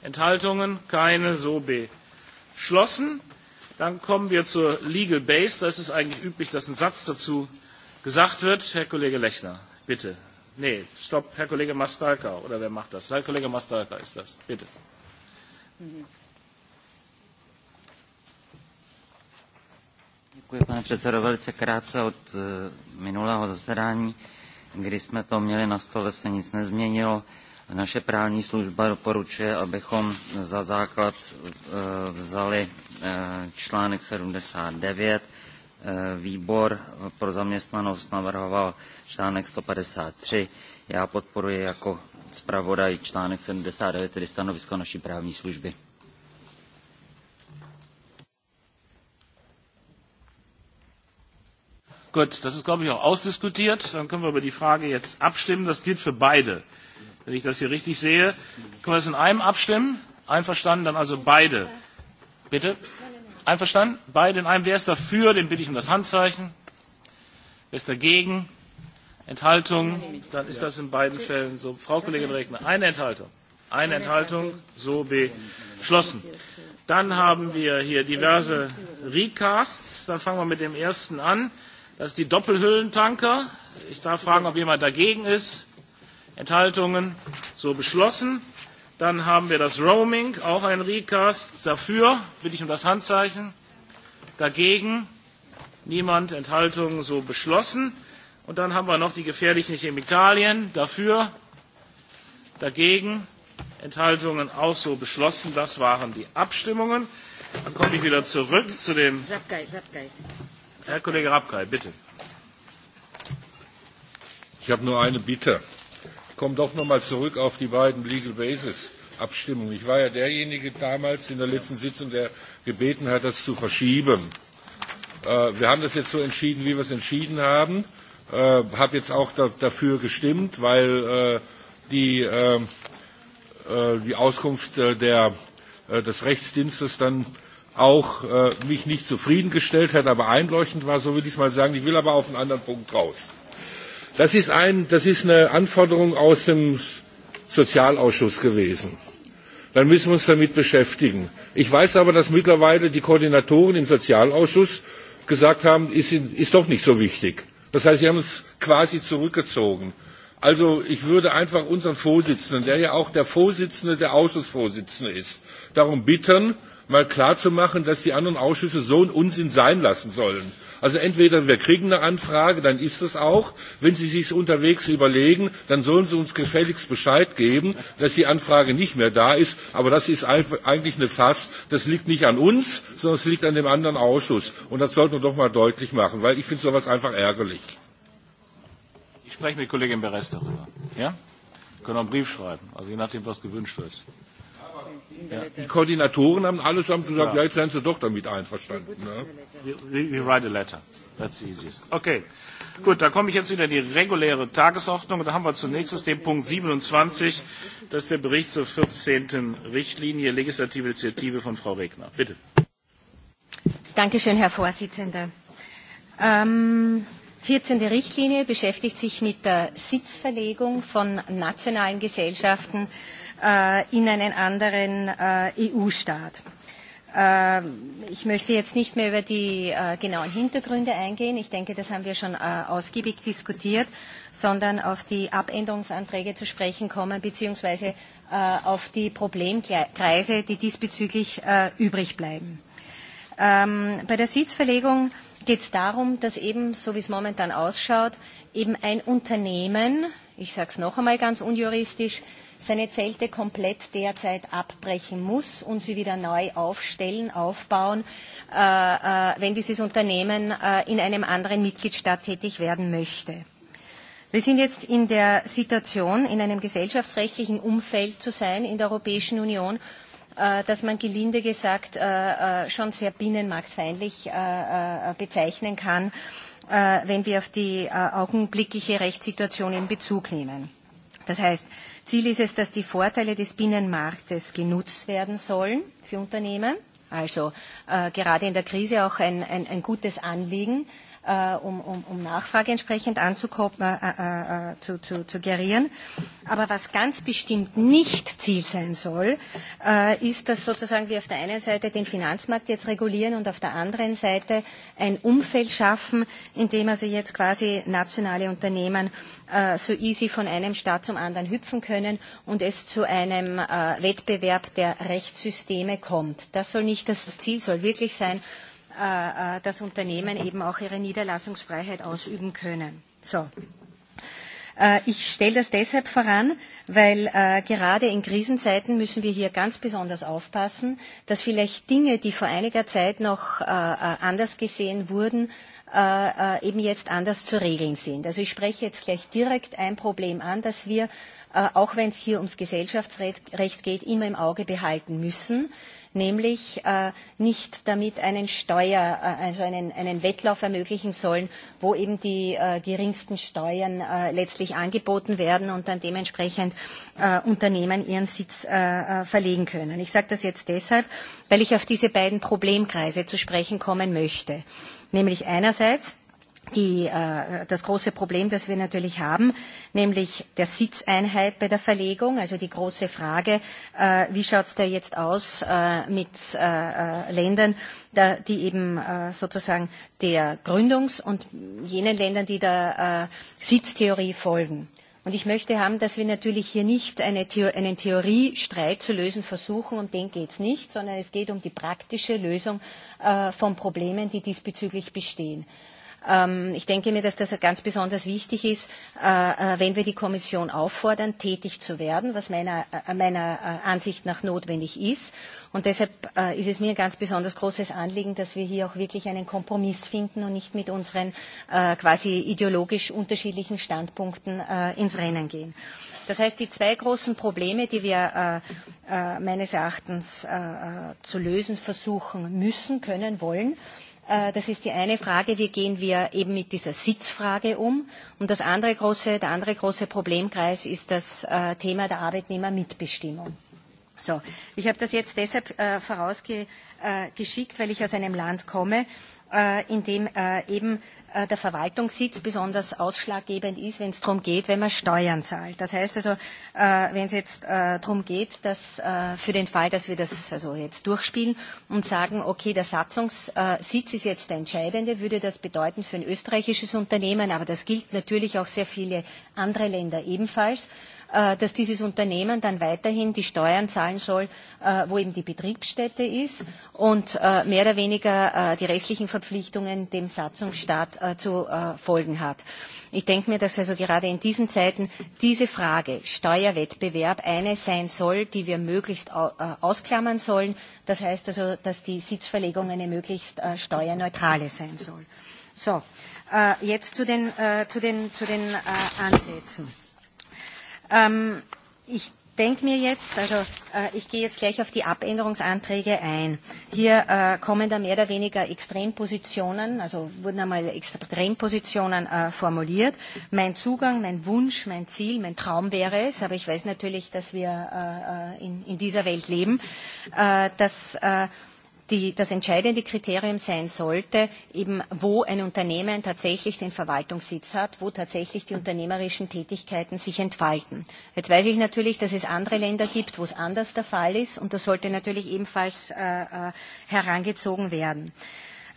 Speaker 1: Enthaltungen? Keine. So beschlossen. Dann kommen wir zur Legal Base. Das ist eigentlich üblich, dass ein Satz dazu gesagt wird. Herr Kollege Lechner, bitte. Nee, stopp, Herr Kollege Mastalka, oder wer macht das? Herr Kollege Mastalka ist das, bitte.
Speaker 12: pane předsedo, velice krátce
Speaker 5: od eh, minulého zasedání, kdy jsme to měli na stole, se nic nezměnilo. Naše právní služba doporučuje, abychom za základ eh, vzali eh, článek 79. Výbor pro zaměstnanost navrhoval článek 153. Já podporuji jako zpravodaj článek 79, tedy stanovisko naší právní služby.
Speaker 1: Gut, das ist, glaube ich, auch ausdiskutiert. Dann können wir über die Frage jetzt abstimmen. Das gilt für beide. Wenn ich das hier richtig sehe, können wir es in einem abstimmen? Einverstanden, dann also beide. Bitte? Einverstanden? Beide in einem. Wer ist dafür? Den bitte ich um das Handzeichen. Wer ist dagegen? Enthaltungen? Dann ist das in beiden Fällen so. Frau Kollegin Regner, eine Enthaltung. Eine Enthaltung, so beschlossen. Dann haben wir hier diverse Recasts. Dann fangen wir mit dem ersten an. Das ist die Doppelhüllentanker. Ich darf fragen, ob jemand dagegen ist. Enthaltungen, so beschlossen. Dann haben wir das Roaming, auch ein Recast. Dafür bitte ich um das Handzeichen. Dagegen niemand. Enthaltungen, so beschlossen. Und dann haben wir noch die gefährlichen Chemikalien. Dafür, dagegen, Enthaltungen auch so beschlossen. Das waren die Abstimmungen. Dann komme ich wieder zurück zu dem. Rapkay, Herr Kollege Rapkay, bitte.
Speaker 13: Ich habe nur eine Bitte. Ich komme doch noch mal zurück auf die beiden Legal Basis Abstimmungen. Ich war ja derjenige damals in der letzten Sitzung, der gebeten hat, das zu verschieben. Äh, wir haben das jetzt so entschieden, wie wir es entschieden haben äh, habe jetzt auch da, dafür gestimmt, weil äh, die, äh, äh die Auskunft äh, der, äh, des Rechtsdienstes dann auch mich nicht zufriedengestellt hat, aber einleuchtend war, so will ich es mal sagen. Ich will aber auf einen anderen Punkt raus. Das ist, ein, das ist eine Anforderung aus dem Sozialausschuss gewesen. Dann müssen wir uns damit beschäftigen. Ich weiß aber, dass mittlerweile die Koordinatoren im Sozialausschuss gesagt haben, ist, ist doch nicht so wichtig. Das heißt, Sie haben es quasi zurückgezogen. Also ich würde einfach unseren Vorsitzenden, der ja auch der Vorsitzende der Ausschussvorsitzende ist, darum bitten, mal klarzumachen, dass die anderen Ausschüsse so einen Unsinn sein lassen sollen. Also entweder wir kriegen eine Anfrage, dann ist es auch. Wenn Sie sich unterwegs überlegen, dann sollen Sie uns gefälligst Bescheid geben, dass die Anfrage nicht mehr da ist. Aber das ist eigentlich eine Fass. Das liegt nicht an uns, sondern es liegt an dem anderen Ausschuss. Und das sollten wir doch mal deutlich machen, weil ich finde sowas einfach
Speaker 1: ärgerlich. Ich spreche mit Kollegin Beres darüber. Ja? Wir können auch einen Brief schreiben, also je nachdem, was gewünscht wird ja, die Koordinatoren haben allesamt gesagt, ja, jetzt seien sie doch damit einverstanden. Ne? We, we write a letter. That's the easiest. Okay. Gut, da komme ich jetzt wieder in die reguläre Tagesordnung. Da haben wir zunächst den Punkt 27. Das ist der Bericht zur 14. Richtlinie, legislative Initiative von Frau Regner. Bitte.
Speaker 9: Dankeschön, Herr Vorsitzender. Ähm, 14. Richtlinie beschäftigt sich mit der Sitzverlegung von nationalen Gesellschaften Äh, in einen anderen äh, EU-Staat. Ähm, ich möchte jetzt nicht mehr über die äh, genauen Hintergründe eingehen. Ich denke, das haben wir schon ausgiebig diskutiert, sondern auf die Abänderungsanträge zu sprechen kommen, beziehungsweise auf die Problemkreise, die diesbezüglich übrig bleiben. Ähm, bei der Sitzverlegung geht es darum, dass eben, so wie es momentan ausschaut, eben ein Unternehmen, ich sage es noch einmal ganz unjuristisch, seine Zelte komplett derzeit abbrechen muss und sie wieder neu aufstellen, aufbauen, äh, äh, wenn dieses Unternehmen äh, in einem anderen Mitgliedstaat tätig werden möchte. Wir sind jetzt in der Situation, in einem gesellschaftsrechtlichen Umfeld zu sein in der Europäischen Union, äh, dass man gelinde gesagt äh, äh, schon sehr binnenmarktfeindlich bezeichnen kann, wenn wir auf die augenblickliche Rechtssituation in Bezug nehmen. Das heißt, Ziel ist es, dass die Vorteile des Binnenmarktes genutzt werden sollen für Unternehmen. Also äh, gerade in der Krise auch ein, ein, ein gutes Anliegen äh, um, um, um Nachfrage entsprechend äh, äh, äh, zu, zu, zu gerieren. Aber was ganz bestimmt nicht Ziel sein soll, äh, ist, dass sozusagen wir auf der einen Seite den Finanzmarkt jetzt regulieren und auf der anderen Seite ein Umfeld schaffen, in dem also jetzt quasi nationale Unternehmen äh, so easy von einem Staat zum anderen hüpfen können und es zu einem äh, Wettbewerb der Rechtssysteme kommt. Das soll nicht das Ziel, soll wirklich sein, Äh, äh, dass Unternehmen eben auch ihre Niederlassungsfreiheit ausüben können. So. Äh, ich stelle das deshalb voran, weil äh, gerade in Krisenzeiten müssen wir hier ganz besonders aufpassen, dass vielleicht Dinge, die vor einiger Zeit noch äh, anders gesehen wurden, äh, eben jetzt anders zu regeln sind. Also ich spreche jetzt gleich direkt ein Problem an, das wir, auch wenn es hier ums Gesellschaftsrecht geht, immer im Auge behalten müssen nämlich äh, nicht damit einen Steuer, äh, also einen, einen Wettlauf ermöglichen sollen, wo eben die äh, geringsten Steuern äh, letztlich angeboten werden und dann dementsprechend äh, Unternehmen ihren Sitz äh, äh verlegen können. Ich sage das jetzt deshalb, weil ich auf diese beiden Problemkreise zu sprechen kommen möchte. Nämlich einerseits die, äh, das große Problem, das wir natürlich haben, nämlich der Sitzeinheit bei der Verlegung, also die große Frage, äh, wie schaut es da jetzt aus äh, mit Ländern, die eben sozusagen der Gründungs- und jenen Ländern, die der Sitztheorie folgen. Und ich möchte haben, dass wir natürlich hier nicht eine Theor einen Theoriestreit zu lösen versuchen, um den geht es nicht, sondern es geht um die praktische Lösung äh, von Problemen, die diesbezüglich bestehen. Ähm, ich denke mir, dass das ganz besonders wichtig ist, äh, äh, wenn wir die Kommission auffordern, tätig zu werden, was meiner, äh, meiner Ansicht nach notwendig ist. Und deshalb ist es mir ein ganz besonders großes Anliegen, dass wir hier auch wirklich einen Kompromiss finden und nicht mit unseren quasi ideologisch unterschiedlichen Standpunkten ins Rennen gehen. Das heißt, die zwei großen Probleme, die wir äh, äh, meines Erachtens äh, zu lösen versuchen müssen, können, wollen, Äh, das ist die eine Frage, wie gehen wir eben mit dieser Sitzfrage um. Und das andere große, der andere große Problemkreis ist das äh, Thema der Arbeitnehmermitbestimmung. So, ich habe das jetzt deshalb äh, vorausgeschickt, weil ich aus einem Land komme, Äh, in dem äh, eben äh, der Verwaltungssitz besonders ausschlaggebend ist, wenn es darum geht, wenn man Steuern zahlt. Das heißt also, wenn es jetzt darum geht, dass für den Fall, dass wir das also jetzt durchspielen und sagen, okay, der Satzungssitz ist jetzt der entscheidende, würde das bedeuten für ein österreichisches Unternehmen, aber das gilt natürlich auch sehr viele andere Länder ebenfalls, Äh, dass dieses Unternehmen dann weiterhin die Steuern zahlen soll, äh, wo eben die Betriebsstätte ist und äh, mehr oder weniger die restlichen Verpflichtungen dem Satzungsstaat zu folgen hat. Ich denke mir, dass also gerade in diesen Zeiten diese Frage Steuerwettbewerb eine sein soll, die wir möglichst ausklammern sollen. Das heißt also, dass die Sitzverlegung eine möglichst steuerneutrale sein soll. So, jetzt zu den, zu den, zu den Ansätzen. Ähm, ich denke mir jetzt, also äh, ich gehe jetzt gleich auf die Abänderungsanträge ein. Hier äh, kommen da mehr oder weniger Extrempositionen, also wurden einmal Extrempositionen äh, formuliert. Mein Zugang, mein Wunsch, mein Ziel, mein Traum wäre es, aber ich weiß natürlich, dass wir äh, äh in, in dieser Welt leben, äh, dass äh, die, das entscheidende Kriterium sein sollte, eben wo ein Unternehmen tatsächlich den Verwaltungssitz hat, wo tatsächlich die unternehmerischen Tätigkeiten sich entfalten. Jetzt weiß ich natürlich, dass es andere Länder gibt, wo es anders der Fall ist und das sollte natürlich ebenfalls äh, äh herangezogen werden.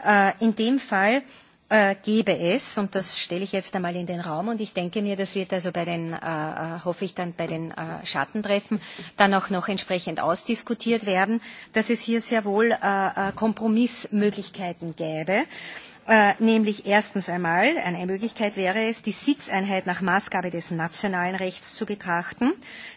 Speaker 9: Äh, in dem Fall Äh, gäbe es, und das stelle ich jetzt einmal in den Raum, und ich denke mir, das wird also bei den, äh, äh, hoffe ich dann bei den äh, Schattentreffen dann auch noch entsprechend ausdiskutiert werden, dass es hier sehr wohl äh, äh Kompromissmöglichkeiten gäbe. Äh, Äh, nämlich erstens einmal, eine Möglichkeit wäre es, die Sitzeinheit nach Maßgabe des nationalen Rechts zu betrachten.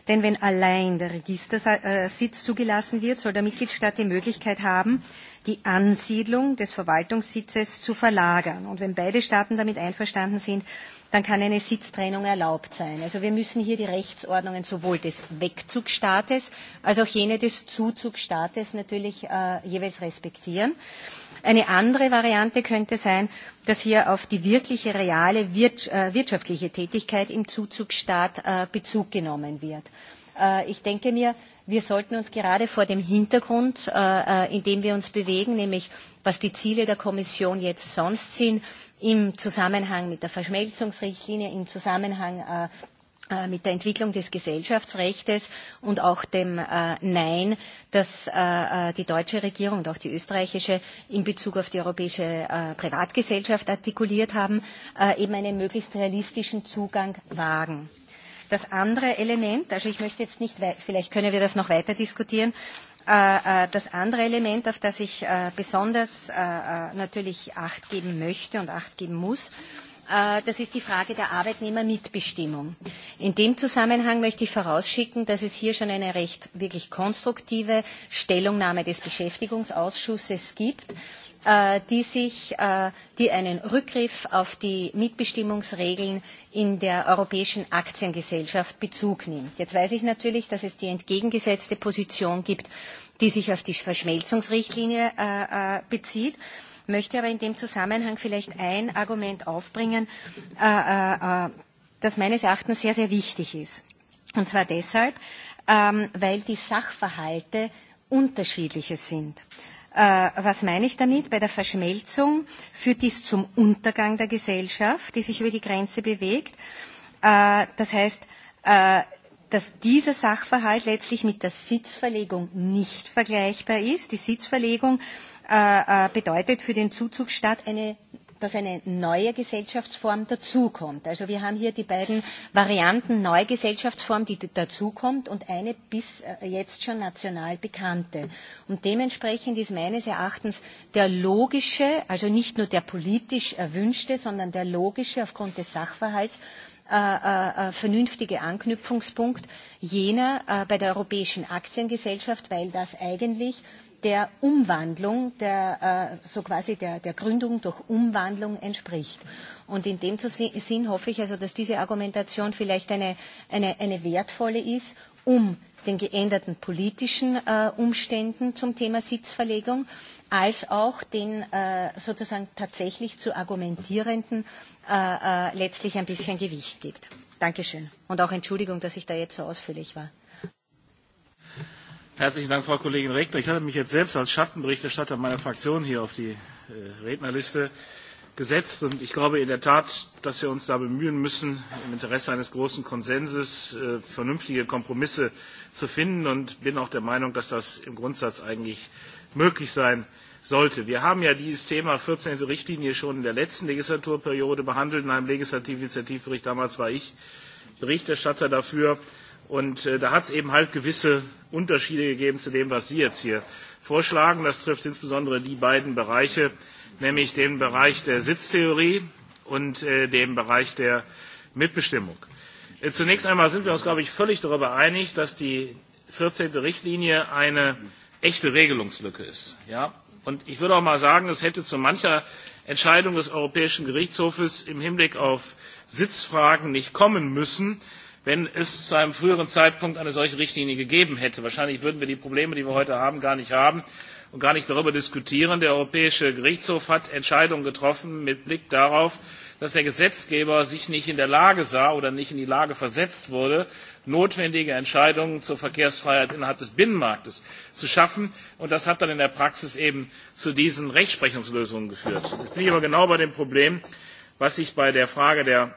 Speaker 9: Denn wenn allein der Registersitz äh, zugelassen wird, soll der Mitgliedstaat die Möglichkeit haben, die Ansiedlung des Verwaltungssitzes zu verlagern. Und wenn beide Staaten damit einverstanden sind, dann kann eine Sitztrennung erlaubt sein. Also wir müssen hier die Rechtsordnungen sowohl des Wegzugstaates als auch jene des Zuzugstaates natürlich äh, jeweils respektieren. Eine andere Variante könnte sein, dass hier auf die wirkliche, reale äh, wirtschaftliche Tätigkeit im Zuzugsstaat äh, Bezug genommen wird. Äh, ich denke mir, wir sollten uns gerade vor dem Hintergrund, in dem wir uns bewegen, nämlich was die Ziele der Kommission jetzt sonst sind, im Zusammenhang mit der Verschmelzungsrichtlinie, im Zusammenhang Äh, mit der Entwicklung des Gesellschaftsrechts und auch dem äh, Nein, das äh, äh, die deutsche Regierung und auch die österreichische in Bezug auf die europäische äh, Privatgesellschaft artikuliert haben, äh, eben einen möglichst realistischen Zugang wagen. Das andere Element, also ich möchte jetzt nicht, vielleicht können wir das noch weiter diskutieren, das andere Element, auf das ich besonders natürlich Acht geben möchte und Acht geben muss, Äh, das ist die Frage der Arbeitnehmermitbestimmung. In dem Zusammenhang möchte ich vorausschicken, dass es hier schon eine recht wirklich konstruktive Stellungnahme des Beschäftigungsausschusses gibt, äh, die, sich, äh, die einen Rückgriff auf die Mitbestimmungsregeln in der Europäischen Aktiengesellschaft Bezug nimmt. Jetzt weiß ich natürlich, dass es die entgegengesetzte Position gibt, die sich auf die Verschmelzungsrichtlinie bezieht möchte aber in dem Zusammenhang vielleicht ein Argument aufbringen, äh, äh, äh, das meines Erachtens sehr, sehr wichtig ist. Und zwar deshalb, ähm, weil die Sachverhalte unterschiedliche sind. Äh, was meine ich damit? Bei der Verschmelzung führt dies zum Untergang der Gesellschaft, die sich über die Grenze bewegt. Äh, das heißt, äh, dass dieser Sachverhalt letztlich mit der Sitzverlegung nicht vergleichbar ist. Die Sitzverlegung äh, Äh, äh, bedeutet für den Zuzugsstaat eine dass eine neue Gesellschaftsform dazukommt. Also wir haben hier die beiden Varianten neue Gesellschaftsform, die dazukommt und eine bis äh, jetzt schon national bekannte. Und dementsprechend ist meines Erachtens der logische, also nicht nur der politisch erwünschte, sondern der logische aufgrund des Sachverhalts äh, äh, äh vernünftige Anknüpfungspunkt jener äh, bei der Europäischen Aktiengesellschaft, weil das eigentlich äh, der Umwandlung, der, äh, so quasi der, der Gründung durch Umwandlung entspricht. Und in dem Sinn hoffe ich also, dass diese Argumentation vielleicht eine, eine, eine wertvolle ist, um den geänderten politischen äh, Umständen zum Thema Sitzverlegung als auch den äh, sozusagen tatsächlich zu argumentierenden äh, äh, letztlich ein bisschen Gewicht gibt. Dankeschön. Und auch Entschuldigung, dass ich da jetzt so ausführlich war.
Speaker 1: Herzlichen Dank, Frau Kollegin Regner. Ich hatte mich jetzt selbst als Schattenberichterstatter meiner Fraktion hier auf die äh, Rednerliste gesetzt. Und ich glaube in der Tat, dass wir uns da bemühen müssen, im Interesse eines großen Konsenses äh, vernünftige Kompromisse zu finden und bin auch der Meinung, dass das im Grundsatz eigentlich möglich sein sollte. Wir haben ja dieses Thema 14. Richtlinie schon in der letzten Legislaturperiode behandelt in einem Legislativinitiativbericht. Damals war ich Berichterstatter dafür. Und äh, da hat es eben halt gewisse Unterschiede gegeben zu dem, was Sie jetzt hier vorschlagen. Das trifft insbesondere die beiden Bereiche, nämlich den Bereich der Sitztheorie und äh, den Bereich der Mitbestimmung. Äh, zunächst einmal sind wir uns, glaube ich, völlig darüber einig, dass die 14. Richtlinie eine echte Regelungslücke ist. Ja? Und ich würde auch mal sagen, es hätte zu mancher Entscheidung des Europäischen Gerichtshofes im Hinblick auf Sitzfragen nicht kommen müssen wenn es zu einem früheren Zeitpunkt eine solche Richtlinie gegeben hätte. Wahrscheinlich würden wir die Probleme, die wir heute haben, gar nicht haben und gar nicht darüber diskutieren. Der Europäische Gerichtshof hat Entscheidungen getroffen mit Blick darauf, dass der Gesetzgeber sich nicht in der Lage sah oder nicht in die Lage versetzt wurde, notwendige Entscheidungen zur Verkehrsfreiheit innerhalb des Binnenmarktes zu schaffen. Und das hat dann in der Praxis eben zu diesen Rechtsprechungslösungen geführt. Jetzt bin ich aber genau bei dem Problem, was ich bei der Frage der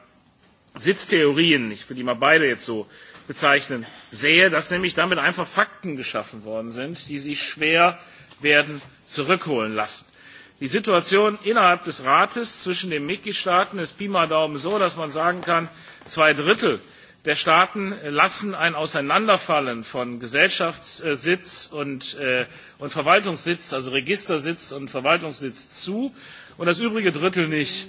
Speaker 1: Sitztheorien, ich will die mal beide jetzt so bezeichnen, sehe, dass nämlich damit einfach Fakten geschaffen worden sind, die sich schwer werden zurückholen lassen. Die Situation innerhalb des Rates zwischen den Mitgliedstaaten ist Pi mal Daumen so, dass man sagen kann, zwei Drittel der Staaten lassen ein Auseinanderfallen von Gesellschaftssitz und, äh, und Verwaltungssitz, also Registersitz und Verwaltungssitz zu und das übrige Drittel nicht.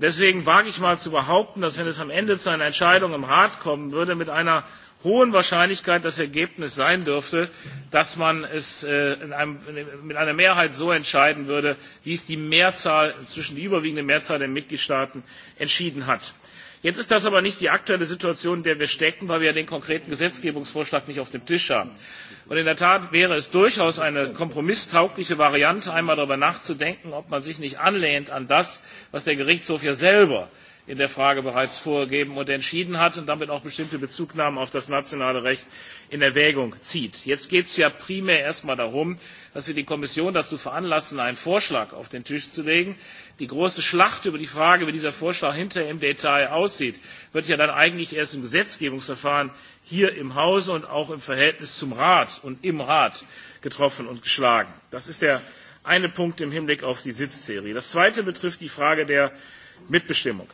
Speaker 1: Deswegen wage ich mal zu behaupten, dass wenn es am Ende zu einer Entscheidung im Rat kommen würde, mit einer hohen Wahrscheinlichkeit das Ergebnis sein dürfte, dass man es äh, einem, mit einer Mehrheit so entscheiden würde, wie es die Mehrzahl, inzwischen die überwiegende Mehrzahl der Mitgliedstaaten entschieden hat. Jetzt ist das aber nicht die aktuelle Situation, in der wir stecken, weil wir ja den konkreten Gesetzgebungsvorschlag nicht auf dem Tisch haben. Und in der Tat wäre es durchaus eine kompromisstaugliche Variante, einmal darüber nachzudenken, ob man sich nicht anlehnt an das, was der Gerichtshof ja selber in der Frage bereits vorgegeben und entschieden hat und damit auch bestimmte Bezugnahmen auf das nationale Recht in Erwägung zieht. Jetzt geht es ja primär erst einmal darum, dass wir die Kommission dazu veranlassen, einen Vorschlag auf den Tisch zu legen. Die große Schlacht über die Frage, wie dieser Vorschlag hinterher im Detail aussieht, wird ja dann eigentlich erst im Gesetzgebungsverfahren hier im Hause und auch im Verhältnis zum Rat und im Rat getroffen und geschlagen. Das ist der eine Punkt im Hinblick auf die Sitztheorie. Das zweite betrifft die Frage der Mitbestimmung.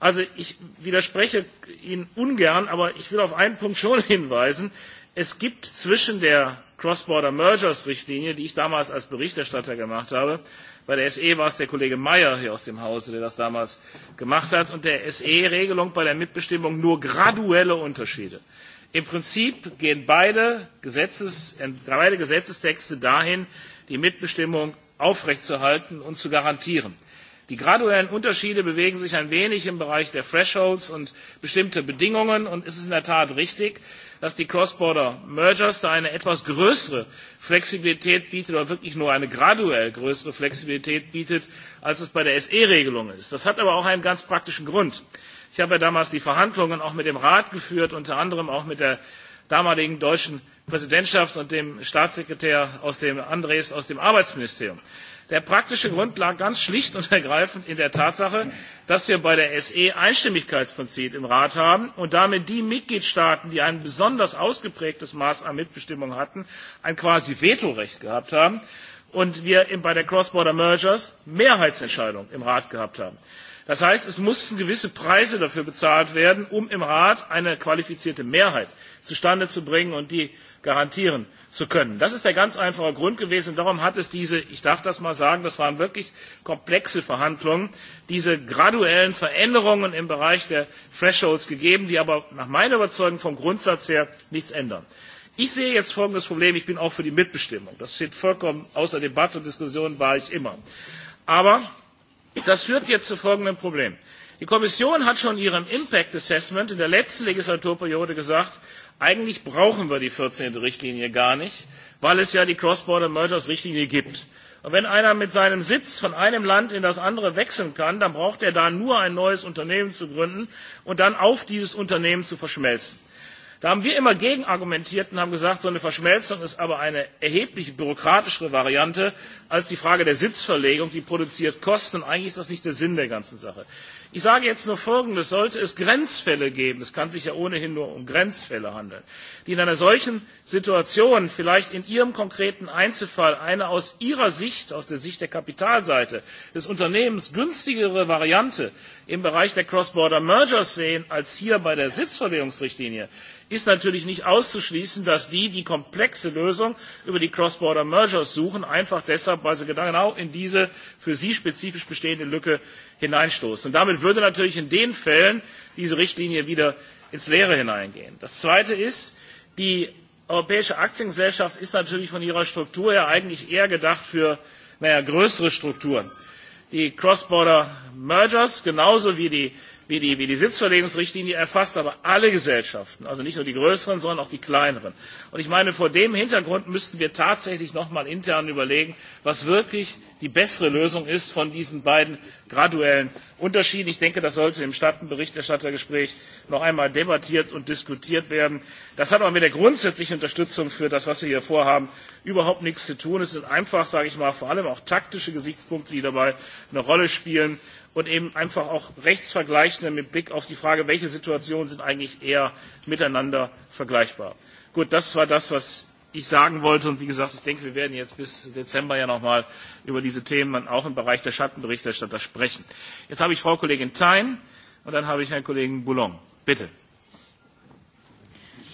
Speaker 1: Also ich widerspreche Ihnen ungern, aber ich will auf einen Punkt schon [LAUGHS] hinweisen. Es gibt zwischen der Cross-Border Mergers Richtlinie, die ich damals als Berichterstatter gemacht habe, bei der SE war es der Kollege Mayer hier aus dem Hause, der das damals gemacht hat, und der SE-Regelung bei der Mitbestimmung nur graduelle Unterschiede. Im Prinzip gehen beide, Gesetzes, beide Gesetzestexte dahin, die Mitbestimmung aufrechtzuerhalten und zu garantieren. Die graduellen Unterschiede bewegen sich ein wenig im Bereich der Thresholds und bestimmte Bedingungen. Und es ist in der Tat richtig, dass die Cross-Border-Mergers da eine etwas größere Flexibilität bietet oder wirklich nur eine graduell größere Flexibilität bietet, als es bei der SE-Regelung ist. Das hat aber auch einen ganz praktischen Grund. Ich habe ja damals die Verhandlungen auch mit dem Rat geführt, unter anderem auch mit der damaligen deutschen Präsidentschaft und dem Staatssekretär aus dem Andres aus dem Arbeitsministerium der praktische Grund lag ganz schlicht und ergreifend in der Tatsache, dass wir bei der SE Einstimmigkeitsprinzip im Rat haben und damit die Mitgliedstaaten, die ein besonders ausgeprägtes Maß an Mitbestimmung hatten, ein quasi Vetorecht gehabt haben und wir bei der Cross-Border Mergers Mehrheitsentscheidung im Rat gehabt haben. Das heißt, es mussten gewisse Preise dafür bezahlt werden, um im Rat eine qualifizierte Mehrheit zustande zu bringen und die garantieren zu können. Das ist der ganz einfache Grund gewesen. Darum hat es diese, ich darf das mal sagen, das waren wirklich komplexe Verhandlungen, diese graduellen Veränderungen im Bereich der Thresholds gegeben, die aber nach meiner Überzeugung vom Grundsatz her nichts ändern. Ich sehe jetzt folgendes Problem. Ich bin auch für die Mitbestimmung. Das steht vollkommen außer Debatte und Diskussion, war ich immer. Aber das führt jetzt zu folgendem Problem. Die Kommission hat schon in ihrem Impact Assessment in der letzten Legislaturperiode gesagt, Eigentlich brauchen wir die 14. Richtlinie gar nicht, weil es ja die Cross-Border Mergers Richtlinie gibt. Und wenn einer mit seinem Sitz von einem Land in das andere wechseln kann, dann braucht er da nur ein neues Unternehmen zu gründen und dann auf dieses Unternehmen zu verschmelzen. Da haben wir immer gegen argumentiert und haben gesagt, so eine Verschmelzung ist aber eine erheblich bürokratischere Variante als die Frage der Sitzverlegung, die produziert Kosten. Eigentlich ist das nicht der Sinn der ganzen Sache. Ich sage jetzt nur Folgendes, sollte es Grenzfälle geben, es kann sich ja ohnehin nur um Grenzfälle handeln, die in einer solchen Situation vielleicht in Ihrem konkreten Einzelfall eine aus Ihrer Sicht, aus der Sicht der Kapitalseite des Unternehmens günstigere Variante im Bereich der Cross-Border-Mergers sehen als hier bei der Sitzverlegungsrichtlinie, ist natürlich nicht auszuschließen, dass die, die komplexe Lösung über die Cross-Border Mergers suchen, einfach deshalb, weil sie genau in diese für sie spezifisch bestehende Lücke hineinstoßen. damit würde natürlich in den Fällen diese Richtlinie wieder ins Leere hineingehen. Das Zweite ist, die Europäische Aktiengesellschaft ist natürlich von ihrer Struktur her eigentlich eher gedacht für naja, größere Strukturen. Die Cross-Border Mergers genauso wie die wie die, wie die Sitzverlegungsrichtlinie erfasst aber alle Gesellschaften, also nicht nur die größeren, sondern auch die kleineren. Und ich meine, vor dem Hintergrund müssten wir tatsächlich noch mal intern überlegen, was wirklich die bessere Lösung ist von diesen beiden graduellen Unterschieden. Ich denke, das sollte im Schattenberichterstattergespräch noch einmal debattiert und diskutiert werden. Das hat aber mit der grundsätzlichen Unterstützung für das, was wir hier vorhaben, überhaupt nichts zu tun. Es sind einfach, sage ich mal, vor allem auch taktische Gesichtspunkte, die dabei eine Rolle spielen und eben einfach auch rechtsvergleichende mit Blick auf die Frage, welche Situationen sind eigentlich eher miteinander vergleichbar. Gut, das war das, was ich sagen wollte. Und wie gesagt, ich denke, wir werden jetzt bis Dezember ja noch mal über diese Themen auch im Bereich der Schattenberichterstatter sprechen. Jetzt habe ich Frau Kollegin Thein und dann habe ich Herrn Kollegen Boulon. Bitte.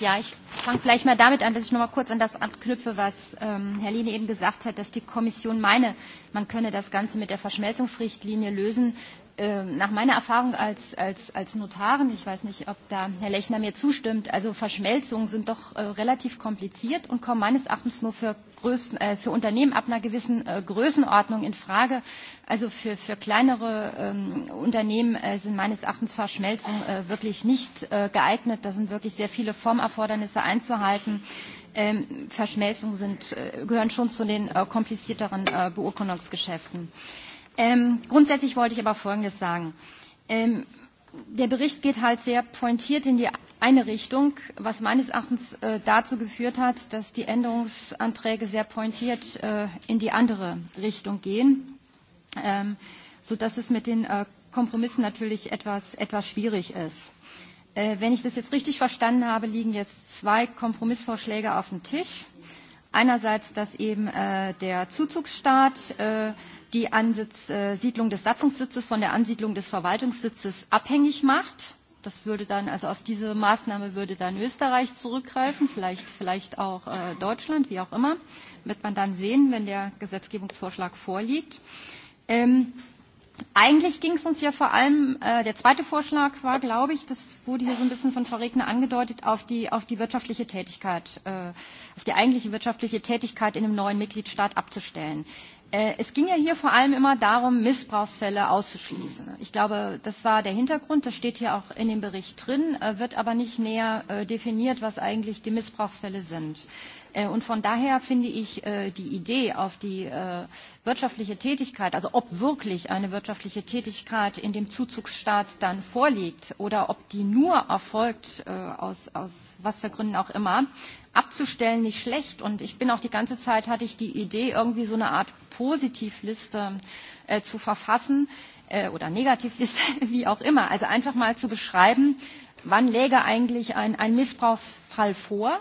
Speaker 5: Ja, ich fange vielleicht mal damit an, dass ich noch mal kurz an das anknüpfe, was ähm, Herr Lehne eben gesagt hat, dass die Kommission meine, man könne das Ganze mit der Verschmelzungsrichtlinie lösen. Ähm, nach meiner Erfahrung als, als, als Notarin, ich weiß nicht, ob da Herr Lechner mir zustimmt, also Verschmelzungen sind doch äh, relativ kompliziert und kommen meines Erachtens nur für größten, äh, für Unternehmen ab einer gewissen äh, Größenordnung in Frage. Also für, für kleinere ähm, Unternehmen äh, sind meines Erachtens Verschmelzungen äh, wirklich nicht äh, geeignet. Da sind wirklich sehr viele Formerfordernisse einzuhalten. Ähm, Verschmelzungen sind, äh, gehören schon zu den äh, komplizierteren äh, Beurkundungsgeschäften. Ähm, grundsätzlich wollte ich aber Folgendes sagen. Ähm, der Bericht geht halt sehr pointiert in die eine Richtung, was meines Erachtens äh, dazu geführt hat, dass die Änderungsanträge sehr pointiert äh, in die andere Richtung gehen, ähm, sodass es mit den äh, Kompromissen natürlich etwas, etwas schwierig ist. Äh, wenn ich das jetzt richtig verstanden habe, liegen jetzt zwei Kompromissvorschläge auf dem Tisch. Einerseits, dass eben äh, der Zuzugsstaat äh, die Ansitz, äh, Siedlung des Satzungssitzes von der Ansiedlung des Verwaltungssitzes abhängig macht das würde dann, also auf diese Maßnahme würde dann Österreich zurückgreifen, vielleicht, vielleicht auch äh, Deutschland, wie auch immer. Wird man dann sehen, wenn der Gesetzgebungsvorschlag vorliegt. Ähm, eigentlich ging es uns ja vor allem, äh, der zweite Vorschlag war, glaube ich, das wurde hier so ein bisschen von Frau Regner angedeutet, auf die, auf die wirtschaftliche Tätigkeit, äh, auf die eigentliche wirtschaftliche Tätigkeit in einem neuen Mitgliedstaat abzustellen. Äh, es ging ja hier vor allem immer darum, Missbrauchsfälle auszuschließen. Ich glaube, das war der Hintergrund. Das steht hier auch in dem Bericht drin, äh, wird aber nicht näher äh, definiert, was eigentlich die Missbrauchsfälle sind. Und von daher finde ich die Idee auf die wirtschaftliche Tätigkeit, also ob wirklich eine wirtschaftliche Tätigkeit in dem Zuzugsstaat dann vorliegt oder ob die nur erfolgt, aus, aus was für Gründen auch immer, abzustellen nicht schlecht. Und ich bin auch die ganze Zeit, hatte ich die Idee, irgendwie so eine Art Positivliste äh, zu verfassen äh, oder Negativliste, [LAUGHS] wie auch immer. Also einfach mal zu beschreiben, wann läge eigentlich ein, ein Missbrauchsfall vor,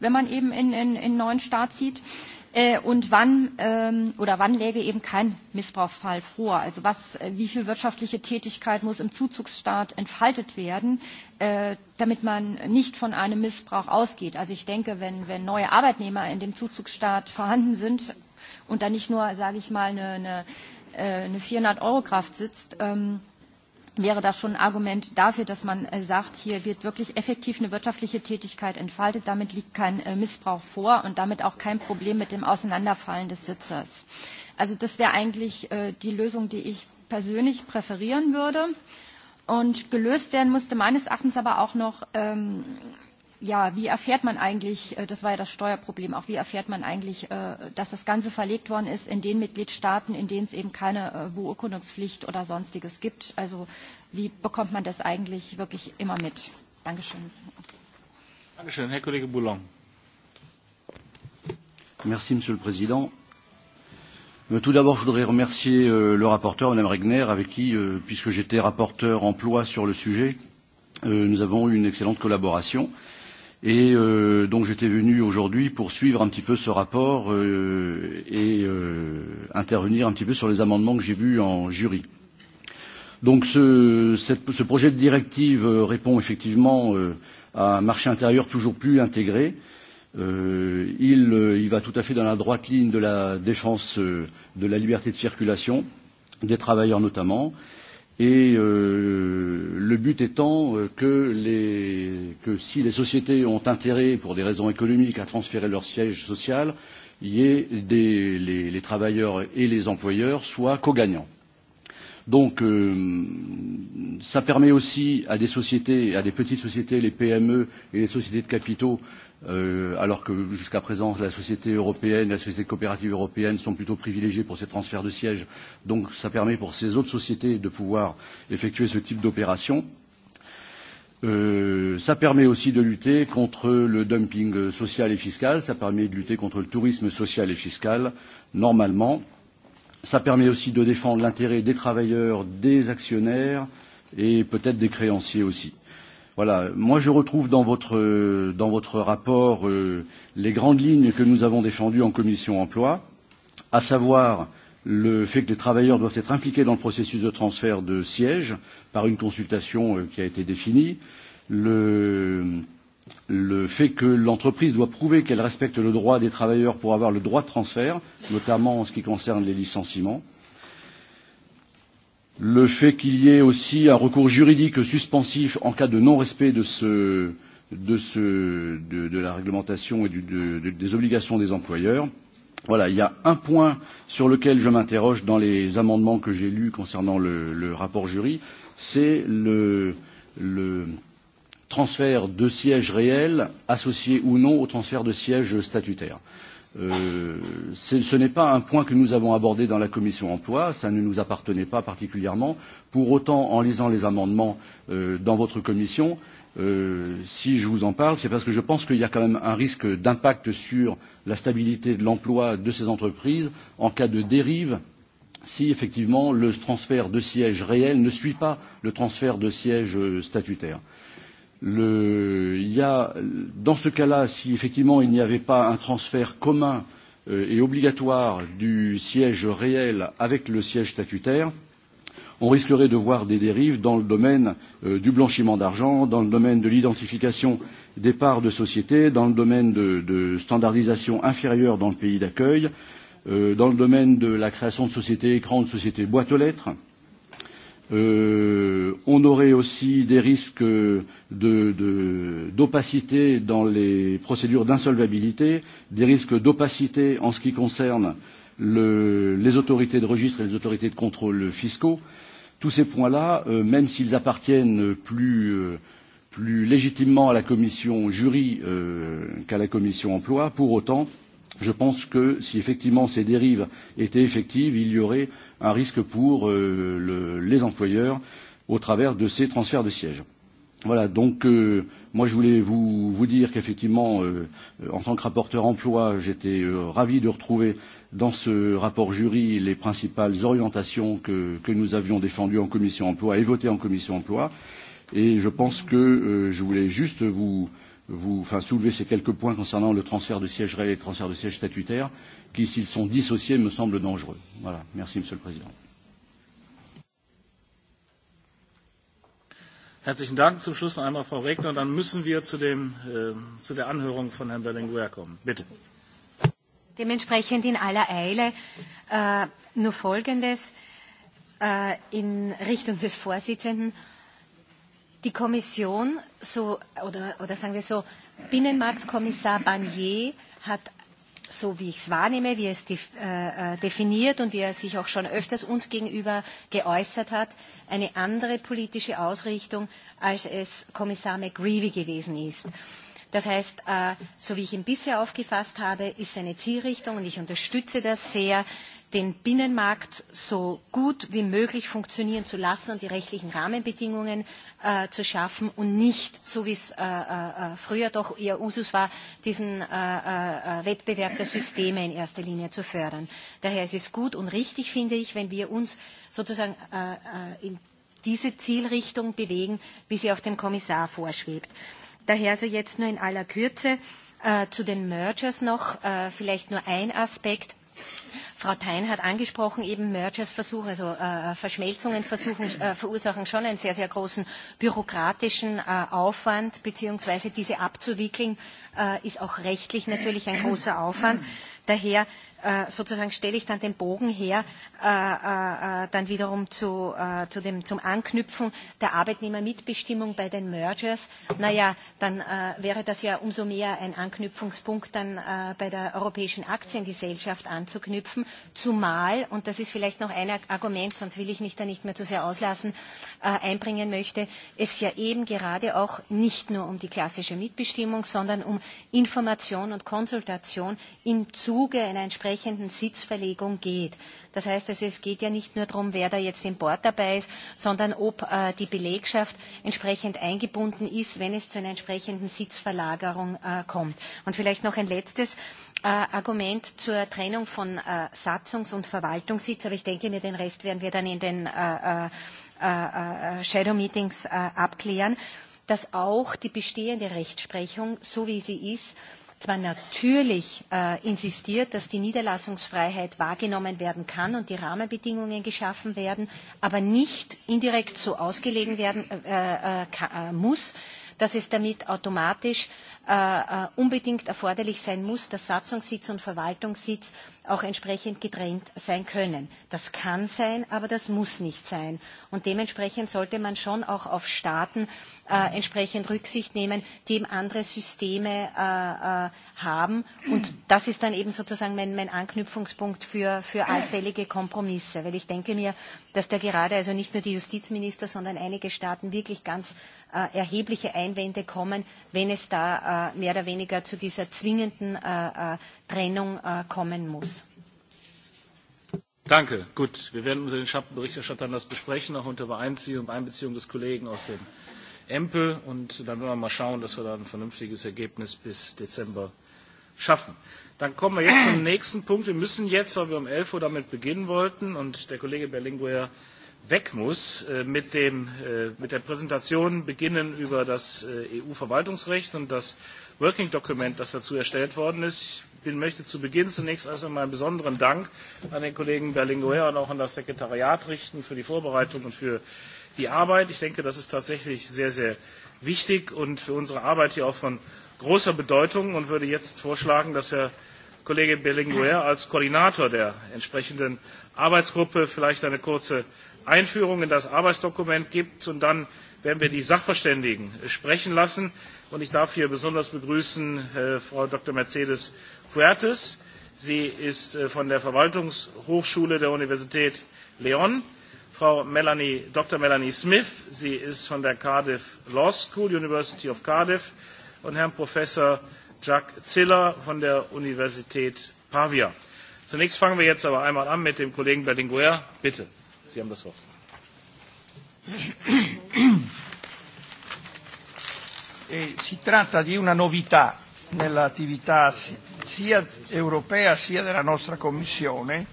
Speaker 5: wenn man eben in, in, in einen neuen Staat zieht. Äh, und wann ähm, oder wann läge eben kein Missbrauchsfall vor? Also was, äh, wie viel wirtschaftliche Tätigkeit muss im Zuzugsstaat entfaltet werden? Äh, damit man nicht von einem Missbrauch ausgeht. Also ich denke, wenn, wenn neue Arbeitnehmer in dem Zuzugsstaat vorhanden sind und da nicht nur, sage ich mal, eine, eine, äh, eine 400-Euro-Kraft sitzt, ähm, wäre das schon ein Argument dafür, dass man äh, sagt, hier wird wirklich effektiv eine wirtschaftliche Tätigkeit entfaltet. Damit liegt kein Missbrauch vor und damit auch kein Problem mit dem Auseinanderfallen des Sitzers. Also das wäre eigentlich die Lösung, die ich persönlich präferieren würde. Und gelöst werden musste meines Erachtens aber auch noch, ähm, ja, wie erfährt man eigentlich, äh, das war ja das Steuerproblem, auch wie erfährt man eigentlich, äh, dass das Ganze verlegt worden ist in den Mitgliedstaaten, in denen es eben keine äh, Beurkundungspflicht oder sonstiges gibt. Also wie bekommt man das eigentlich wirklich immer mit? Dankeschön.
Speaker 1: Dankeschön, Herr Kollege Boulon.
Speaker 14: Merci, Monsieur le Président. Euh, tout d'abord, je voudrais remercier euh, le rapporteur, Mme Regner, avec qui, euh, puisque j'étais rapporteur emploi sur le sujet, nous avons eu une excellente collaboration. Et euh, donc j'étais venu aujourd'hui pour suivre un petit peu ce rapport euh, et euh, intervenir un petit peu sur les amendements que j'ai vus en jury. Donc ce, cette, ce projet de directive répond effectivement euh, à un marché intérieur toujours plus intégré, euh, Euh, il, euh, il va tout à fait dans la droite ligne de la défense euh, de la liberté de circulation, des travailleurs notamment, et euh, le but étant euh, que, les, que si les sociétés ont intérêt, pour des raisons économiques, à transférer leur siège social, il y ait des, les, les travailleurs et les employeurs soient co-gagnants. Donc, euh, ça permet aussi à des sociétés, à des petites sociétés, les PME et les sociétés de capitaux, euh, euh, alors que jusqu'à présent la société européenne, la société coopérative européenne sont plutôt privilégiées pour ces transferts de sièges. Donc ça permet pour ces autres sociétés de pouvoir effectuer ce type d'opération. Euh, ça permet aussi de lutter contre le dumping social et fiscal, ça permet de lutter contre le tourisme social et fiscal, normalement. Ça permet aussi de défendre l'intérêt des travailleurs, des actionnaires et peut-être des créanciers aussi. Voilà. Moi, je retrouve dans votre, dans votre rapport euh, les grandes lignes que nous avons défendues en commission emploi, à savoir le fait que les travailleurs doivent être impliqués dans le processus de transfert de siège par une consultation euh, qui a été définie, le, le fait que l'entreprise doit prouver qu'elle respecte le droit des travailleurs pour avoir le droit de transfert, notamment en ce qui concerne les licenciements, le fait qu'il y ait aussi un recours juridique suspensif en cas de non-respect de, ce, de, ce, de, de la réglementation et du, de, de, des obligations des employeurs. Voilà, il y a un point sur lequel je m'interroge dans les amendements que j'ai lus concernant le, le rapport jury, c'est le, le transfert de sièges réels associé ou non au transfert de sièges statutaires. Euh, ce n'est pas un point que nous avons abordé dans la commission emploi, ça ne nous appartenait pas particulièrement. Pour autant, en lisant les amendements euh, dans votre commission, euh, si je vous en parle, c'est parce que je pense qu'il y a quand même un risque d'impact sur la stabilité de l'emploi de ces entreprises en cas de dérive si effectivement le transfert de sièges réels ne suit pas le transfert de sièges euh, statutaires. Le, il y a, dans ce cas-là, si effectivement il n'y avait pas un transfert commun euh, et obligatoire du siège réel avec le siège statutaire, on risquerait de voir des dérives dans le domaine euh, du blanchiment d'argent, dans le domaine de l'identification des parts de société, dans le domaine de, de standardisation inférieure dans le pays d'accueil, euh, dans le domaine de la création de sociétés écrans, de sociétés boîtes aux lettres. Euh, on aurait aussi des risques d'opacité de, de, dans les procédures d'insolvabilité, des risques d'opacité en ce qui concerne le, les autorités de registre et les autorités de contrôle fiscaux. Tous ces points-là, euh, même s'ils appartiennent plus, euh, plus légitimement à la commission jury euh, qu'à la commission emploi, pour autant, euh, je pense que si effectivement ces dérives étaient effectives, il y aurait un risque pour euh, le, les employeurs au travers de ces transferts de sièges. Voilà, donc euh, moi je voulais vous, vous dire qu'effectivement, euh, en tant que rapporteur emploi, j'étais euh, ravi de retrouver dans ce rapport jury les principales orientations que, que nous avions défendues en commission emploi et votées en commission emploi. Et je pense que euh, je voulais juste vous, euh, vous enfin, soulever ces quelques points concernant le transfert de sièges réels et le transfert de sièges statutaires, qui, s'ils sont dissociés, me semblent dangereux. Voilà. Merci, Monsieur le Président.
Speaker 1: Herzlichen Dank. Zum Schluss noch einmal Frau Regner. Dann müssen wir zu, dem, äh, zu der Anhörung von Herrn Berlinguer kommen. Bitte.
Speaker 9: Dementsprechend in aller Eile äh, nur Folgendes äh, in Richtung des Vorsitzenden die Kommission, so, oder, oder sagen wir so, Binnenmarktkommissar Barnier hat so wie ich es wahrnehme, wie er es äh, äh, definiert und wie er sich auch schon öfters uns gegenüber geäußert hat, eine andere politische Ausrichtung, als es Kommissar McGreevy gewesen ist. Das heißt, äh, so wie ich ihn bisher aufgefasst habe, ist seine Zielrichtung, und ich unterstütze das sehr, den Binnenmarkt so gut wie möglich funktionieren zu lassen und die rechtlichen Rahmenbedingungen äh, zu schaffen und nicht, so wie es äh, äh, äh früher doch eher Usus war, diesen äh, äh, äh, Wettbewerb der Systeme in erster Linie zu fördern. Daher ist es gut und richtig, finde ich, wenn wir uns sozusagen äh, äh in diese Zielrichtung bewegen, wie sie auch dem Kommissar vorschwebt. Daher also jetzt nur in aller Kürze äh, zu den Mergers noch äh, vielleicht nur ein Aspekt. Frau Thein hat angesprochen, eben Mergers versuchen, also äh, Verschmelzungen versuchen, äh, verursachen schon einen sehr, sehr großen bürokratischen äh, Aufwand, beziehungsweise diese abzuwickeln, äh, ist auch rechtlich natürlich ein großer Aufwand. Daher Äh, sozusagen stelle ich dann den Bogen her, äh, äh, äh, dann wiederum zu, äh, zu dem, zum Anknüpfen der Arbeitnehmermitbestimmung bei den Mergers. Naja, dann äh, wäre das ja umso mehr ein Anknüpfungspunkt, dann äh, bei der Europäischen Aktiengesellschaft anzuknüpfen, zumal, und das ist vielleicht noch ein Argument, sonst will ich mich da nicht mehr zu sehr auslassen, äh, einbringen möchte, es ja eben gerade auch nicht nur um die klassische Mitbestimmung, sondern um Information und Konsultation im Zuge einer entsprechenden entsprechenden Sitzverlegung geht. Das heißt also, es geht ja nicht nur darum, wer da jetzt im Board dabei ist, sondern ob äh, die Belegschaft entsprechend eingebunden ist, wenn es zu einer entsprechenden Sitzverlagerung äh, kommt. Und vielleicht noch ein letztes äh, Argument zur Trennung von äh, Satzungs- und Verwaltungssitz, aber ich denke mir, den Rest werden wir dann in den äh, äh, äh, äh Shadow Meetings äh, abklären, dass auch die bestehende Rechtsprechung, so wie sie ist, zwar natürlich äh, insistiert, dass die Niederlassungsfreiheit wahrgenommen werden kann und die Rahmenbedingungen geschaffen werden, aber nicht indirekt so ausgelegen werden äh, äh, äh, äh muss, dass es damit automatisch Äh, äh, unbedingt erforderlich sein muss, dass Satzungssitz und Verwaltungssitz auch entsprechend getrennt sein können. Das kann sein, aber das muss nicht sein. Und dementsprechend sollte man schon auch auf Staaten äh, entsprechend Rücksicht nehmen, die eben andere Systeme äh, äh, haben. Und das ist dann eben sozusagen mein, mein Anknüpfungspunkt für, für allfällige Kompromisse. Weil ich denke mir, dass da gerade also nicht nur die Justizminister, sondern einige Staaten wirklich ganz äh, erhebliche Einwände kommen, wenn es da Äh, mehr oder weniger zu dieser zwingenden äh, äh, Trennung kommen muss.
Speaker 1: Danke. Gut, wir werden unter den Schattenberichterstattern das besprechen, auch unter Beeinziehung, Einbeziehung des Kollegen aus dem Empel. Und dann werden wir mal schauen, dass wir da ein vernünftiges Ergebnis bis Dezember schaffen. Dann kommen wir jetzt zum nächsten Punkt. Wir müssen jetzt, weil wir um 11 Uhr damit beginnen wollten und der Kollege Berlinguer weg muss, äh, mit, dem, äh, mit, der Präsentation beginnen über das äh, EU-Verwaltungsrecht und das Working Document, das dazu erstellt worden ist. Ich möchte zu Beginn zunächst erst einmal besonderen Dank an den Kollegen Berlinguer und auch an das Sekretariat richten für die Vorbereitung und für die Arbeit. Ich denke, das ist tatsächlich sehr, sehr wichtig und für unsere Arbeit hier auch von großer Bedeutung und würde jetzt vorschlagen, dass Herr Kollege Berlinguer als Koordinator der entsprechenden Arbeitsgruppe vielleicht eine kurze Einführung in das Arbeitsdokument gibt. Und dann werden wir die Sachverständigen sprechen lassen. Und ich darf hier besonders begrüßen äh, Frau Dr. Mercedes Fuertes. Sie ist äh, von der Verwaltungshochschule der Universität Leon. Frau Melanie, Dr. Melanie Smith, sie ist von der Cardiff Law School, University of Cardiff, und Herrn Professor Jack Ziller von der Universität Pavia. Zunächst fangen wir jetzt aber einmal an mit dem Kollegen
Speaker 3: Berlinguer. Bitte. Sie haben das Wort. si tratta di una novità nell'attività sia europea sia della nostra Commissione.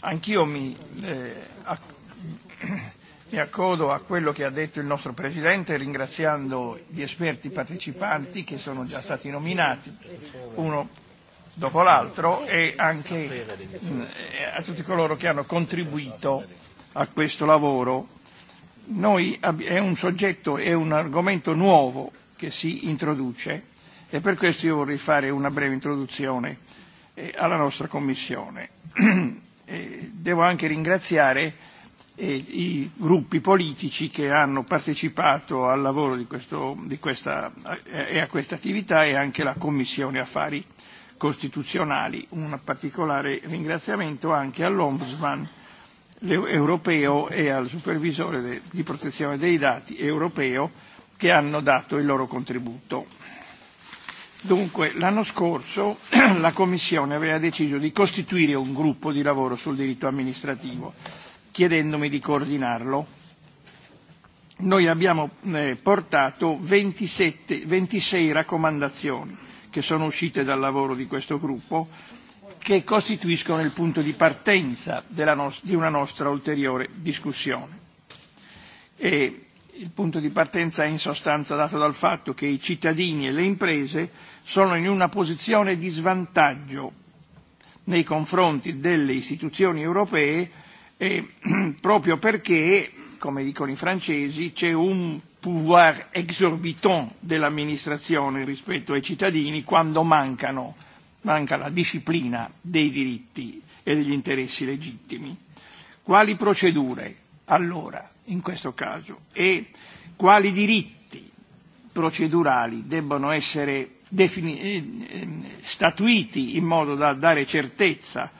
Speaker 3: Anch'io mi, eh, acc mi accodo a quello che ha detto il nostro Presidente ringraziando gli esperti partecipanti che sono già stati nominati, uno dopo l'altro e anche eh, a tutti coloro che hanno contribuito a questo lavoro. Noi è un soggetto, è un argomento nuovo che si introduce e per questo io vorrei fare una breve introduzione eh, alla nostra Commissione. [CLEARS THROAT] E devo anche ringraziare eh, i gruppi politici che hanno partecipato al lavoro di, questo, di questa, e a questa attività e anche la Commissione Affari costituzionali. Un particolare ringraziamento anche all'Ombudsman europeo e al supervisore di protezione dei dati europeo che hanno dato il loro contributo. Dunque, l'anno scorso [CLEARS THROAT] la Commissione aveva deciso di costituire un gruppo di lavoro sul diritto amministrativo, chiedendomi di coordinarlo. Noi abbiamo eh, portato 27, 26 raccomandazioni che sono uscite dal lavoro di questo gruppo, che costituiscono il punto di partenza della no- di una nostra ulteriore discussione. E il punto di partenza è in sostanza dato dal fatto che i cittadini e le imprese sono in una posizione di svantaggio nei confronti delle istituzioni europee e, [CLEARS THROAT] proprio perché, come dicono i francesi, c'è un pouvoir exorbitant dell'amministrazione rispetto ai cittadini quando mancano, manca la disciplina dei diritti e degli interessi legittimi. Quali procedure allora in questo caso e quali diritti procedurali debbono essere eh, eh, statuiti in modo da dare certezza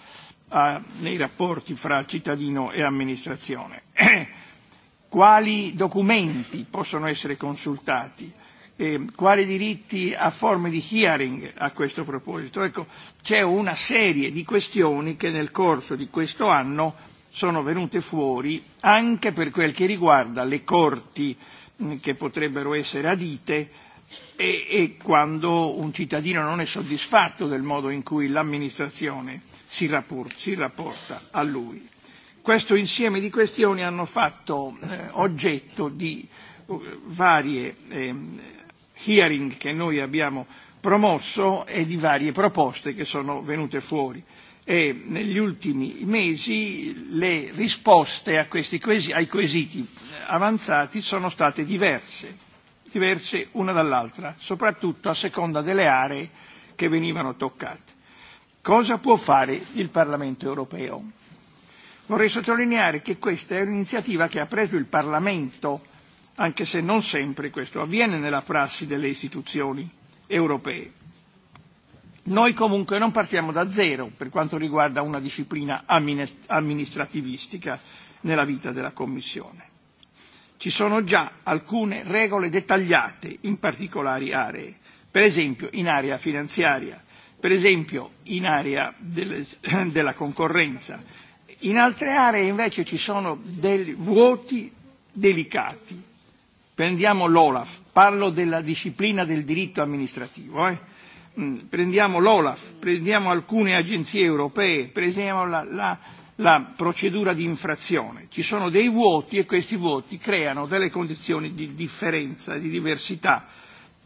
Speaker 3: a, ah, nei rapporti fra cittadino e amministrazione? [CLEARS THROAT] quali documenti possono essere consultati, eh, quali diritti a forme di hearing a questo proposito. Ecco, c'è una serie di questioni che nel corso di questo anno sono venute fuori anche per quel che riguarda le corti mh, mm, che potrebbero essere adite e, e quando un cittadino non è soddisfatto del modo in cui l'amministrazione si, si rapporta a lui questo insieme di questioni hanno fatto eh, oggetto di eh, varie eh, hearing che noi abbiamo promosso e di varie proposte che sono venute fuori. E negli ultimi mesi le risposte a questi quesi, ai quesiti avanzati sono state diverse, diverse una dall'altra, soprattutto a seconda delle aree che venivano toccate. Cosa può fare il Parlamento europeo? Vorrei sottolineare che questa è un'iniziativa che ha preso il Parlamento, anche se non sempre questo avviene nella prassi delle istituzioni europee. Noi comunque non partiamo da zero per quanto riguarda una disciplina amministrativistica nella vita della Commissione. Ci sono già alcune regole dettagliate in particolari aree, per esempio in area finanziaria, per esempio in area [COUGHS] della concorrenza, In altre aree invece ci sono dei vuoti delicati. Prendiamo l'Olaf, parlo della disciplina del diritto amministrativo. Eh? Mm, prendiamo l'Olaf, prendiamo alcune agenzie europee, prendiamo la, la, la procedura di infrazione. Ci sono dei vuoti e questi vuoti creano delle condizioni di differenza, di diversità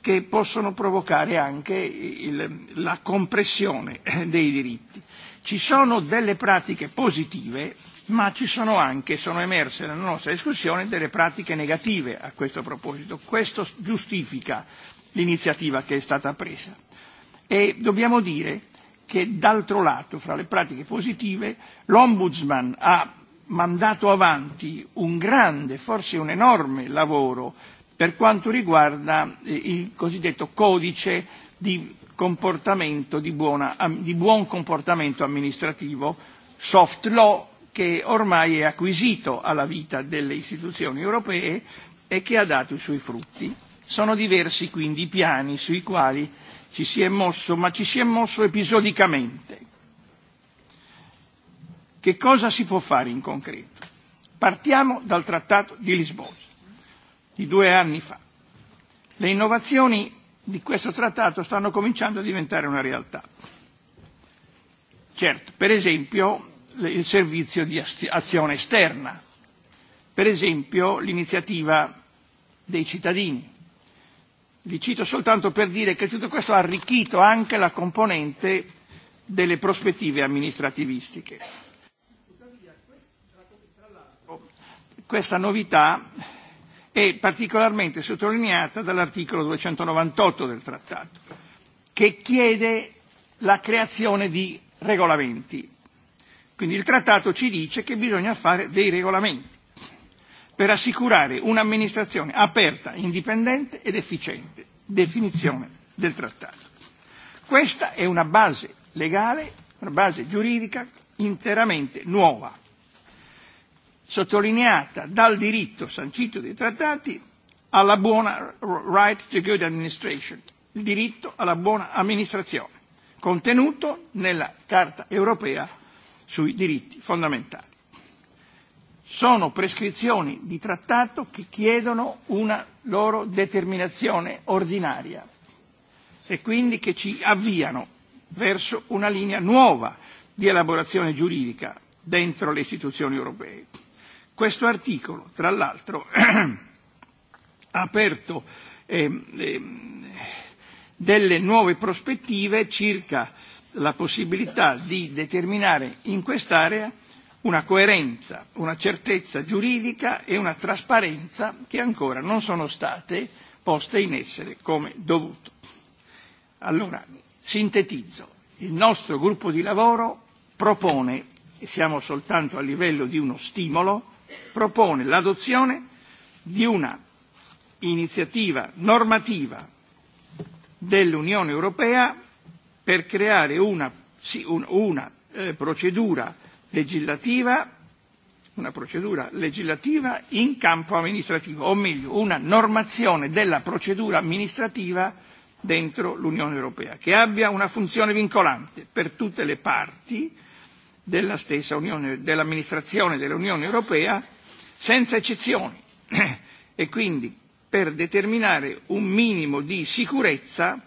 Speaker 3: che possono provocare anche il, la compressione eh, dei diritti. Ci sono delle pratiche positive, ma ci sono anche, sono emerse nella nostra discussione, delle pratiche negative a questo proposito. Questo giustifica l'iniziativa che è stata presa. E dobbiamo dire che d'altro lato, fra le pratiche positive, l'Ombudsman ha mandato avanti un grande, forse un enorme lavoro per quanto riguarda eh, il cosiddetto codice di comportamento di, buona, di buon comportamento amministrativo, soft law che ormai è acquisito alla vita delle istituzioni europee e che ha dato i suoi frutti. Sono diversi quindi i piani sui quali ci si è mosso, ma ci si è mosso episodicamente. Che cosa si può fare in concreto? Partiamo dal Trattato di Lisbona di due anni fa. Le innovazioni di questo trattato stanno cominciando a diventare una realtà. Certo, per esempio il servizio di azione esterna, per esempio l'iniziativa dei cittadini. Li cito soltanto per dire che tutto questo ha arricchito anche la componente delle prospettive amministrativistiche. Tuttavia, questa novità è particolarmente sottolineata dall'articolo 298 del Trattato, che chiede la creazione di regolamenti. Quindi il Trattato ci dice che bisogna fare dei regolamenti per assicurare un'amministrazione aperta, indipendente ed efficiente. Definizione del Trattato. Questa è una base legale, una base giuridica interamente nuova sottolineata dal diritto sancito dai trattati alla buona right to good administration, il diritto alla buona amministrazione, contenuto nella Carta europea sui diritti fondamentali. Sono prescrizioni di trattato che chiedono una loro determinazione ordinaria e quindi che ci avviano verso una linea nuova di elaborazione giuridica dentro le istituzioni europee Questo articolo, tra l'altro, [CLEARS THROAT] ha aperto eh, eh, delle nuove prospettive circa la possibilità di determinare in quest'area una coerenza, una certezza giuridica e una trasparenza che ancora non sono state poste in essere come dovuto. Allora, sintetizzo, il nostro gruppo di lavoro propone, e siamo soltanto a livello di uno stimolo, propone l'adozione di una iniziativa normativa dell'Unione Europea per creare una, una eh, procedura legislativa una procedura legislativa in campo amministrativo, o meglio, una normazione della procedura amministrativa dentro l'Unione Europea, che abbia una funzione vincolante per tutte le parti, della stessa Unione, dell'amministrazione dell'Unione Europea senza eccezioni [CLEARS THROAT] e quindi per determinare un minimo di sicurezza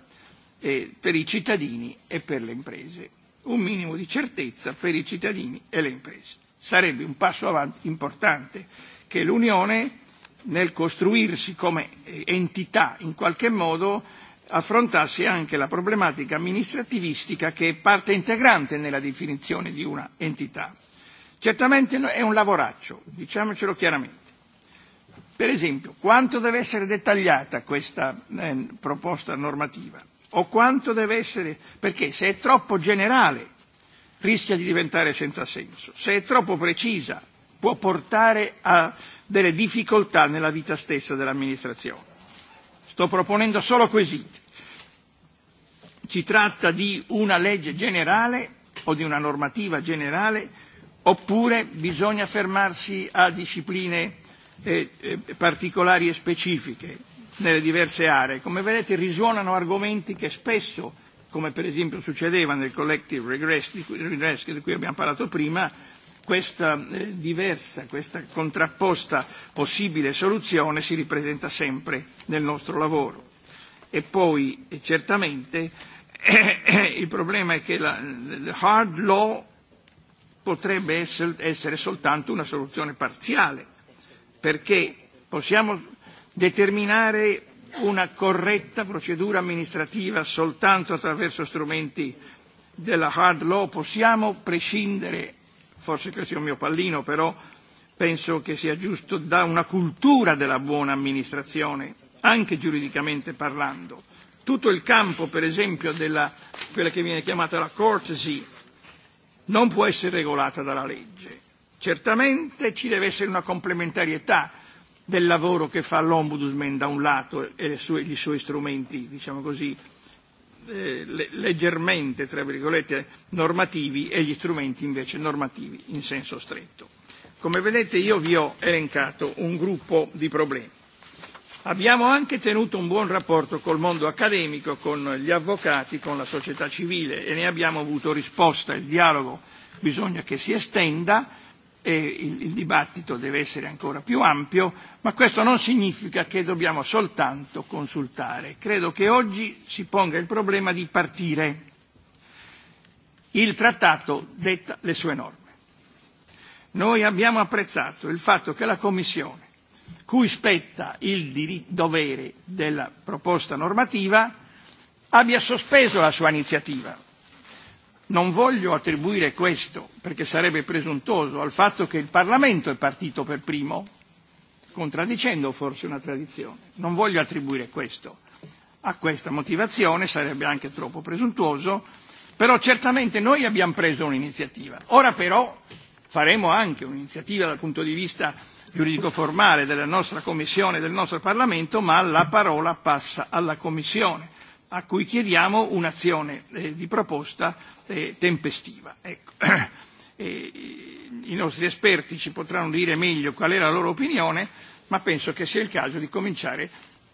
Speaker 3: eh, per i cittadini e per le imprese, un minimo di certezza per i cittadini e le imprese. Sarebbe un passo avanti importante che l'Unione nel costruirsi come eh, entità in qualche modo affrontasse anche la problematica amministrativistica che è parte integrante nella definizione di una entità. Certamente no, è un lavoraccio, diciamocelo chiaramente. Per esempio, quanto deve essere dettagliata questa eh, proposta normativa? O quanto deve essere... perché se è troppo generale rischia di diventare senza senso, se è troppo precisa può portare a delle difficoltà nella vita stessa dell'amministrazione sto proponendo solo quesiti. Si tratta di una legge generale o di una normativa generale oppure bisogna fermarsi a discipline eh, eh, particolari e specifiche nelle diverse aree. Come vedete risuonano argomenti che spesso, come per esempio succedeva nel collective regress di cui, regress di cui abbiamo parlato prima, questa eh, diversa, questa contrapposta possibile soluzione si ripresenta sempre nel nostro lavoro. E poi eh, certamente eh, [COUGHS] il problema è che la, la hard law potrebbe essere, essere soltanto una soluzione parziale, perché possiamo determinare una corretta procedura amministrativa soltanto attraverso strumenti della hard law, possiamo prescindere forse questo è il mio pallino, però penso che sia giusto da una cultura della buona amministrazione, anche giuridicamente parlando. Tutto il campo, per esempio, della quella che viene chiamata la courtesy non può essere regolata dalla legge. Certamente ci deve essere una complementarietà del lavoro che fa l'Ombudsman da un lato e i suoi strumenti, diciamo così, Eh, leggermente tra virgolette, normativi e gli strumenti invece normativi in senso stretto. Come vedete io vi ho elencato un gruppo di problemi. Abbiamo anche tenuto un buon rapporto col mondo accademico, con gli avvocati, con la società civile e ne abbiamo avuto risposta. Il dialogo bisogna che si estenda e il, il dibattito deve essere ancora più ampio, ma questo non significa che dobbiamo soltanto consultare. Credo che oggi si ponga il problema di partire. Il trattato detta le sue norme. Noi abbiamo apprezzato il fatto che la Commissione, cui spetta il diritto, dovere della proposta normativa, abbia sospeso la sua iniziativa Non voglio attribuire questo, perché sarebbe presuntuoso, al fatto che il Parlamento è partito per primo, contraddicendo forse una tradizione. Non voglio attribuire questo. A questa motivazione sarebbe anche troppo presuntuoso, però certamente noi abbiamo preso un'iniziativa. Ora però faremo anche un'iniziativa dal punto di vista giuridico formale della nostra Commissione e del nostro Parlamento, ma la parola passa alla Commissione a cui chiediamo un'azione eh, di proposta eh, tempestiva. Ecco. [CLEARS THROAT] E, I nostri esperti ci potranno dire meglio qual è la loro opinione, ma penso che sia il caso di cominciare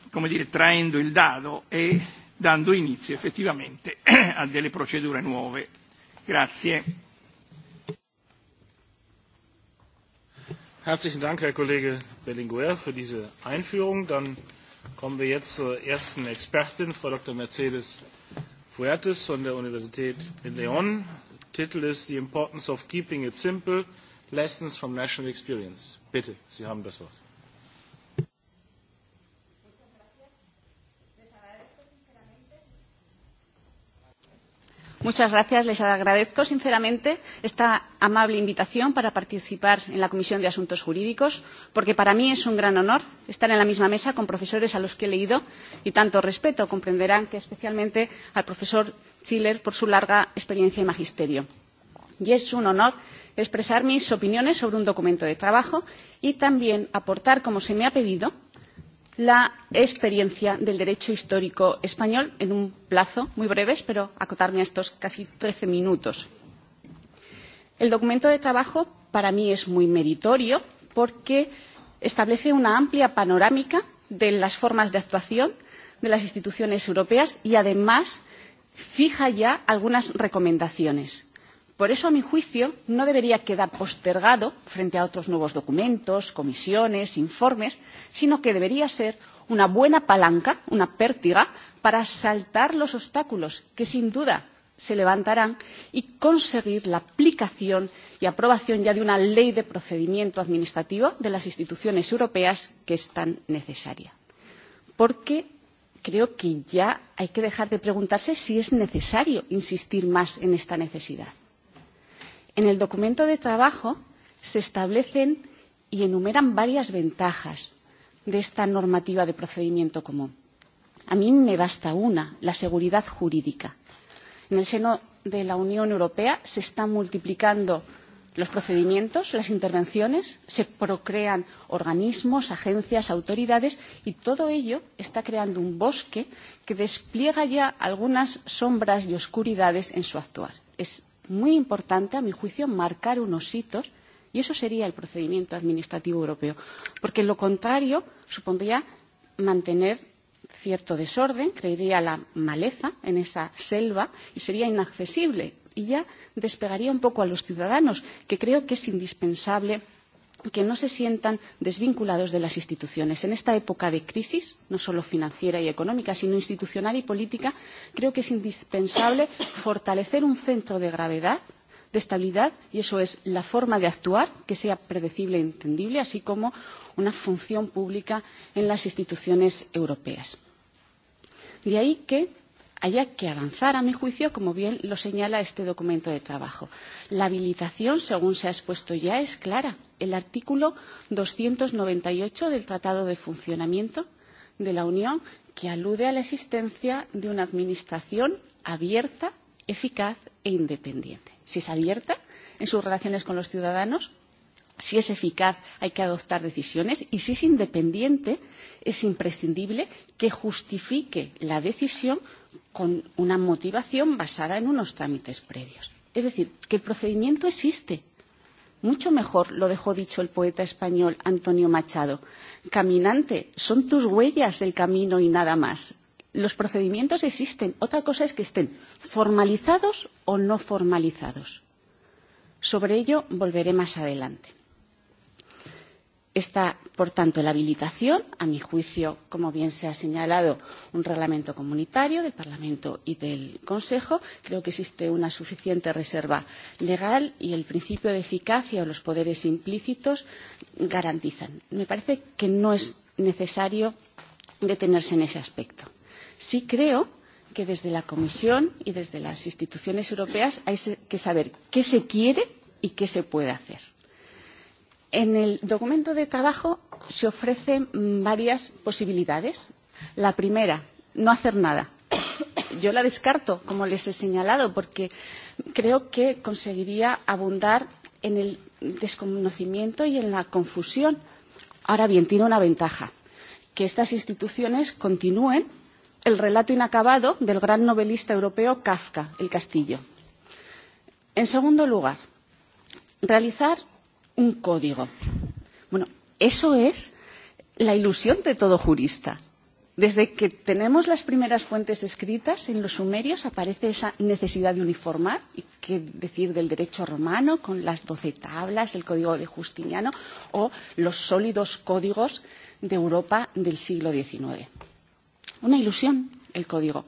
Speaker 3: come dire, traendo il dado e dando inizio effettivamente [CLEARS THROAT] a delle procedure nuove. Grazie.
Speaker 1: Herzlichen Dank, Herr Kollege Bellinguer, für diese Einführung. Dann kommen wir jetzt zur ersten Expertin, Frau Dr. Mercedes Fuertes von der Universität in León. Titel ist The Importance of Keeping It Simple, Lessons from National Experience. Bitte, Sie haben das Wort.
Speaker 15: Muchas gracias. Les agradezco sinceramente esta amable invitación para participar en la Comisión de Asuntos Jurídicos, porque para mí es un gran honor estar en la misma mesa con profesores a los que he leído y tanto respeto. Comprenderán que especialmente al profesor Schiller por su larga experiencia y magisterio. Y es un honor expresar mis opiniones sobre un documento de trabajo y también aportar, como se me ha pedido, la experiencia del derecho histórico español en un plazo muy breve, espero acotarme a estos casi trece minutos. El documento de trabajo para mí es muy meritorio porque establece una amplia panorámica de las formas de actuación de las instituciones europeas y además fija ya algunas recomendaciones Por eso, a mi juicio, no debería quedar postergado frente a otros nuevos documentos, comisiones, informes, sino que debería ser una buena palanca, una pértiga, para saltar los obstáculos que sin duda se levantarán y conseguir la aplicación y aprobación ya de una ley de procedimiento administrativo de las instituciones europeas que es tan necesaria. Porque creo que ya hay que dejar de preguntarse si es necesario insistir más en esta necesidad En el documento de trabajo se establecen y enumeran varias ventajas de esta normativa de procedimiento común. A mí me basta una, la seguridad jurídica. En el seno de la Unión Europea se están multiplicando los procedimientos, las intervenciones, se procrean organismos, agencias, autoridades y todo ello está creando un bosque que despliega ya algunas sombras y oscuridades en su actuar. Es muy importante, a mi juicio, marcar unos hitos y eso sería el procedimiento administrativo europeo, porque lo contrario supondría mantener cierto desorden, creería la maleza en esa selva y sería inaccesible y ya despegaría un poco a los ciudadanos, que creo que es indispensable que no se sientan desvinculados de las instituciones. En esta época de crisis, no solo financiera y económica, sino institucional y política, creo que es indispensable fortalecer un centro de gravedad, de estabilidad, y eso es la forma de actuar, que sea predecible e entendible, así como una función pública en las instituciones europeas. De ahí que haya que avanzar, a mi juicio, como bien lo señala este documento de trabajo. La habilitación, según se ha expuesto ya, es clara el artículo 298 del Tratado de Funcionamiento de la Unión, que alude a la existencia de una Administración abierta, eficaz e independiente. Si es abierta en sus relaciones con los ciudadanos, si es eficaz hay que adoptar decisiones y si es independiente es imprescindible que justifique la decisión con una motivación basada en unos trámites previos. Es decir, que el procedimiento existe Mucho mejor lo dejó dicho el poeta español Antonio Machado. Caminante, son tus huellas el camino y nada más. Los procedimientos existen. Otra cosa es que estén formalizados o no formalizados. Sobre ello volveré más adelante. Está, por tanto, la habilitación, a mi juicio, como bien se ha señalado, un reglamento comunitario del Parlamento y del Consejo. Creo que existe una suficiente reserva legal y el principio de eficacia o los poderes implícitos garantizan. Me parece que no es necesario detenerse en ese aspecto. Sí creo que desde la Comisión y desde las instituciones europeas hay que saber qué se quiere y qué se puede hacer En el documento de trabajo se ofrecen varias posibilidades. La primera, no hacer nada. Yo la descarto, como les he señalado, porque creo que conseguiría abundar en el desconocimiento y en la confusión. Ahora bien, tiene una ventaja, que estas instituciones continúen el relato inacabado del gran novelista europeo Kafka, El Castillo. En segundo lugar, realizar un código. Bueno, eso es la ilusión de todo jurista. Desde que tenemos las primeras fuentes escritas en los sumerios aparece esa necesidad de uniformar, y qué decir del derecho romano con las doce tablas, el código de Justiniano o los sólidos códigos de Europa del siglo XIX. Una ilusión el código,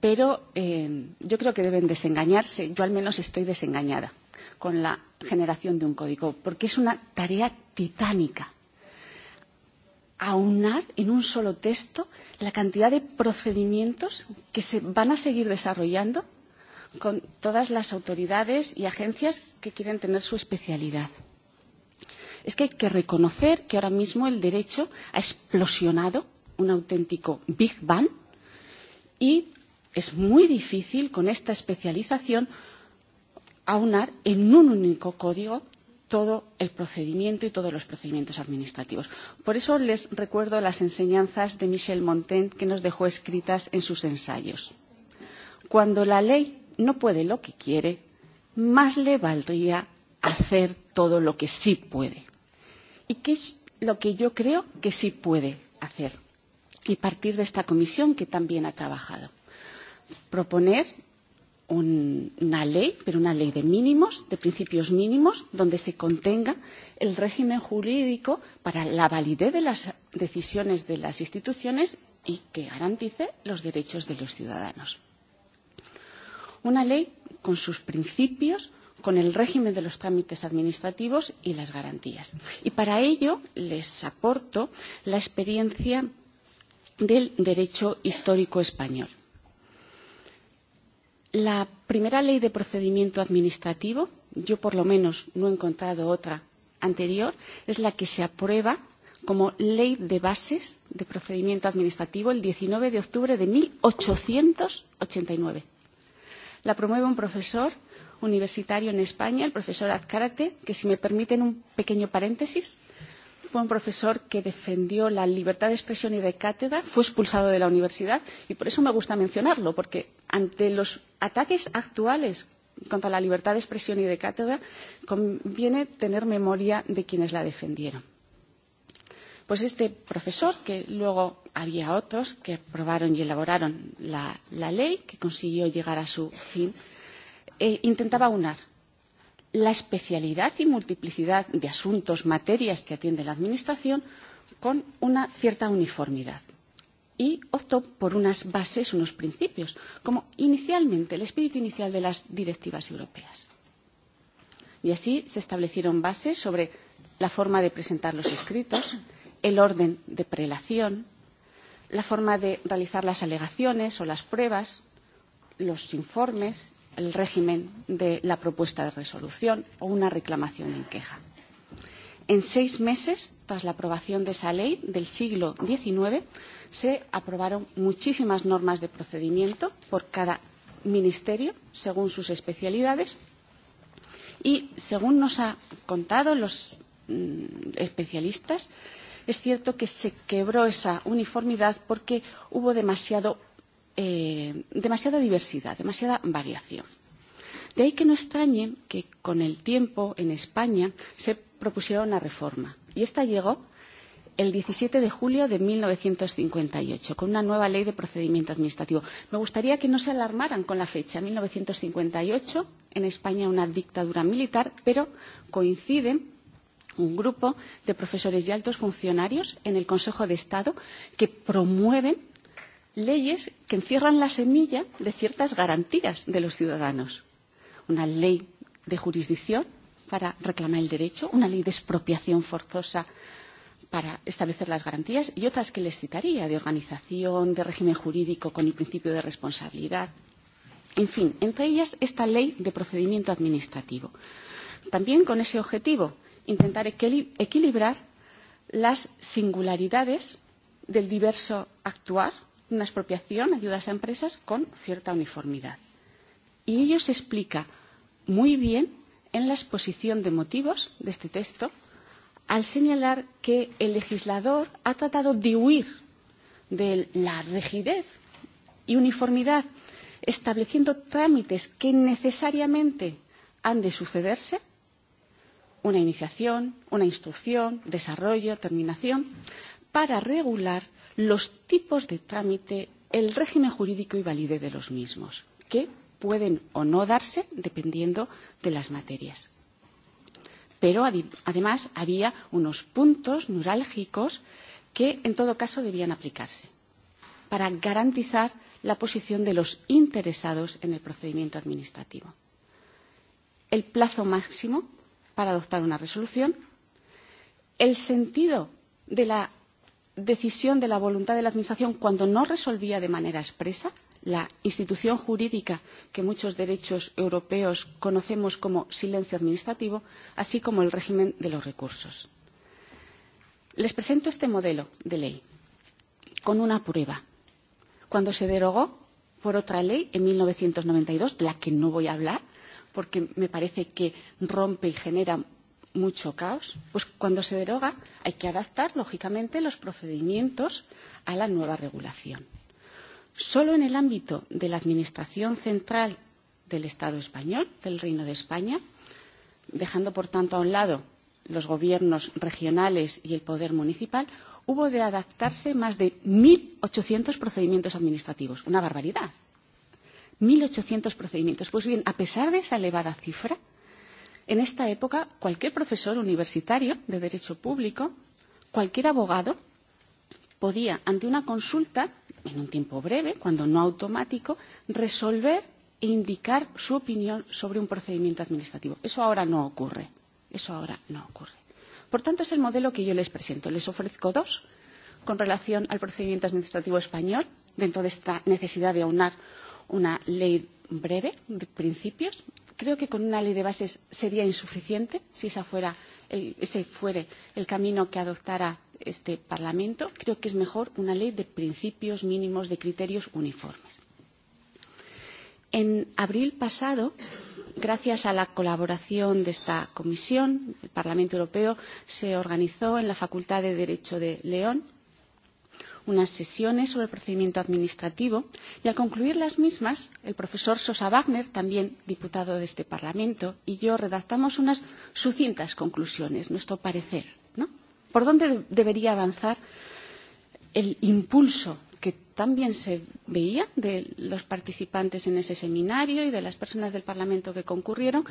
Speaker 15: pero eh, yo creo que deben desengañarse. Yo al menos estoy desengañada con la generación de un código, porque es una tarea titánica aunar en un solo texto la cantidad de procedimientos que se van a seguir desarrollando con todas las autoridades y agencias que quieren tener su especialidad. Es que hay que reconocer que ahora mismo el derecho ha explosionado un auténtico Big Bang y es muy difícil con esta especialización aunar en un único código todo el procedimiento y todos los procedimientos administrativos. Por eso les recuerdo las enseñanzas de Michel Montaigne que nos dejó escritas en sus ensayos. Cuando la ley no puede lo que quiere, más le valdría hacer todo lo que sí puede. ¿Y qué es lo que yo creo que sí puede hacer? Y partir de esta comisión que también ha trabajado. Proponer un, una ley, pero una ley de mínimos, de principios mínimos, donde se contenga el régimen jurídico para la validez de las decisiones de las instituciones y que garantice los derechos de los ciudadanos. Una ley con sus principios, con el régimen de los trámites administrativos y las garantías. Y para ello les aporto la experiencia del derecho histórico español. La primera ley de procedimiento administrativo, yo por lo menos no he encontrado otra anterior, es la que se aprueba como ley de bases de procedimiento administrativo el 19 de octubre de 1889. La promueve un profesor universitario en España, el profesor Azcárate, que si me permiten un pequeño paréntesis, fue un profesor que defendió la libertad de expresión y de cátedra, fue expulsado de la universidad y por eso me gusta mencionarlo, porque ante los ataques actuales contra la libertad de expresión y de cátedra conviene tener memoria de quienes la defendieron. Pues este profesor, que luego había otros que aprobaron y elaboraron la, la ley que consiguió llegar a su fin, eh, intentaba unar la especialidad y multiplicidad de asuntos, materias que atiende la Administración con una cierta uniformidad y optó por unas bases, unos principios, como inicialmente el espíritu inicial de las directivas europeas. Y así se establecieron bases sobre la forma de presentar los escritos, el orden de prelación, la forma de realizar las alegaciones o las pruebas, los informes el régimen de la propuesta de resolución o una reclamación en queja. En seis meses, tras la aprobación de esa ley del siglo XIX, se aprobaron muchísimas normas de procedimiento por cada ministerio, según sus especialidades, y según nos han contado los mm, especialistas, es cierto que se quebró esa uniformidad porque hubo demasiado eh, demasiada diversidad, demasiada variación. De ahí que no extrañe que con el tiempo en España se propusiera una reforma. Y esta llegó el 17 de julio de 1958, con una nueva ley de procedimiento administrativo. Me gustaría que no se alarmaran con la fecha. 1958, en España una dictadura militar, pero coincide un grupo de profesores y altos funcionarios en el Consejo de Estado que promueven leyes que encierran la semilla de ciertas garantías de los ciudadanos. Una ley de jurisdicción para reclamar el derecho, una ley de expropiación forzosa para establecer las garantías y otras que les citaría, de organización, de régimen jurídico con el principio de responsabilidad. En fin, entre ellas esta ley de procedimiento administrativo. También con ese objetivo, intentar equilibrar las singularidades del diverso actuar una expropiación, ayudas a empresas con cierta uniformidad. Y ello se explica muy bien en la exposición de motivos de este texto al señalar que el legislador ha tratado de huir de la rigidez y uniformidad estableciendo trámites que necesariamente han de sucederse una iniciación, una instrucción, desarrollo, terminación, para regular los tipos de trámite, el régimen jurídico y validez de los mismos, que pueden o no darse dependiendo de las materias. Pero además había unos puntos neurálgicos que en todo caso debían aplicarse para garantizar la posición de los interesados en el procedimiento administrativo. El plazo máximo para adoptar una resolución, el sentido de la decisión de la voluntad de la Administración cuando no resolvía de manera expresa la institución jurídica que muchos derechos europeos conocemos como silencio administrativo, así como el régimen de los recursos. Les presento este modelo de ley con una prueba. Cuando se derogó por otra ley en 1992, de la que no voy a hablar, porque me parece que rompe y genera mucho caos, pues cuando se deroga hay que adaptar, lógicamente, los procedimientos a la nueva regulación. Solo en el ámbito de la Administración Central del Estado español, del Reino de España, dejando, por tanto, a un lado los gobiernos regionales y el poder municipal, hubo de adaptarse más de 1.800 procedimientos administrativos. Una barbaridad. 1.800 procedimientos. Pues bien, a pesar de esa elevada cifra, En esta época, cualquier profesor universitario de Derecho Público, cualquier abogado, podía, ante una consulta, en un tiempo breve, cuando no automático, resolver e indicar su opinión sobre un procedimiento administrativo. Eso ahora no ocurre. Eso ahora no ocurre. Por tanto, es el modelo que yo les presento. Les ofrezco dos con relación al procedimiento administrativo español, dentro de esta necesidad de aunar una ley breve de principios Creo que con una ley de bases sería insuficiente si esa fuera, el, ese fuere el camino que adoptara este Parlamento. Creo que es mejor una ley de principios mínimos, de criterios uniformes. En abril pasado, gracias a la colaboración de esta comisión, el Parlamento Europeo se organizó en la Facultad de Derecho de León unas sesiones sobre el procedimiento administrativo y al concluir las mismas, el profesor Sosa Wagner, también diputado de este Parlamento, y yo redactamos unas sucintas conclusiones, nuestro parecer. ¿no? ¿Por dónde debería avanzar el impulso que también se veía de los participantes en ese seminario y de las personas del Parlamento que concurrieron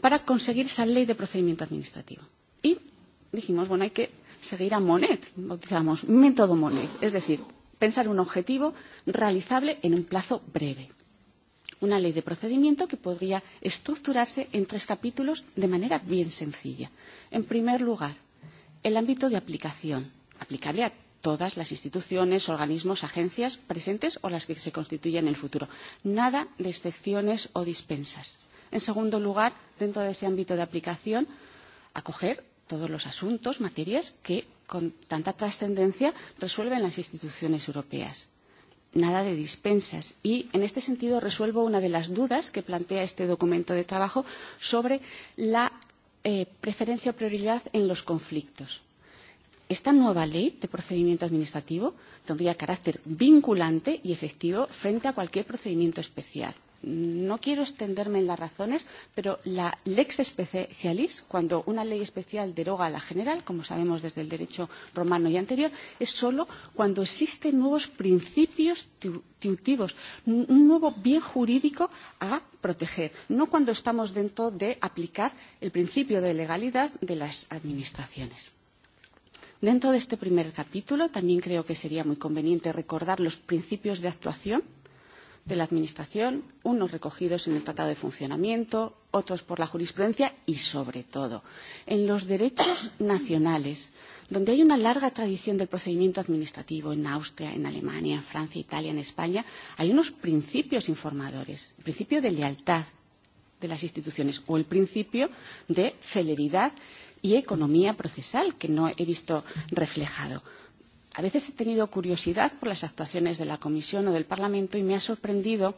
Speaker 15: para conseguir esa ley de procedimiento administrativo. Y dijimos, bueno, hay que seguir a Monet, utilizamos método Monet, es decir, pensar un objetivo realizable en un plazo breve. Una ley de procedimiento que podría estructurarse en tres capítulos de manera bien sencilla. En primer lugar, el ámbito de aplicación, aplicable a todas las instituciones, organismos, agencias presentes o las que se constituyan en el futuro. Nada de excepciones o dispensas. En segundo lugar, dentro de ese ámbito de aplicación, acoger todos los asuntos, materias que con tanta trascendencia resuelven las instituciones europeas. Nada de dispensas. Y en este sentido resuelvo una de las dudas que plantea este documento de trabajo sobre la eh, preferencia o prioridad en los conflictos. Esta nueva ley de procedimiento administrativo tendría carácter vinculante y efectivo frente a cualquier procedimiento especial no quiero extenderme en las razones, pero la lex specialis, cuando una ley especial deroga a la general, como sabemos desde el derecho romano y anterior, es solo cuando existen nuevos principios tiutivos, un nuevo bien jurídico a proteger, no cuando estamos dentro de aplicar el principio de legalidad de las administraciones. Dentro de este primer capítulo también creo que sería muy conveniente recordar los principios de actuación de la Administración, unos recogidos en el Tratado de Funcionamiento, otros por la jurisprudencia y, sobre todo, en los derechos nacionales, donde hay una larga tradición del procedimiento administrativo en Austria, en Alemania, en Francia, Italia, en España, hay unos principios informadores, el principio de lealtad de las instituciones o el principio de celeridad y economía procesal que no he visto reflejado. A veces he tenido curiosidad por las actuaciones de la Comisión o del Parlamento y me ha sorprendido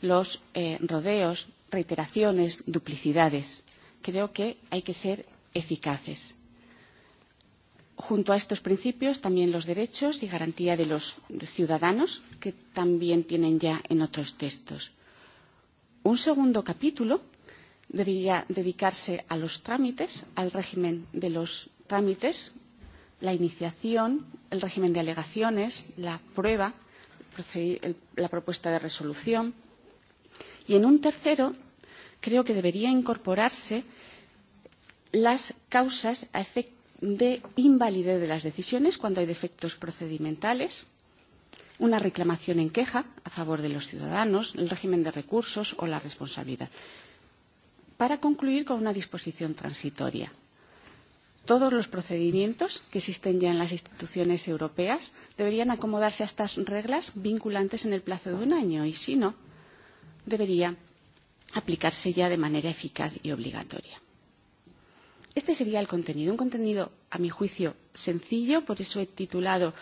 Speaker 15: los eh, rodeos, reiteraciones, duplicidades. Creo que hay que ser eficaces. Junto a estos principios, también los derechos y garantía de los ciudadanos, que también tienen ya en otros textos. Un segundo capítulo debería dedicarse a los trámites, al régimen de los trámites la iniciación, el régimen de alegaciones, la prueba, la propuesta de resolución. Y en un tercero, creo que debería incorporarse las causas a efecto de invalidez de las decisiones cuando hay defectos procedimentales, una reclamación en queja a favor de los ciudadanos, el régimen de recursos o la responsabilidad. Para concluir con una disposición transitoria todos los procedimientos que existen ya en las instituciones europeas deberían acomodarse a estas reglas vinculantes en el plazo de un año y, si no, debería aplicarse ya de manera eficaz y obligatoria. Este sería el contenido, un contenido, a mi juicio, sencillo, por eso he titulado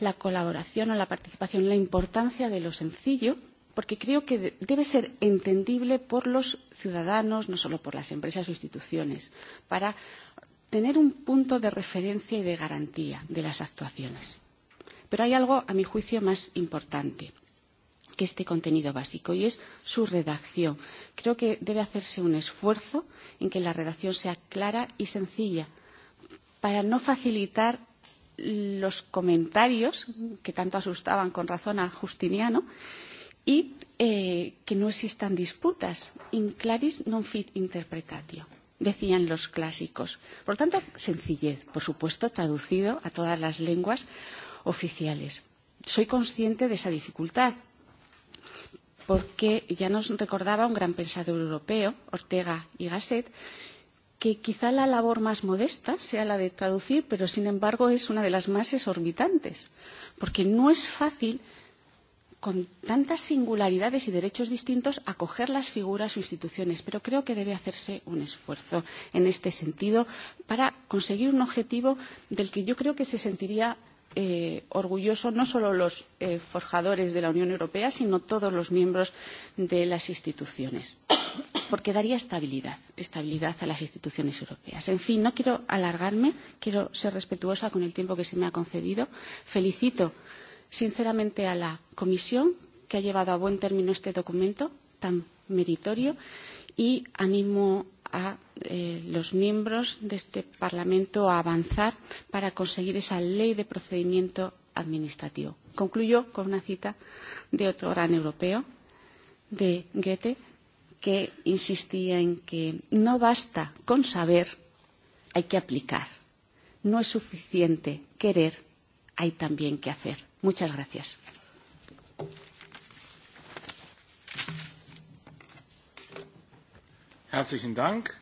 Speaker 15: la colaboración o la participación, la importancia de lo sencillo, porque creo que debe ser entendible por los ciudadanos, no solo por las empresas o instituciones, para tener un punto de referencia y de garantía de las actuaciones. Pero hay algo, a mi juicio, más importante que este contenido básico y es su redacción. Creo que debe hacerse un esfuerzo en que la redacción sea clara y sencilla para no facilitar los comentarios que tanto asustaban con razón a Justiniano y eh, que no existan disputas in claris non fit interpretatio decían los clásicos. Por lo tanto, sencillez, por supuesto, traducido a todas las lenguas oficiales. Soy consciente de esa dificultad, porque ya nos recordaba un gran pensador europeo, Ortega y Gasset, que quizá la labor más modesta sea la de traducir, pero sin embargo es una de las más exorbitantes, porque no es fácil con tantas singularidades y derechos distintos, acoger las figuras o instituciones. Pero creo que debe hacerse un esfuerzo en este sentido para conseguir un objetivo del que yo creo que se sentiría eh, orgulloso no solo los eh, forjadores de la Unión Europea, sino todos los miembros de las instituciones. Porque daría estabilidad, estabilidad a las instituciones europeas. En fin, no quiero alargarme, quiero ser respetuosa con el tiempo que se me ha concedido. Felicito sinceramente a la Comisión, que ha llevado a buen término este documento tan meritorio, y animo a eh, los miembros de este Parlamento a avanzar para conseguir esa ley de procedimiento administrativo. Concluyo con una cita de otro gran europeo, de Goethe, que insistía en que no basta con saber, hay que aplicar. No es suficiente querer, hay también que hacer. Muchas gracias.
Speaker 1: Herzlichen Dank.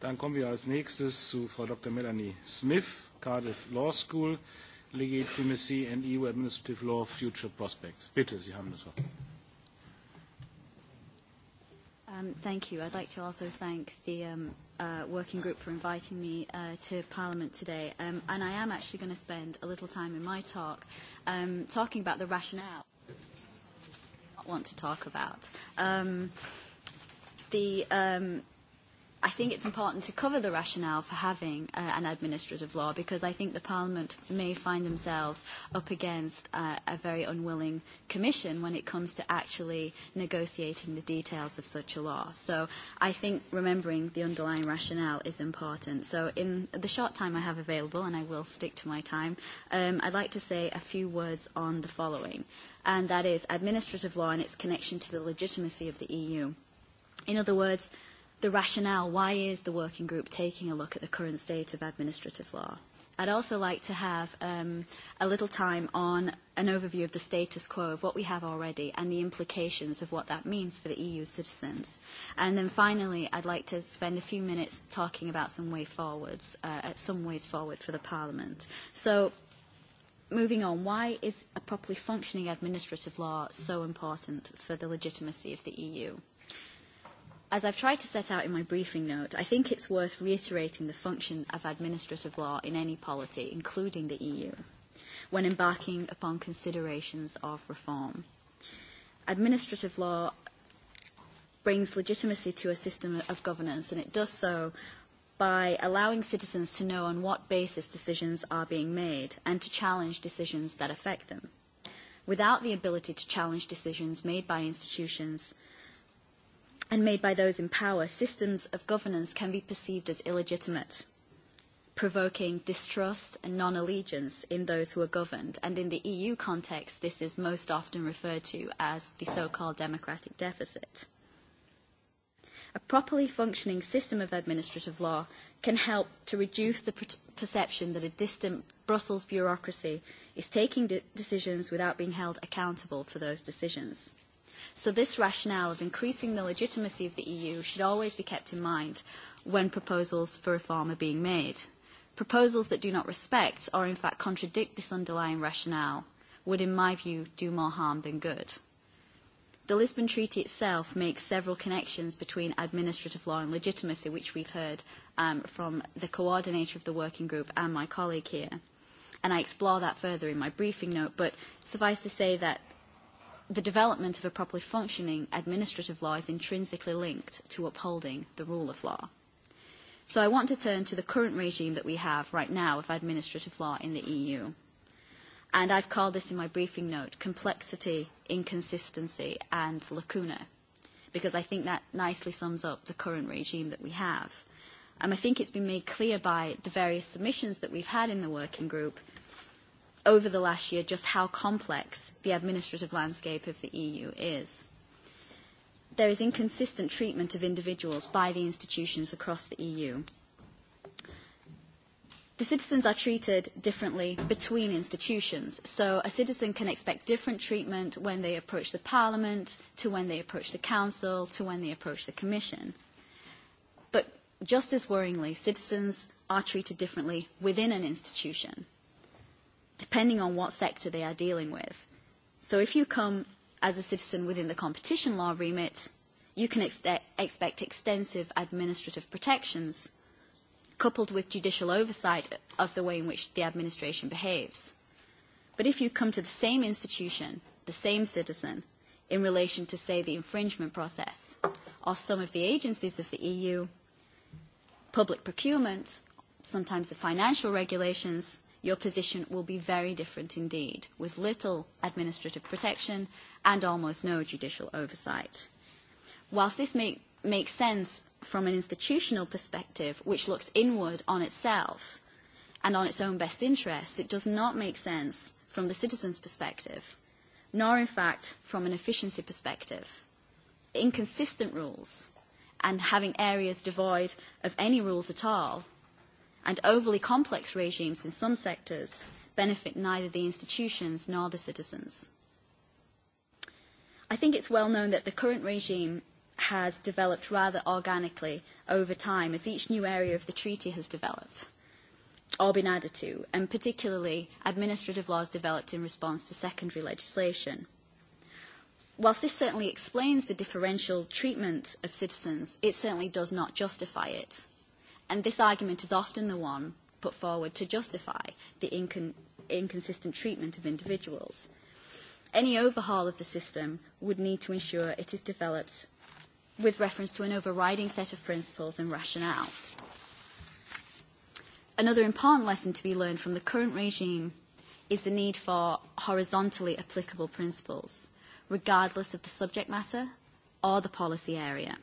Speaker 1: Dann kommen wir als nächstes zu Frau Dr. Melanie Smith, Cardiff Law School, Legitimacy and EU Administrative Law Future Prospects. Bitte, Sie haben das Wort.
Speaker 11: Um, thank you. I'd like to also thank the um, uh, working group for inviting me uh, to Parliament today. Um, and I am actually going to spend a little time in my talk um, talking about the rationale I want to talk about. Um, the um, i think it's important to cover the rationale for having uh, an administrative law because I think the Parliament may find themselves up against uh, a very unwilling Commission when it comes to actually negotiating the details of such a law. So I think remembering the underlying rationale is important. So in the short time I have available, and I will stick to my time, um, I'd like to say a few words on the following, and that is administrative law and its connection to the legitimacy of the EU. In other words, the rationale. Why is the working group taking a look at the current state of administrative law? I'd also like to have um, a little time on an overview of the status quo of what we have already and the implications of what that means for the EU citizens. And then finally, I'd like to spend a few minutes talking about some way forwards, uh, some ways forward for the Parliament. So moving on, why is a properly functioning administrative law so important for the legitimacy of the EU? As I've tried to set out in my briefing note, I think it's worth reiterating the function of administrative law in any polity, including the EU, when embarking upon considerations of reform. Administrative law brings legitimacy to a system of governance, and it does so by allowing citizens to know on what basis decisions are being made and to challenge decisions that affect them. Without the ability to challenge decisions made by institutions, and made by those in power, systems of governance can be perceived as illegitimate, provoking distrust and non-allegiance in those who are governed. And in the EU context, this is most often referred to as the so-called democratic deficit. A properly functioning system of administrative law can help to reduce the per perception that a distant Brussels bureaucracy is taking de decisions without being held accountable for those decisions. So this rationale of increasing the legitimacy of the EU should always be kept in mind when proposals for reform are being made. Proposals that do not respect or in fact contradict this underlying rationale would, in my view, do more harm than good. The Lisbon Treaty itself makes several connections between administrative law and legitimacy, which we've heard um, from the coordinator of the working group and my colleague here. And I explore that further in my briefing note, but suffice to say that the development of a properly functioning administrative law is intrinsically linked to upholding the rule of law. So I want to turn to the current regime that we have right now of administrative law in the EU. And I've called this in my briefing note complexity, inconsistency and lacuna, because I think that nicely sums up the current regime that we have. And I think it's been made clear by the various submissions that we've had in the working group over the last year just how complex the administrative landscape of the EU is. There is inconsistent treatment of individuals by the institutions across the EU. The citizens are treated differently between institutions, so a citizen can expect different treatment when they approach the Parliament, to when they approach the Council, to when they approach the Commission. But just as worryingly, citizens are treated differently within an institution depending on what sector they are dealing with. So if you come as a citizen within the competition law remit, you can ex expect extensive administrative protections coupled with judicial oversight of the way in which the administration behaves. But if you come to the same institution, the same citizen, in relation to, say, the infringement process, or some of the agencies of the EU, public procurement, sometimes the financial regulations, your position will be very different indeed, with little administrative protection and almost no judicial oversight. Whilst this may, makes sense from an institutional perspective, which looks inward on itself and on its own best interests, it does not make sense from the citizen's perspective, nor in fact from an efficiency perspective. Inconsistent rules and having areas devoid of any rules at all and overly complex regimes in some sectors benefit neither the institutions nor the citizens. I think it's well known that the current regime has developed rather organically over time as each new area of the treaty has developed or been added to, and particularly administrative laws developed in response to secondary legislation. Whilst this certainly explains the differential treatment of citizens, it certainly does not justify it. And this argument is often the one put forward to justify the incon- inconsistent treatment of individuals. Any overhaul of the system would need to ensure it is developed with reference to an overriding set of principles and rationale. Another important lesson to be learned from the current regime is the need for horizontally applicable principles, regardless of the subject matter or the policy area.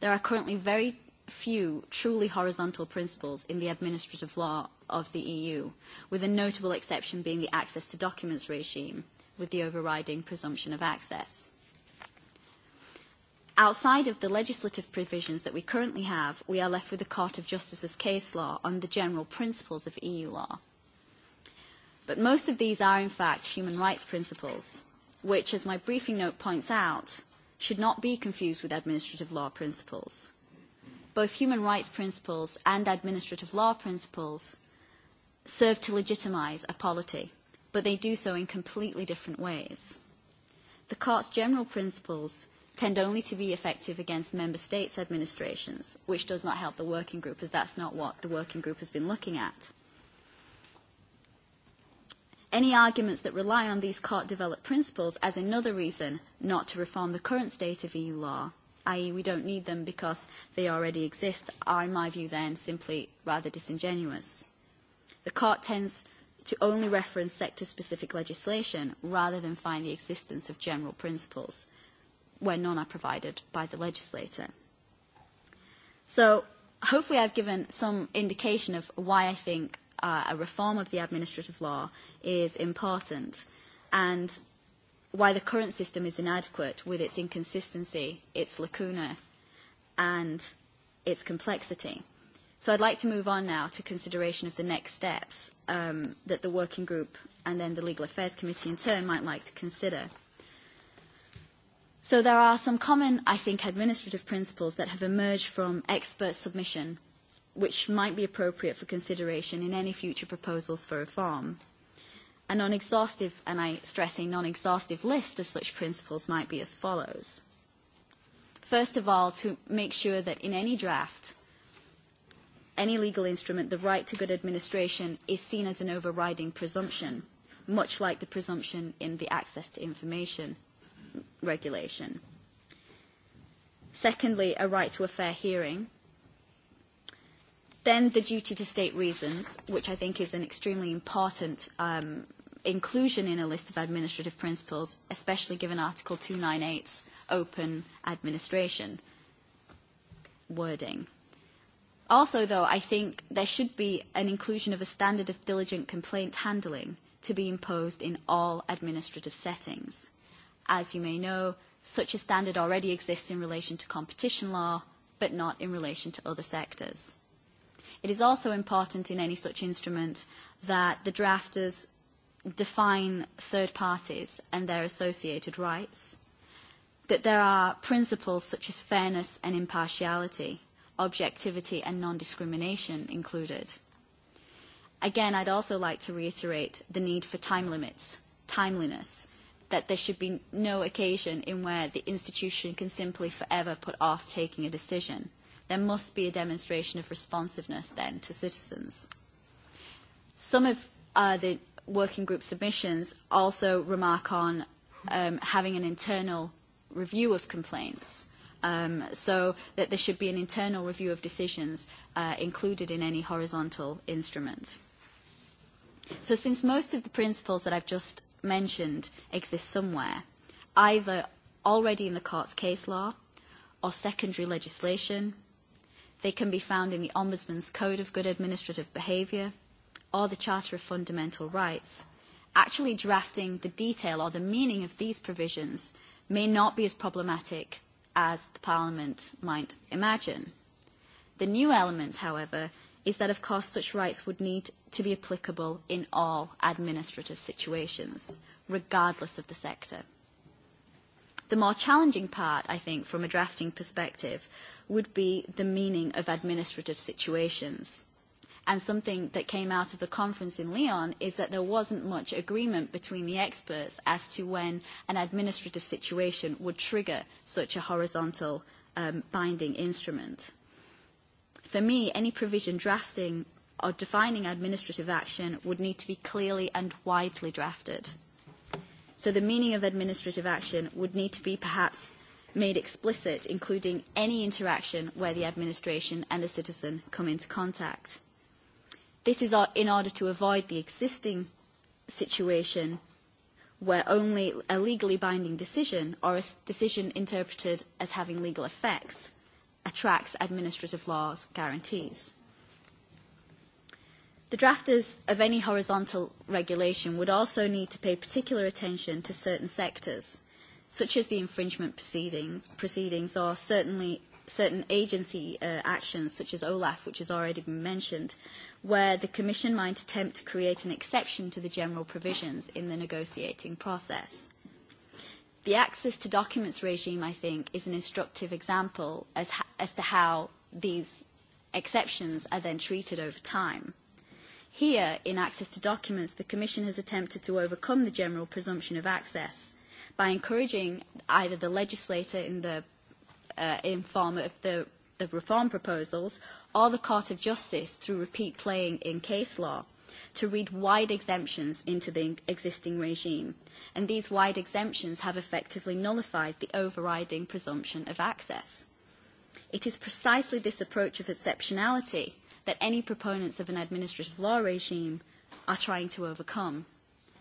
Speaker 11: There are currently very few truly horizontal principles in the administrative law of the EU, with a notable exception being the access to documents regime, with the overriding presumption of access. Outside of the legislative provisions that we currently have, we are left with the Court of Justice's case law on the general principles of EU law. But most of these are, in fact, human rights principles, which, as my briefing note points out, should not be confused with administrative law principles both human rights principles and administrative law principles serve to legitimise a polity, but they do so in completely different ways. The Court's general principles tend only to be effective against member states' administrations, which does not help the working group, as that's not what the working group has been looking at. Any arguments that rely on these court-developed principles as another reason not to reform the current state of EU law i.e. we don't need them because they already exist, are in my view then simply rather disingenuous. The court tends to only reference sector-specific legislation rather than find the existence of general principles where none are provided by the legislator. So hopefully I've given some indication of why I think uh, a reform of the administrative law is important. And why the current system is inadequate with its inconsistency, its lacuna, and its complexity. So I'd like to move on now to consideration of the next steps um, that the working group and then the Legal Affairs Committee in turn might like to consider. So there are some common, I think, administrative principles that have emerged from expert submission, which might be appropriate for consideration in any future proposals for reform. A non-exhaustive, and I stress a non-exhaustive list of such principles might be as follows. First of all, to make sure that in any draft, any legal instrument, the right to good administration is seen as an overriding presumption, much like the presumption in the access to information regulation. Secondly, a right to a fair hearing. Then the duty to state reasons, which I think is an extremely important um, inclusion in a list of administrative principles, especially given Article 298's open administration wording. Also, though, I think there should be an inclusion of a standard of diligent complaint handling to be imposed in all administrative settings. As you may know, such a standard already exists in relation to competition law, but not in relation to other sectors. It is also important in any such instrument that the drafters define third parties and their associated rights, that there are principles such as fairness and impartiality, objectivity and non-discrimination included. Again, I'd also like to reiterate the need for time limits, timeliness, that there should be no occasion in where the institution can simply forever put off taking a decision. There must be a demonstration of responsiveness then to citizens. Some of uh, the working group submissions also remark on um, having an internal review of complaints um, so that there should be an internal review of decisions uh, included in any horizontal instrument. So since most of the principles that I've just mentioned exist somewhere, either already in the court's case law or secondary legislation, they can be found in the Ombudsman's Code of Good Administrative Behaviour, or the Charter of Fundamental Rights, actually drafting the detail or the meaning of these provisions may not be as problematic as the Parliament might imagine. The new element, however, is that of course such rights would need to be applicable in all administrative situations, regardless of the sector. The more challenging part, I think, from a drafting perspective, would be the meaning of administrative situations. And something that came out of the conference in Lyon is that there wasn't much agreement between the experts as to when an administrative situation would trigger such a horizontal um, binding instrument. For me, any provision drafting or defining administrative action would need to be clearly and widely drafted. So the meaning of administrative action would need to be perhaps made explicit, including any interaction where the administration and the citizen come into contact This is in order to avoid the existing situation where only a legally binding decision or a decision interpreted as having legal effects attracts administrative law's guarantees. The drafters of any horizontal regulation would also need to pay particular attention to certain sectors, such as the infringement proceedings, proceedings or certainly certain agency uh, actions such as OLAF, which has already been mentioned, where the Commission might attempt to create an exception to the general provisions in the negotiating process. The access to documents regime, I think, is an instructive example as, ha- as to how these exceptions are then treated over time. Here, in access to documents, the Commission has attempted to overcome the general presumption of access by encouraging either the legislator in the uh, in form of the, the reform proposals or the Court of Justice through repeat playing in case law to read wide exemptions into the existing regime, and these wide exemptions have effectively nullified the overriding presumption of access. It is precisely this approach of exceptionality that any proponents of an administrative law regime are trying to overcome.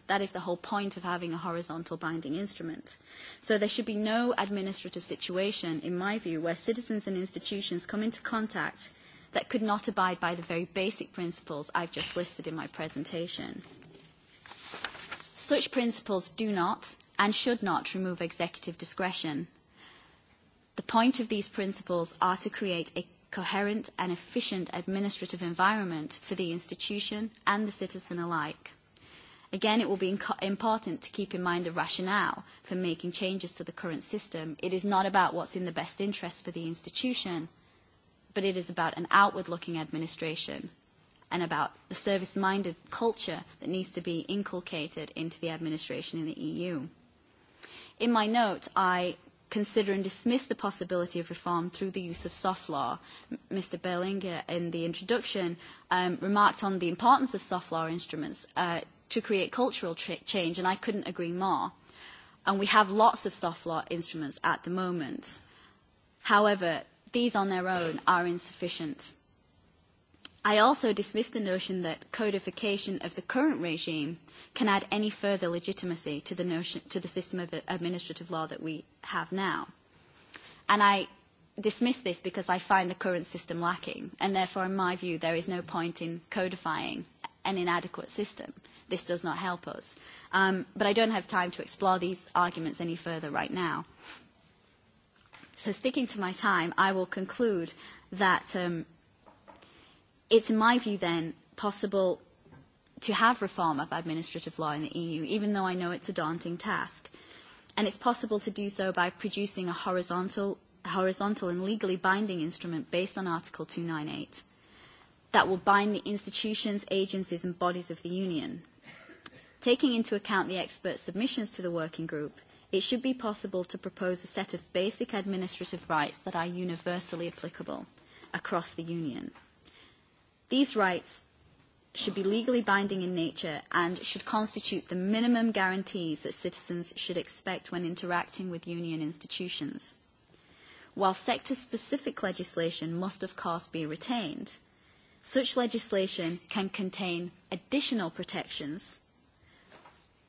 Speaker 11: That is the whole point of having a horizontal binding instrument. So there should be no administrative situation, in my view, where citizens and institutions come into contact that could not abide by the very basic principles I've just listed in my presentation. Such principles do not and should not remove executive discretion. The point of these principles are to create a coherent and efficient administrative environment for the institution and the citizen alike. Again, it will be important to keep in mind the rationale for making changes to the current system. It is not about what's in the best interest for the institution, but it is about an outward-looking administration and about the service-minded culture that needs to be inculcated into the administration in the EU. In my note, I consider and dismiss the possibility of reform through the use of soft law. Mr. Berlinger, in the introduction, um, remarked on the importance of soft law instruments uh, to create cultural tra- change, and I couldn't agree more. And we have lots of soft law instruments at the moment. However, these on their own are insufficient. I also dismiss the notion that codification of the current regime can add any further legitimacy to the, notion, to the system of administrative law that we have now. And I dismiss this because I find the current system lacking, and therefore, in my view, there is no point in codifying an inadequate system. This does not help us. Um, but I don't have time to explore these arguments any further right now. So sticking to my time, I will conclude that um, it's in my view then possible to have reform of administrative law in the EU, even though I know it's a daunting task. And it's possible to do so by producing a horizontal, horizontal and legally binding instrument based on Article 298 that will bind the institutions, agencies and bodies of the Union. Taking into account the expert submissions to the working group, it should be possible to propose a set of basic administrative rights that are universally applicable across the Union. These rights should be legally binding in nature and should constitute the minimum guarantees that citizens should expect when interacting with union institutions. While sector-specific legislation must of course be retained, such legislation can contain additional protections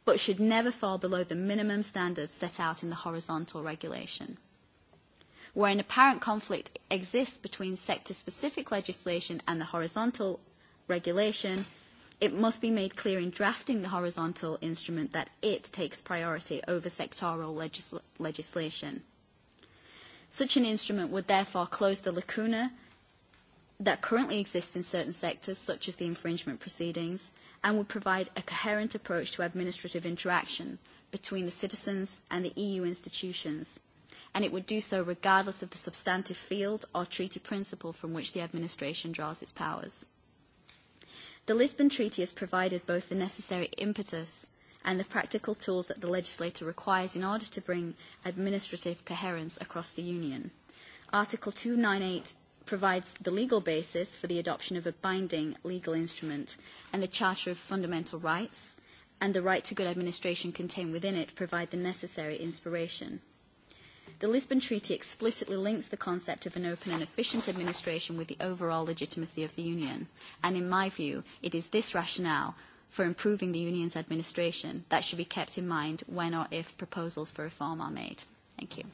Speaker 11: but should never fall below the minimum standards set out in the horizontal regulation. Where an apparent conflict exists between sector-specific legislation and the horizontal regulation, it must be made clear in drafting the horizontal instrument that it takes priority over sectoral legisl legislation. Such an instrument would therefore close the lacuna that currently exists in certain sectors, such as the infringement proceedings, and would provide a coherent approach to administrative interaction between the citizens and the EU institutions, and it would do so regardless of the substantive field or treaty principle from which the administration draws its powers. The Lisbon Treaty has provided both the necessary impetus and the practical tools that the legislator requires in order to bring administrative coherence across the Union. Article 298 provides the legal basis for the adoption of a binding legal instrument, and the Charter of Fundamental Rights and the right to good administration contained within it provide the necessary inspiration. The Lisbon Treaty explicitly links the concept of an open and efficient administration with the overall legitimacy of the Union, and in my view, it is this rationale for improving the Union's administration that should be kept in mind when or if proposals for reform are made. Thank you.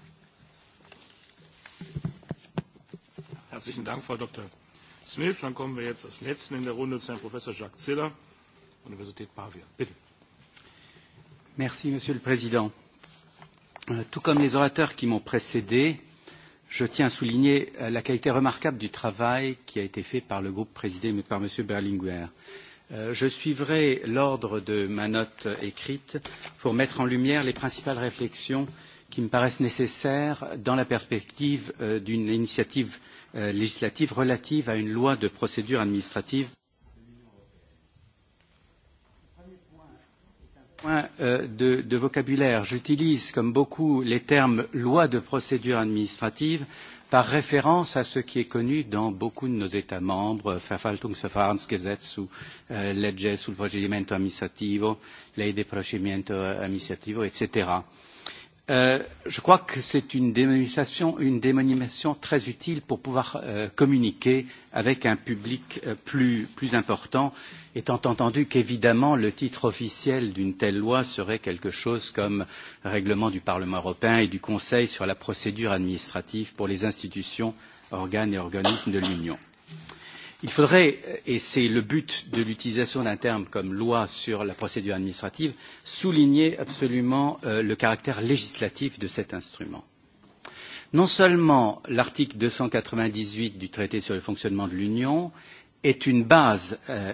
Speaker 1: Herzlichen Dank, Frau Dr. Smith. Dann kommen wir jetzt als Letzten in der Runde zu Herrn Professor Jacques Ziller, Universität Pavia. Bitte.
Speaker 12: Merci, Monsieur le Président. Euh, tout comme les orateurs qui m'ont précédé, je tiens à souligner euh, la qualité remarquable du travail qui a été fait par le groupe présidé par M. Berlinguer. Euh, je suivrai l'ordre de ma note écrite pour mettre en lumière les principales réflexions qui me paraissent nécessaires dans la perspective d'une initiative Euh, législative relative à une loi de procédure administrative. Point euh, de, de vocabulaire. J'utilise, comme beaucoup, les termes loi de procédure administrative par référence à ce qui est connu dans beaucoup de nos États membres, euh, Verwaltungsverfahrensgesetz ou euh, legge sul procedimento amministrativo, lei de procedimento amministrativo, etc. Euh, je crois que c'est une démonisation, une démonisation très utile pour pouvoir euh, communiquer avec un public euh, plus, plus important, étant entendu qu'évidemment le titre officiel d'une telle loi serait quelque chose comme règlement du Parlement européen et du Conseil sur la procédure administrative pour les institutions, organes et organismes de l'Union. Euh, Il faudrait, et c'est le but de l'utilisation d'un terme comme loi sur la procédure administrative, souligner absolument euh, le caractère législatif de cet instrument. Non seulement l'article 298 du traité sur le fonctionnement de l'Union est une base euh,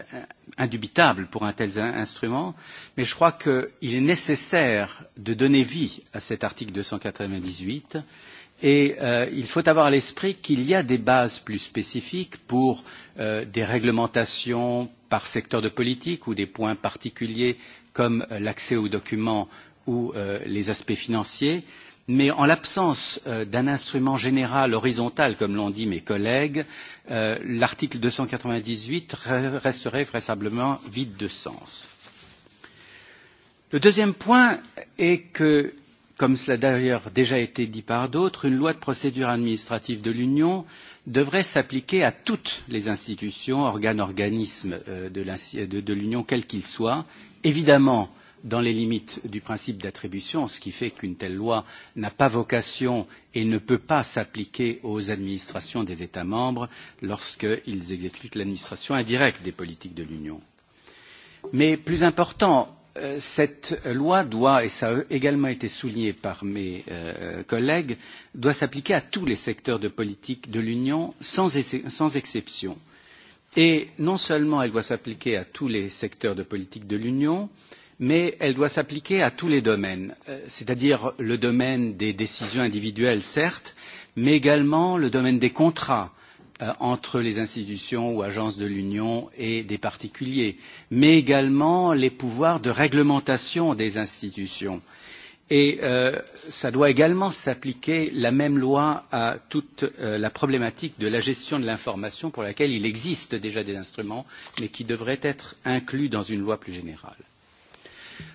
Speaker 12: indubitable pour un tel instrument, mais je crois qu'il est nécessaire de donner vie à cet article 298 Et euh, il faut avoir à l'esprit qu'il y a des bases plus spécifiques pour euh, des réglementations par secteur de politique ou des points particuliers comme euh, l'accès aux documents ou euh, les aspects financiers. Mais en l'absence euh, d'un instrument général horizontal, comme l'ont dit mes collègues, euh, l'article 298 resterait vraisemblablement vide de sens. Le deuxième point est que comme cela a d'ailleurs déjà été dit par d'autres, une loi de procédure administrative de l'Union devrait s'appliquer à toutes les institutions, organes, organismes euh, euh, de l'Union, quels qu'ils soient, évidemment dans les limites du principe d'attribution, ce qui fait qu'une telle loi n'a pas vocation et ne peut pas s'appliquer aux administrations des États membres lorsqu'ils exécutent l'administration indirecte des politiques de l'Union. Mais plus important, Euh, cette loi doit, et ça a également été souligné par mes euh, collègues, doit s'appliquer à tous les secteurs de politique de l'Union sans, sans exception. Et non seulement elle doit s'appliquer à tous les secteurs de politique de l'Union, mais elle doit s'appliquer à tous les domaines, euh, c'est-à-dire le domaine des décisions individuelles, certes, mais également le domaine des contrats, Euh, entre les institutions ou agences de l'Union et des particuliers, mais également les pouvoirs de réglementation des institutions. Et euh, ça doit également s'appliquer la même loi à toute euh, la problématique de la gestion de l'information pour laquelle il existe déjà des instruments, mais qui devraient être inclus dans une loi plus générale.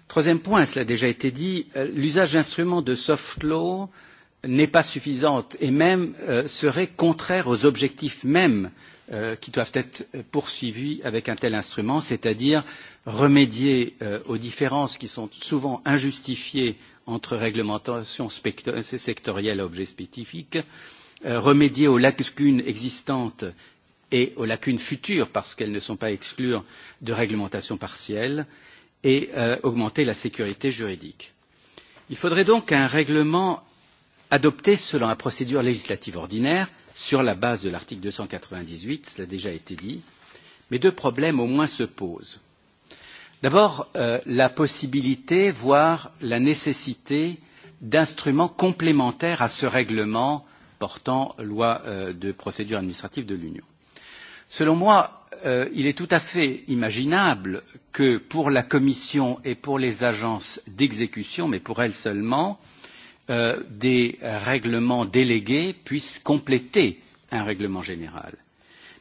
Speaker 12: Troisième point, cela a déjà été dit, euh, l'usage d'instruments de soft law euh, n'est pas suffisante et même euh, serait contraire aux objectifs mêmes euh, qui doivent être poursuivis avec un tel instrument, c'est-à-dire remédier euh, aux différences qui sont souvent injustifiées entre réglementation sectorielle et objet spécifique, euh, remédier aux lacunes existantes et aux lacunes futures parce qu'elles ne sont pas exclues de réglementation partielle et euh, augmenter la sécurité juridique. Il faudrait donc un règlement adoptée selon la procédure législative ordinaire sur la base de l'article deux cent quatre vingt dix huit cela a déjà été dit mais deux problèmes au moins se posent. D'abord, euh, la possibilité, voire la nécessité d'instruments complémentaires à ce règlement portant loi euh, de procédure administrative de l'Union. Selon moi, euh, il est tout à fait imaginable que pour la Commission et pour les agences d'exécution, mais pour elles seulement, euh, Euh, des règlements délégués puisse compléter un règlement général.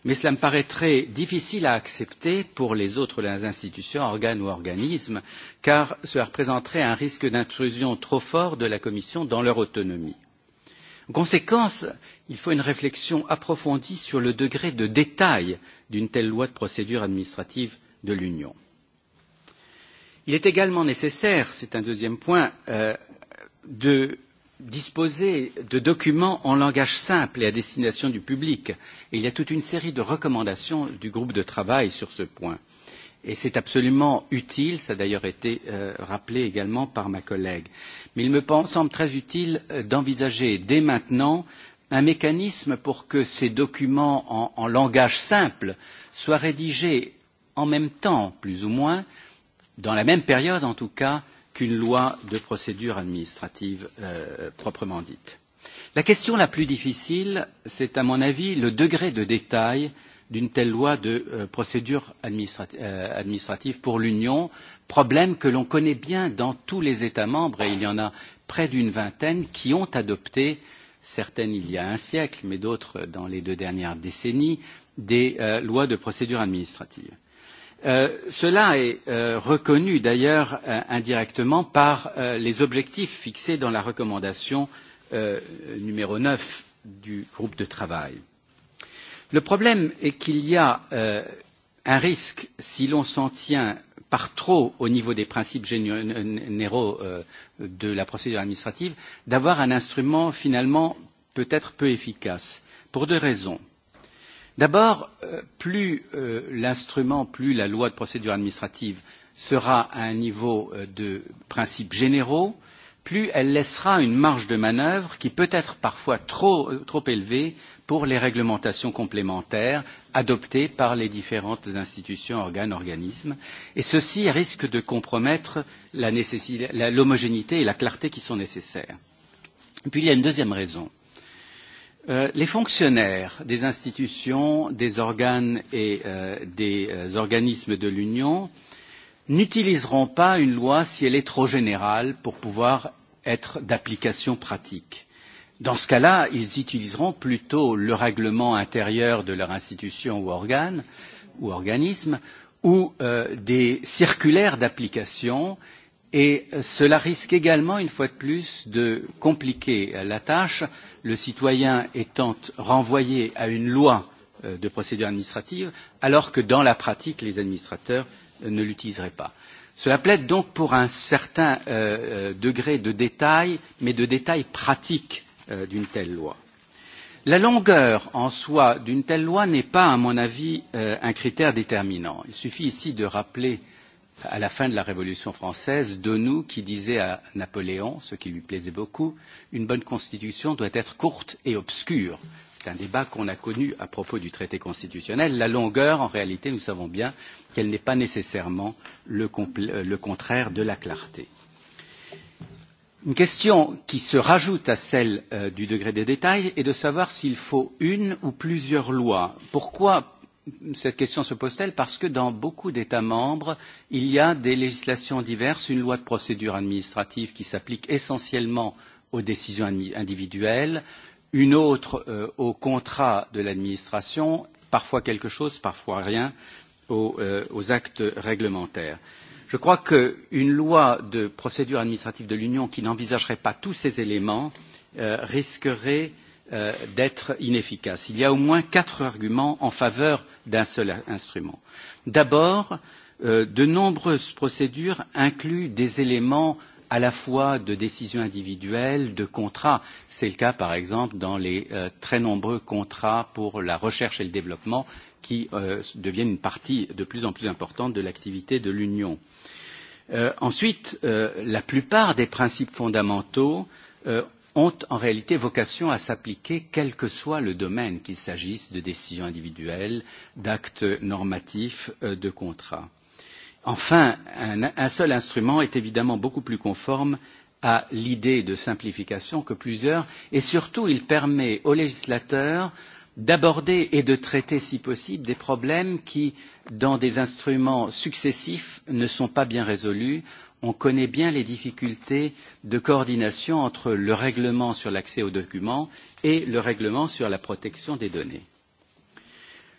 Speaker 12: Mais cela me paraîtrait difficile à accepter pour les autres les institutions, organes ou organismes, car cela représenterait un risque d'intrusion trop fort de la Commission dans leur autonomie. En conséquence, il faut une réflexion approfondie sur le degré de détail d'une telle loi de procédure administrative de l'Union. Il est également nécessaire, c'est un deuxième point, euh, de disposer de documents en langage simple et à destination du public. Et il y a toute une série de recommandations du groupe de travail sur ce point. Et c'est absolument utile, ça a d'ailleurs été euh, rappelé également par ma collègue. Mais il me semble très utile euh, d'envisager dès maintenant un mécanisme pour que ces documents en, en langage simple soient rédigés en même temps, plus ou moins, dans la même période en tout cas, qu'une loi de procédure administrative euh, proprement dite. La question la plus difficile, c'est à mon avis le degré de détail d'une telle loi de euh, procédure administrati euh, administrative pour l'Union, problème que l'on connaît bien dans tous les États membres, et il y en a près d'une vingtaine qui ont adopté, certaines il y a un siècle, mais d'autres dans les deux dernières décennies, des euh, lois de procédure administrative. Euh, cela est euh, reconnu d'ailleurs euh, indirectement par euh, les objectifs fixés dans la recommandation euh, numéro 9 du groupe de travail. Le problème est qu'il y a euh, un risque si l'on s'en tient par trop au niveau des principes généraux euh, de la procédure administrative d'avoir un instrument finalement peut-être peu efficace pour deux raisons. D'abord, euh, plus euh, l'instrument, plus la loi de procédure administrative sera à un niveau euh, de principes généraux, plus elle laissera une marge de manœuvre qui peut être parfois trop, trop élevée pour les réglementations complémentaires adoptées par les différentes institutions, organes, organismes. Et ceci risque de compromettre l'homogénéité et la clarté qui sont nécessaires. Puis il y a une deuxième raison. Euh, Euh, les fonctionnaires des institutions, des organes et euh, des euh, organismes de l'Union n'utiliseront pas une loi si elle est trop générale pour pouvoir être d'application pratique. Dans ce cas-là, ils utiliseront plutôt le règlement intérieur de leur institution ou organe ou organisme ou euh, des circulaires d'application et euh, cela risque également, une fois de plus, de compliquer euh, la tâche euh, le citoyen étant renvoyé à une loi euh, de procédure administrative, alors que dans la pratique, les administrateurs euh, ne l'utiliseraient pas. Cela plaide donc pour un certain euh, euh, degré de détail, mais de détail pratique euh, d'une telle loi. La longueur en soi d'une telle loi n'est pas, à mon avis, euh, un critère déterminant. Il suffit ici de rappeler à la fin de la Révolution française, Denou qui disait à Napoléon, ce qui lui plaisait beaucoup, une bonne constitution doit être courte et obscure. C'est un débat qu'on a connu à propos du traité constitutionnel. La longueur, en réalité, nous savons bien qu'elle n'est pas nécessairement le, euh, le contraire de la clarté. Une question qui se rajoute à celle euh, du degré des détails est de savoir s'il faut une ou plusieurs lois. Pourquoi cette question se pose-t-elle Parce que dans beaucoup d'États membres, il y a des législations diverses, une loi de procédure administrative qui s'applique essentiellement aux décisions individuelles, une autre euh, aux contrats de l'administration, parfois quelque chose, parfois rien, aux, euh, aux actes réglementaires. Je crois qu'une loi de procédure administrative de l'Union qui n'envisagerait pas tous ces éléments euh, risquerait Euh, d'être inefficace. Il y a au moins quatre arguments en faveur d'un seul instrument. D'abord, euh, de nombreuses procédures incluent des éléments à la fois de décisions individuelles, de contrats. C'est le cas, par exemple, dans les euh, très nombreux contrats pour la recherche et le développement qui euh, deviennent une partie de plus en plus importante de l'activité de l'Union. Euh, ensuite, euh, la plupart des principes fondamentaux euh, ont en réalité vocation à s'appliquer quel que soit le domaine, qu'il s'agisse de décisions individuelles, d'actes normatifs, euh, de contrats. Enfin, un, un seul instrument est évidemment beaucoup plus conforme à l'idée de simplification que plusieurs, et surtout, il permet aux législateurs d'aborder et de traiter, si possible, des problèmes qui, dans des instruments successifs, ne sont pas bien résolus on connaît bien les difficultés de coordination entre le règlement sur l'accès aux documents et le règlement sur la protection des données.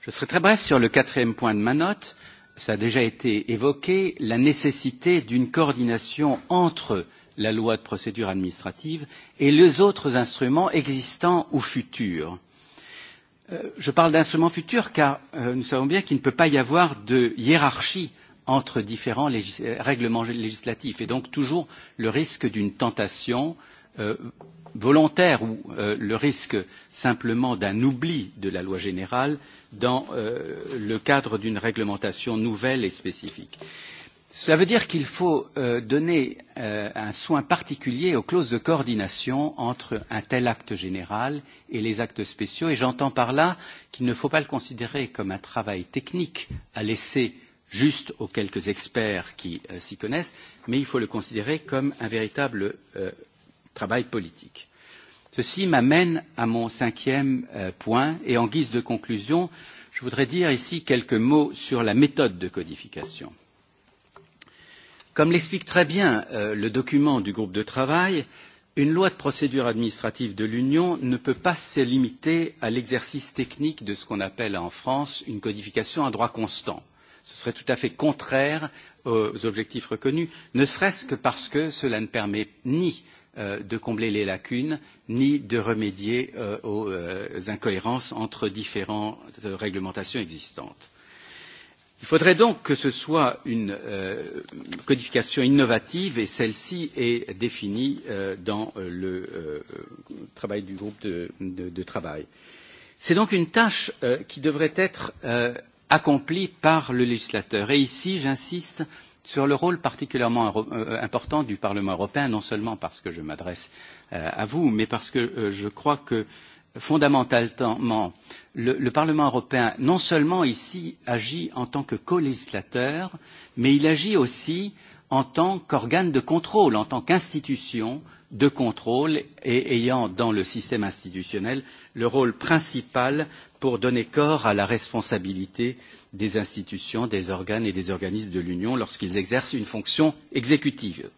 Speaker 12: Je serai très bref sur le quatrième point de ma note. Ça a déjà été évoqué, la nécessité d'une coordination entre la loi de procédure administrative et les autres instruments existants ou futurs. Euh, je parle d'instruments futurs car euh, nous savons bien qu'il ne peut pas y avoir de hiérarchie entre différents légis règlements législatifs et donc toujours le risque d'une tentation euh, volontaire ou euh, le risque simplement d'un oubli de la loi générale dans euh, le cadre d'une réglementation nouvelle et spécifique. Cela veut dire qu'il faut euh, donner euh, un soin particulier aux clauses de coordination entre un tel acte général et les actes spéciaux, et j'entends par là qu'il ne faut pas le considérer comme un travail technique à laisser juste aux quelques experts qui euh, s'y connaissent, mais il faut le considérer comme un véritable euh, travail politique. Ceci m'amène à mon cinquième euh, point et en guise de conclusion, je voudrais dire ici quelques mots sur la méthode de codification. Comme l'explique très bien euh, le document du groupe de travail, une loi de procédure administrative de l'Union ne peut pas se limiter à l'exercice technique de ce qu'on appelle en France une codification à droit constant. Ce serait tout à fait contraire aux objectifs reconnus, ne serait-ce que parce que cela ne permet ni euh, de combler les lacunes ni de remédier euh, aux euh, incohérences entre différentes réglementations existantes. Il faudrait donc que ce soit une euh, codification innovative et celle-ci est définie dans le travail du groupe de, de, de travail. C'est donc une tâche qui devrait être accomplie par le législateur. Et ici, j'insiste sur le rôle particulièrement euh, important du Parlement européen, non seulement parce que je m'adresse euh, à vous, mais parce que euh, je crois que fondamentalement, le, le Parlement européen, non seulement ici, agit en tant que co-législateur, mais il agit aussi en tant qu'organe de contrôle, en tant qu'institution de contrôle et ayant dans le système institutionnel le rôle principal pour donner corps à la responsabilité des institutions, des organes et des organismes de l'Union lorsqu'ils exercent une fonction exécutive.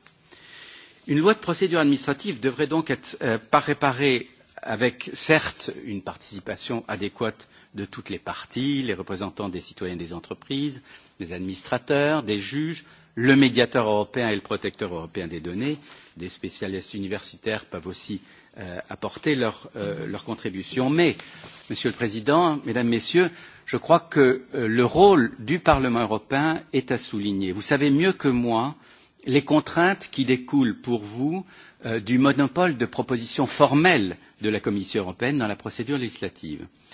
Speaker 12: Une loi de procédure administrative devrait donc être euh, réparée avec certes une participation adéquate de toutes les parties, les représentants des citoyens des entreprises, des administrateurs, des juges, le médiateur européen et le protecteur européen des données, des spécialistes universitaires peuvent aussi euh, apporter leur, euh, leur contribution. Mais, Monsieur le Président, Mesdames, Messieurs, je crois que euh, le rôle du Parlement européen est à souligner. Vous savez mieux que moi les contraintes qui découlent pour vous euh, du monopole de propositions formelles de la Commission européenne dans la procédure législative. Euh,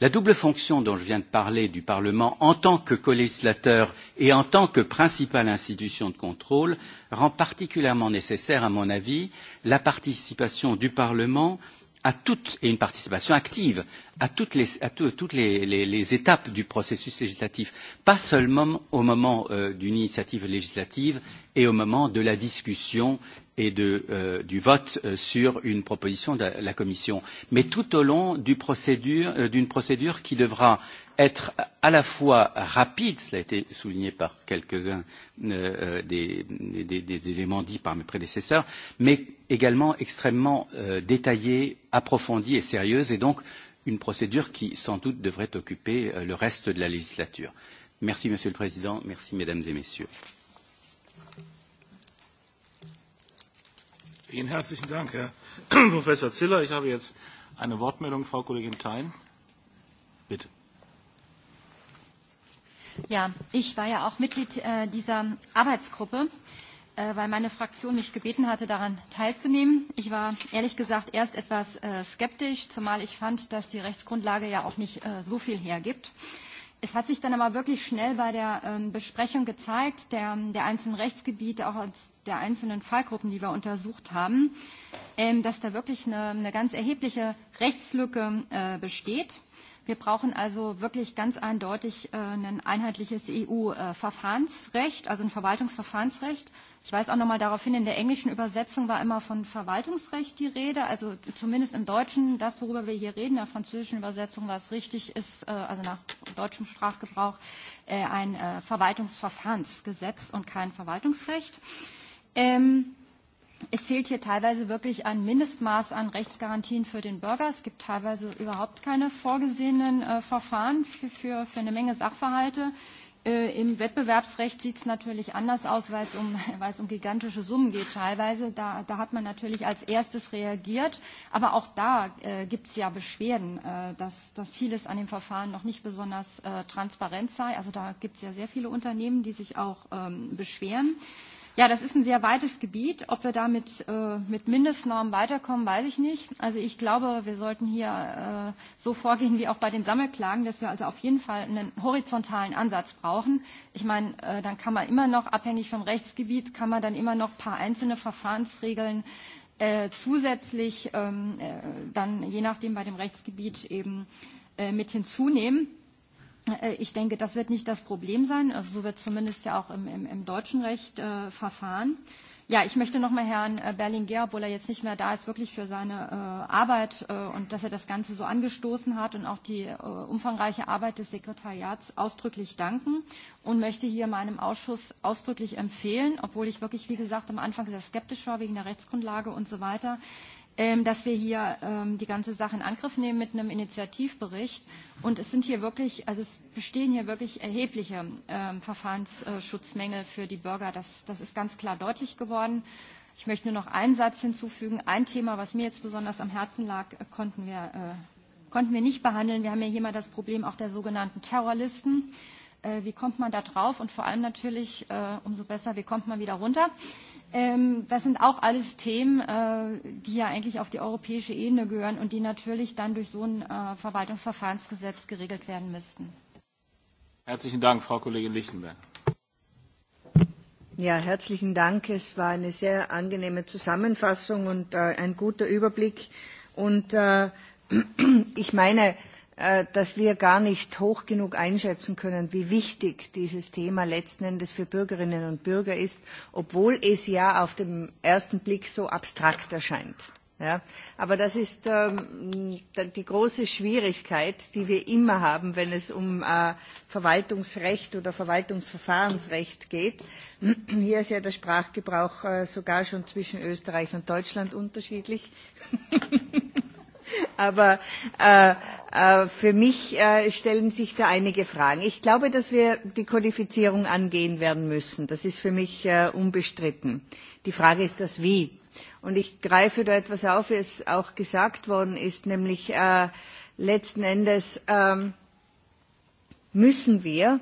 Speaker 12: La double fonction dont je viens de parler du Parlement en tant que colégislateur et en tant que principale institution de contrôle rend particulièrement nécessaire, à mon avis, la participation du Parlement à toutes, et une participation active à toutes les, à tout, toutes les, les, les étapes du processus législatif, pas seulement au moment euh, d'une initiative législative et au moment de la discussion et de, euh, du vote euh, sur une proposition de la, la Commission, mais tout au long d'une du procédure, euh, procédure qui devra être à la fois rapide, cela a été souligné par quelques-uns euh, euh des, des, des éléments dits par mes prédécesseurs, mais également extrêmement euh, détaillée, approfondie et sérieuse, et donc une procédure qui, sans doute, devrait occuper euh, le reste de la législature. Merci, Monsieur le Président. Merci, Mesdames et Messieurs.
Speaker 1: Vielen herzlichen Dank, Herr [CLEARS THROAT] Professor Ziller. Ich habe jetzt eine Wortmeldung, Frau Kollegin Thein. Bitte.
Speaker 5: Ja, ich war ja auch Mitglied äh, dieser Arbeitsgruppe, äh, weil meine Fraktion mich gebeten hatte, daran teilzunehmen. Ich war ehrlich gesagt erst etwas äh, skeptisch, zumal ich fand, dass die Rechtsgrundlage ja auch nicht äh, so viel hergibt. Es hat sich dann aber wirklich schnell bei der ähm, Besprechung gezeigt, der, der einzelnen Rechtsgebiete, auch als der einzelnen Fallgruppen, die wir untersucht haben, ähm, dass da wirklich eine, eine ganz erhebliche Rechtslücke äh, besteht. Wir brauchen also wirklich ganz eindeutig äh, ein einheitliches EU-Verfahrensrecht, äh, also ein Verwaltungsverfahrensrecht. Ich weise auch nochmal darauf hin, in der englischen Übersetzung war immer von Verwaltungsrecht die Rede, also zumindest im Deutschen, das, worüber wir hier reden, in der französischen Übersetzung, was richtig ist, äh, also nach deutschem Sprachgebrauch, äh, ein Verwaltungsverfahrensgesetz und kein Verwaltungsrecht. Ähm, es fehlt hier teilweise wirklich ein Mindestmaß an Rechtsgarantien für den Bürger. Es gibt teilweise überhaupt keine vorgesehenen äh, Verfahren für, für, für eine Menge Sachverhalte. Äh, Im Wettbewerbsrecht sieht es natürlich anders aus, weil es um, [LAUGHS] um gigantische Summen geht teilweise. Da, da hat man natürlich als erstes reagiert. Aber auch da äh, gibt es ja Beschwerden, äh, dass, dass vieles an dem Verfahren noch nicht besonders äh, transparent sei. Also da gibt es ja sehr viele Unternehmen, die sich auch ähm, beschweren. Äh, ja, das ist ein sehr weites Gebiet. Ob wir damit äh, mit Mindestnormen weiterkommen, weiß ich nicht. Also ich glaube, wir sollten hier äh, so vorgehen wie auch bei den Sammelklagen, dass wir also auf jeden Fall einen horizontalen Ansatz brauchen. Ich meine, äh, dann kann man immer noch, abhängig vom Rechtsgebiet, kann man dann immer noch ein paar einzelne Verfahrensregeln äh, zusätzlich ähm, äh, dann je nachdem bei dem Rechtsgebiet eben äh, mit hinzunehmen. Äh, ich denke, das wird nicht das Problem sein. Also so wird zumindest ja auch im, im, im deutschen Recht äh, verfahren. Ja, ich möchte nochmal Herrn äh, Berlinguer, obwohl er jetzt nicht mehr da ist, wirklich für seine äh, Arbeit äh, und dass er das Ganze so angestoßen hat und auch die äh, umfangreiche Arbeit des Sekretariats ausdrücklich danken und möchte hier meinem Ausschuss ausdrücklich empfehlen, obwohl ich wirklich, wie gesagt, am Anfang sehr skeptisch war wegen der Rechtsgrundlage und so weiter, Ähm, dass wir hier ähm, die ganze Sache in Angriff nehmen mit einem Initiativbericht. Und es sind hier wirklich, also es bestehen hier wirklich erhebliche ähm, Verfahrensschutzmängel für die Bürger. Das, das ist ganz klar deutlich geworden. Ich möchte nur noch einen Satz hinzufügen. Ein Thema, was mir jetzt besonders am Herzen lag, äh, konnten wir, äh, konnten wir nicht behandeln. Wir haben ja hier mal das Problem auch der sogenannten Terrorlisten. Äh, wie kommt man da drauf? Und vor allem natürlich, äh, umso besser, wie kommt man wieder runter? Äh, Ähm, das sind auch alles Themen, äh, die ja eigentlich auf die europäische Ebene gehören und die natürlich dann durch so ein äh, Verwaltungsverfahrensgesetz
Speaker 16: geregelt werden müssten.
Speaker 1: Herzlichen Dank, Frau Kollegin Lichtenberg.
Speaker 16: Ja, herzlichen Dank. Es war eine sehr angenehme Zusammenfassung und äh, ein guter Überblick. Und äh, [CLEARS THROAT] ich meine, Äh, dass wir gar nicht hoch genug einschätzen können, wie wichtig dieses Thema letzten Endes für Bürgerinnen und Bürger ist, obwohl es ja auf den ersten Blick so abstrakt erscheint. Ja, aber das ist ähm, die große Schwierigkeit, die wir immer haben, wenn es um äh, Verwaltungsrecht oder Verwaltungsverfahrensrecht geht. [CLEARS THROAT] Hier ist ja der Sprachgebrauch äh, sogar schon zwischen Österreich und Deutschland unterschiedlich. [LAUGHS] [LAUGHS] Aber äh, äh, für mich äh, stellen sich da einige Fragen. Ich glaube, dass wir die Kodifizierung angehen werden müssen. Das ist für mich äh, unbestritten. Die Frage ist das Wie. Und ich greife da etwas auf, wie es auch gesagt worden ist, nämlich äh, letzten Endes äh, müssen wir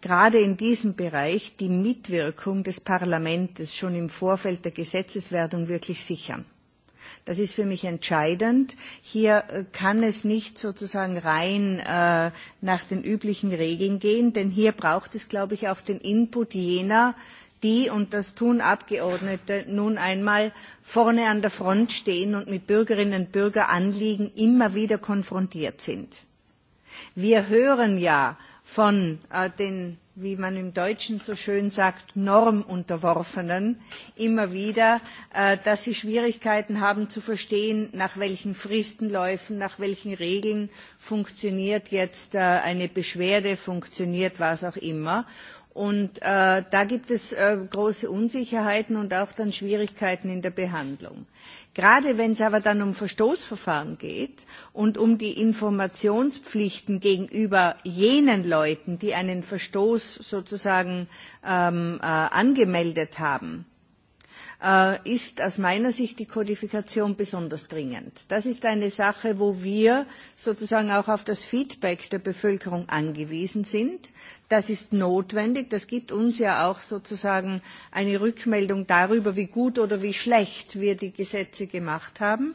Speaker 16: gerade in diesem Bereich die Mitwirkung des Parlaments schon im Vorfeld der Gesetzeswerdung wirklich sichern. Das ist für mich entscheidend. Hier äh, kann es nicht sozusagen rein äh, nach den üblichen Regeln gehen, denn hier braucht es, glaube ich, auch den Input jener, die, und das tun Abgeordnete nun einmal, vorne an der Front stehen und mit Bürgerinnen und Bürgeranliegen immer wieder konfrontiert sind. Wir hören ja von äh, den wie man im Deutschen so schön sagt, Normunterworfenen immer wieder, äh, dass sie Schwierigkeiten haben zu verstehen, nach welchen Fristenläufen, nach welchen Regeln funktioniert jetzt äh, eine Beschwerde, funktioniert was auch immer. Und äh, da gibt es äh, große Unsicherheiten und auch dann Schwierigkeiten in der Behandlung. Gerade wenn es aber dann um Verstoßverfahren geht und um die Informationspflichten gegenüber jenen Leuten, die einen Verstoß sozusagen ähm, äh, angemeldet haben, Äh, ist aus meiner Sicht die Kodifikation besonders dringend. Das ist eine Sache, wo wir sozusagen auch auf das Feedback der Bevölkerung angewiesen sind. Das ist notwendig. Das gibt uns ja auch sozusagen eine Rückmeldung darüber, wie gut oder wie schlecht wir die Gesetze gemacht haben.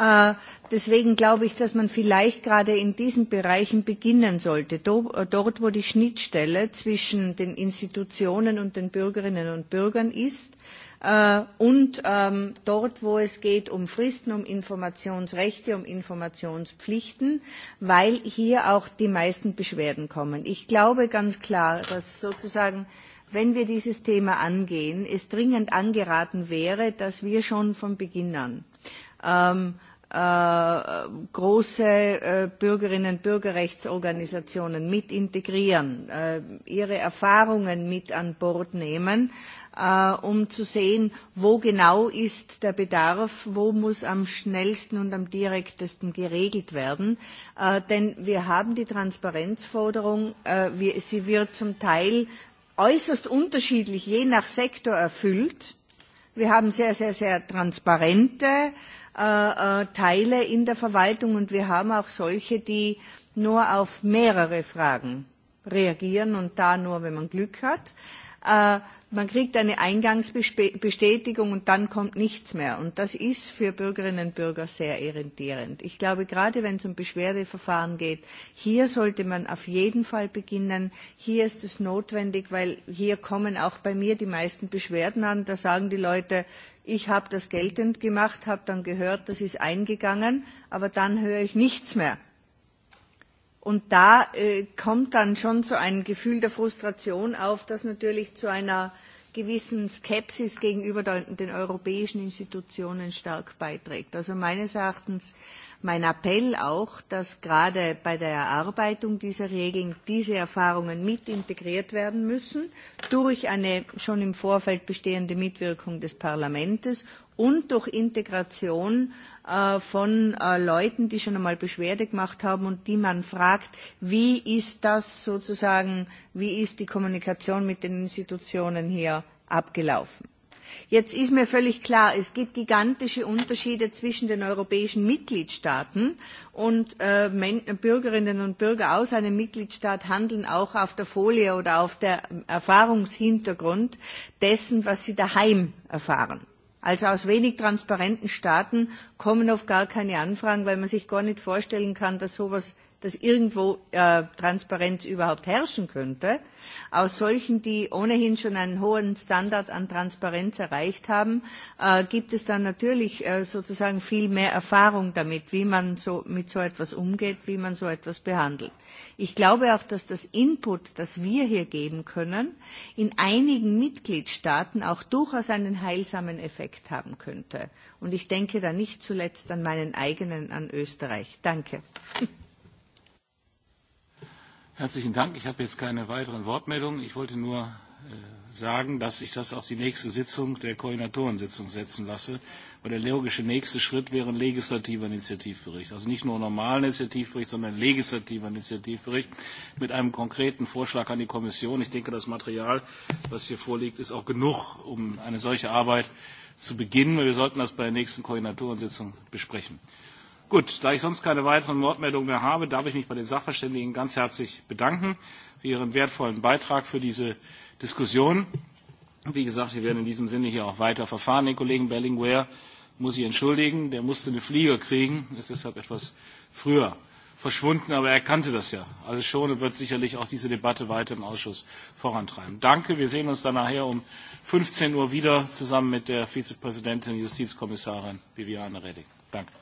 Speaker 16: Äh, deswegen glaube ich, dass man vielleicht gerade in diesen Bereichen beginnen sollte, äh, dort wo die Schnittstelle zwischen den Institutionen und den Bürgerinnen und Bürgern ist Äh, und ähm, dort, wo es geht um Fristen, um Informationsrechte, um Informationspflichten, weil hier auch die meisten Beschwerden kommen. Ich glaube ganz klar, dass sozusagen wenn wir dieses Thema angehen, es dringend angeraten wäre, dass wir schon von Beginn an ähm, äh, große äh, Bürgerinnen und Bürgerrechtsorganisationen mit integrieren, äh, ihre Erfahrungen mit an Bord nehmen, äh, um zu sehen, wo genau ist der Bedarf, wo muss am schnellsten und am direktesten geregelt werden. Äh, denn wir haben die Transparenzforderung, äh, wir, sie wird zum Teil äußerst unterschiedlich je nach Sektor erfüllt. Wir haben sehr, sehr, sehr transparente äh, äh, Teile in der Verwaltung und wir haben auch solche, die nur auf mehrere Fragen reagieren und da nur, wenn man Glück hat. Äh, man kriegt eine Eingangsbestätigung und dann kommt nichts mehr. Und das ist für Bürgerinnen und Bürger sehr irritierend. Ich glaube, gerade wenn es um Beschwerdeverfahren geht, hier sollte man auf jeden Fall beginnen. Hier ist es notwendig, weil hier kommen auch bei mir die meisten Beschwerden an. Da sagen die Leute, ich habe das geltend gemacht, habe dann gehört, das ist eingegangen, aber dann höre ich nichts mehr. Und da äh, kommt dann schon so ein Gefühl der Frustration auf, das natürlich zu einer gewissen Skepsis gegenüber den, den europäischen Institutionen stark beiträgt. Also meines Erachtens mein Appell auch, dass gerade bei der Erarbeitung dieser Regeln diese Erfahrungen mit integriert werden müssen durch eine schon im Vorfeld bestehende Mitwirkung des Parlaments und durch Integration äh, von äh, Leuten, die schon einmal Beschwerde gemacht haben und die man fragt, wie ist das sozusagen, wie ist die Kommunikation mit den Institutionen hier abgelaufen. Jetzt ist mir völlig klar, es gibt gigantische Unterschiede zwischen den europäischen Mitgliedstaaten und äh, Bürgerinnen und Bürger aus einem Mitgliedstaat handeln auch auf der Folie oder auf dem ähm, Erfahrungshintergrund dessen, was sie daheim erfahren. Also aus wenig transparenten Staaten kommen oft gar keine Anfragen, weil man sich gar nicht vorstellen kann, dass so etwas dass irgendwo äh, Transparenz überhaupt herrschen könnte, aus solchen, die ohnehin schon einen hohen Standard an Transparenz erreicht haben, äh, gibt es dann natürlich äh, sozusagen viel mehr Erfahrung damit, wie man so, mit so etwas umgeht, wie man so etwas behandelt. Ich glaube auch, dass das Input, das wir hier geben können, in einigen Mitgliedstaaten auch durchaus einen heilsamen Effekt haben könnte. Und ich denke da nicht zuletzt an meinen eigenen, an Österreich. Danke. [LAUGHS]
Speaker 1: Herzlichen Dank. Ich habe jetzt keine weiteren Wortmeldungen. Ich wollte nur äh, sagen, dass ich das auf die nächste Sitzung der Koordinatorensitzung setzen lasse. Weil der logische nächste Schritt wäre ein legislativer Initiativbericht. Also nicht nur ein normaler Initiativbericht, sondern ein legislativer Initiativbericht mit einem konkreten Vorschlag an die Kommission. Ich denke, das Material, das hier vorliegt, ist auch genug, um eine solche Arbeit zu beginnen. Wir sollten das bei der nächsten Koordinatorensitzung besprechen. Gut, da ich sonst keine weiteren Wortmeldungen mehr habe, darf ich mich bei den Sachverständigen ganz herzlich bedanken für ihren wertvollen Beitrag für diese Diskussion. Wie gesagt, wir werden in diesem Sinne hier auch weiter verfahren. Den Kollegen Berlinguer muss ich entschuldigen, der musste eine Fliege kriegen, ist deshalb etwas früher verschwunden, aber er kannte das ja. Also schon und wird sicherlich auch diese Debatte weiter im Ausschuss vorantreiben. Danke, wir sehen uns dann nachher um 15 Uhr wieder zusammen mit der Vizepräsidentin Justizkommissarin Viviane Reding.
Speaker 6: Danke.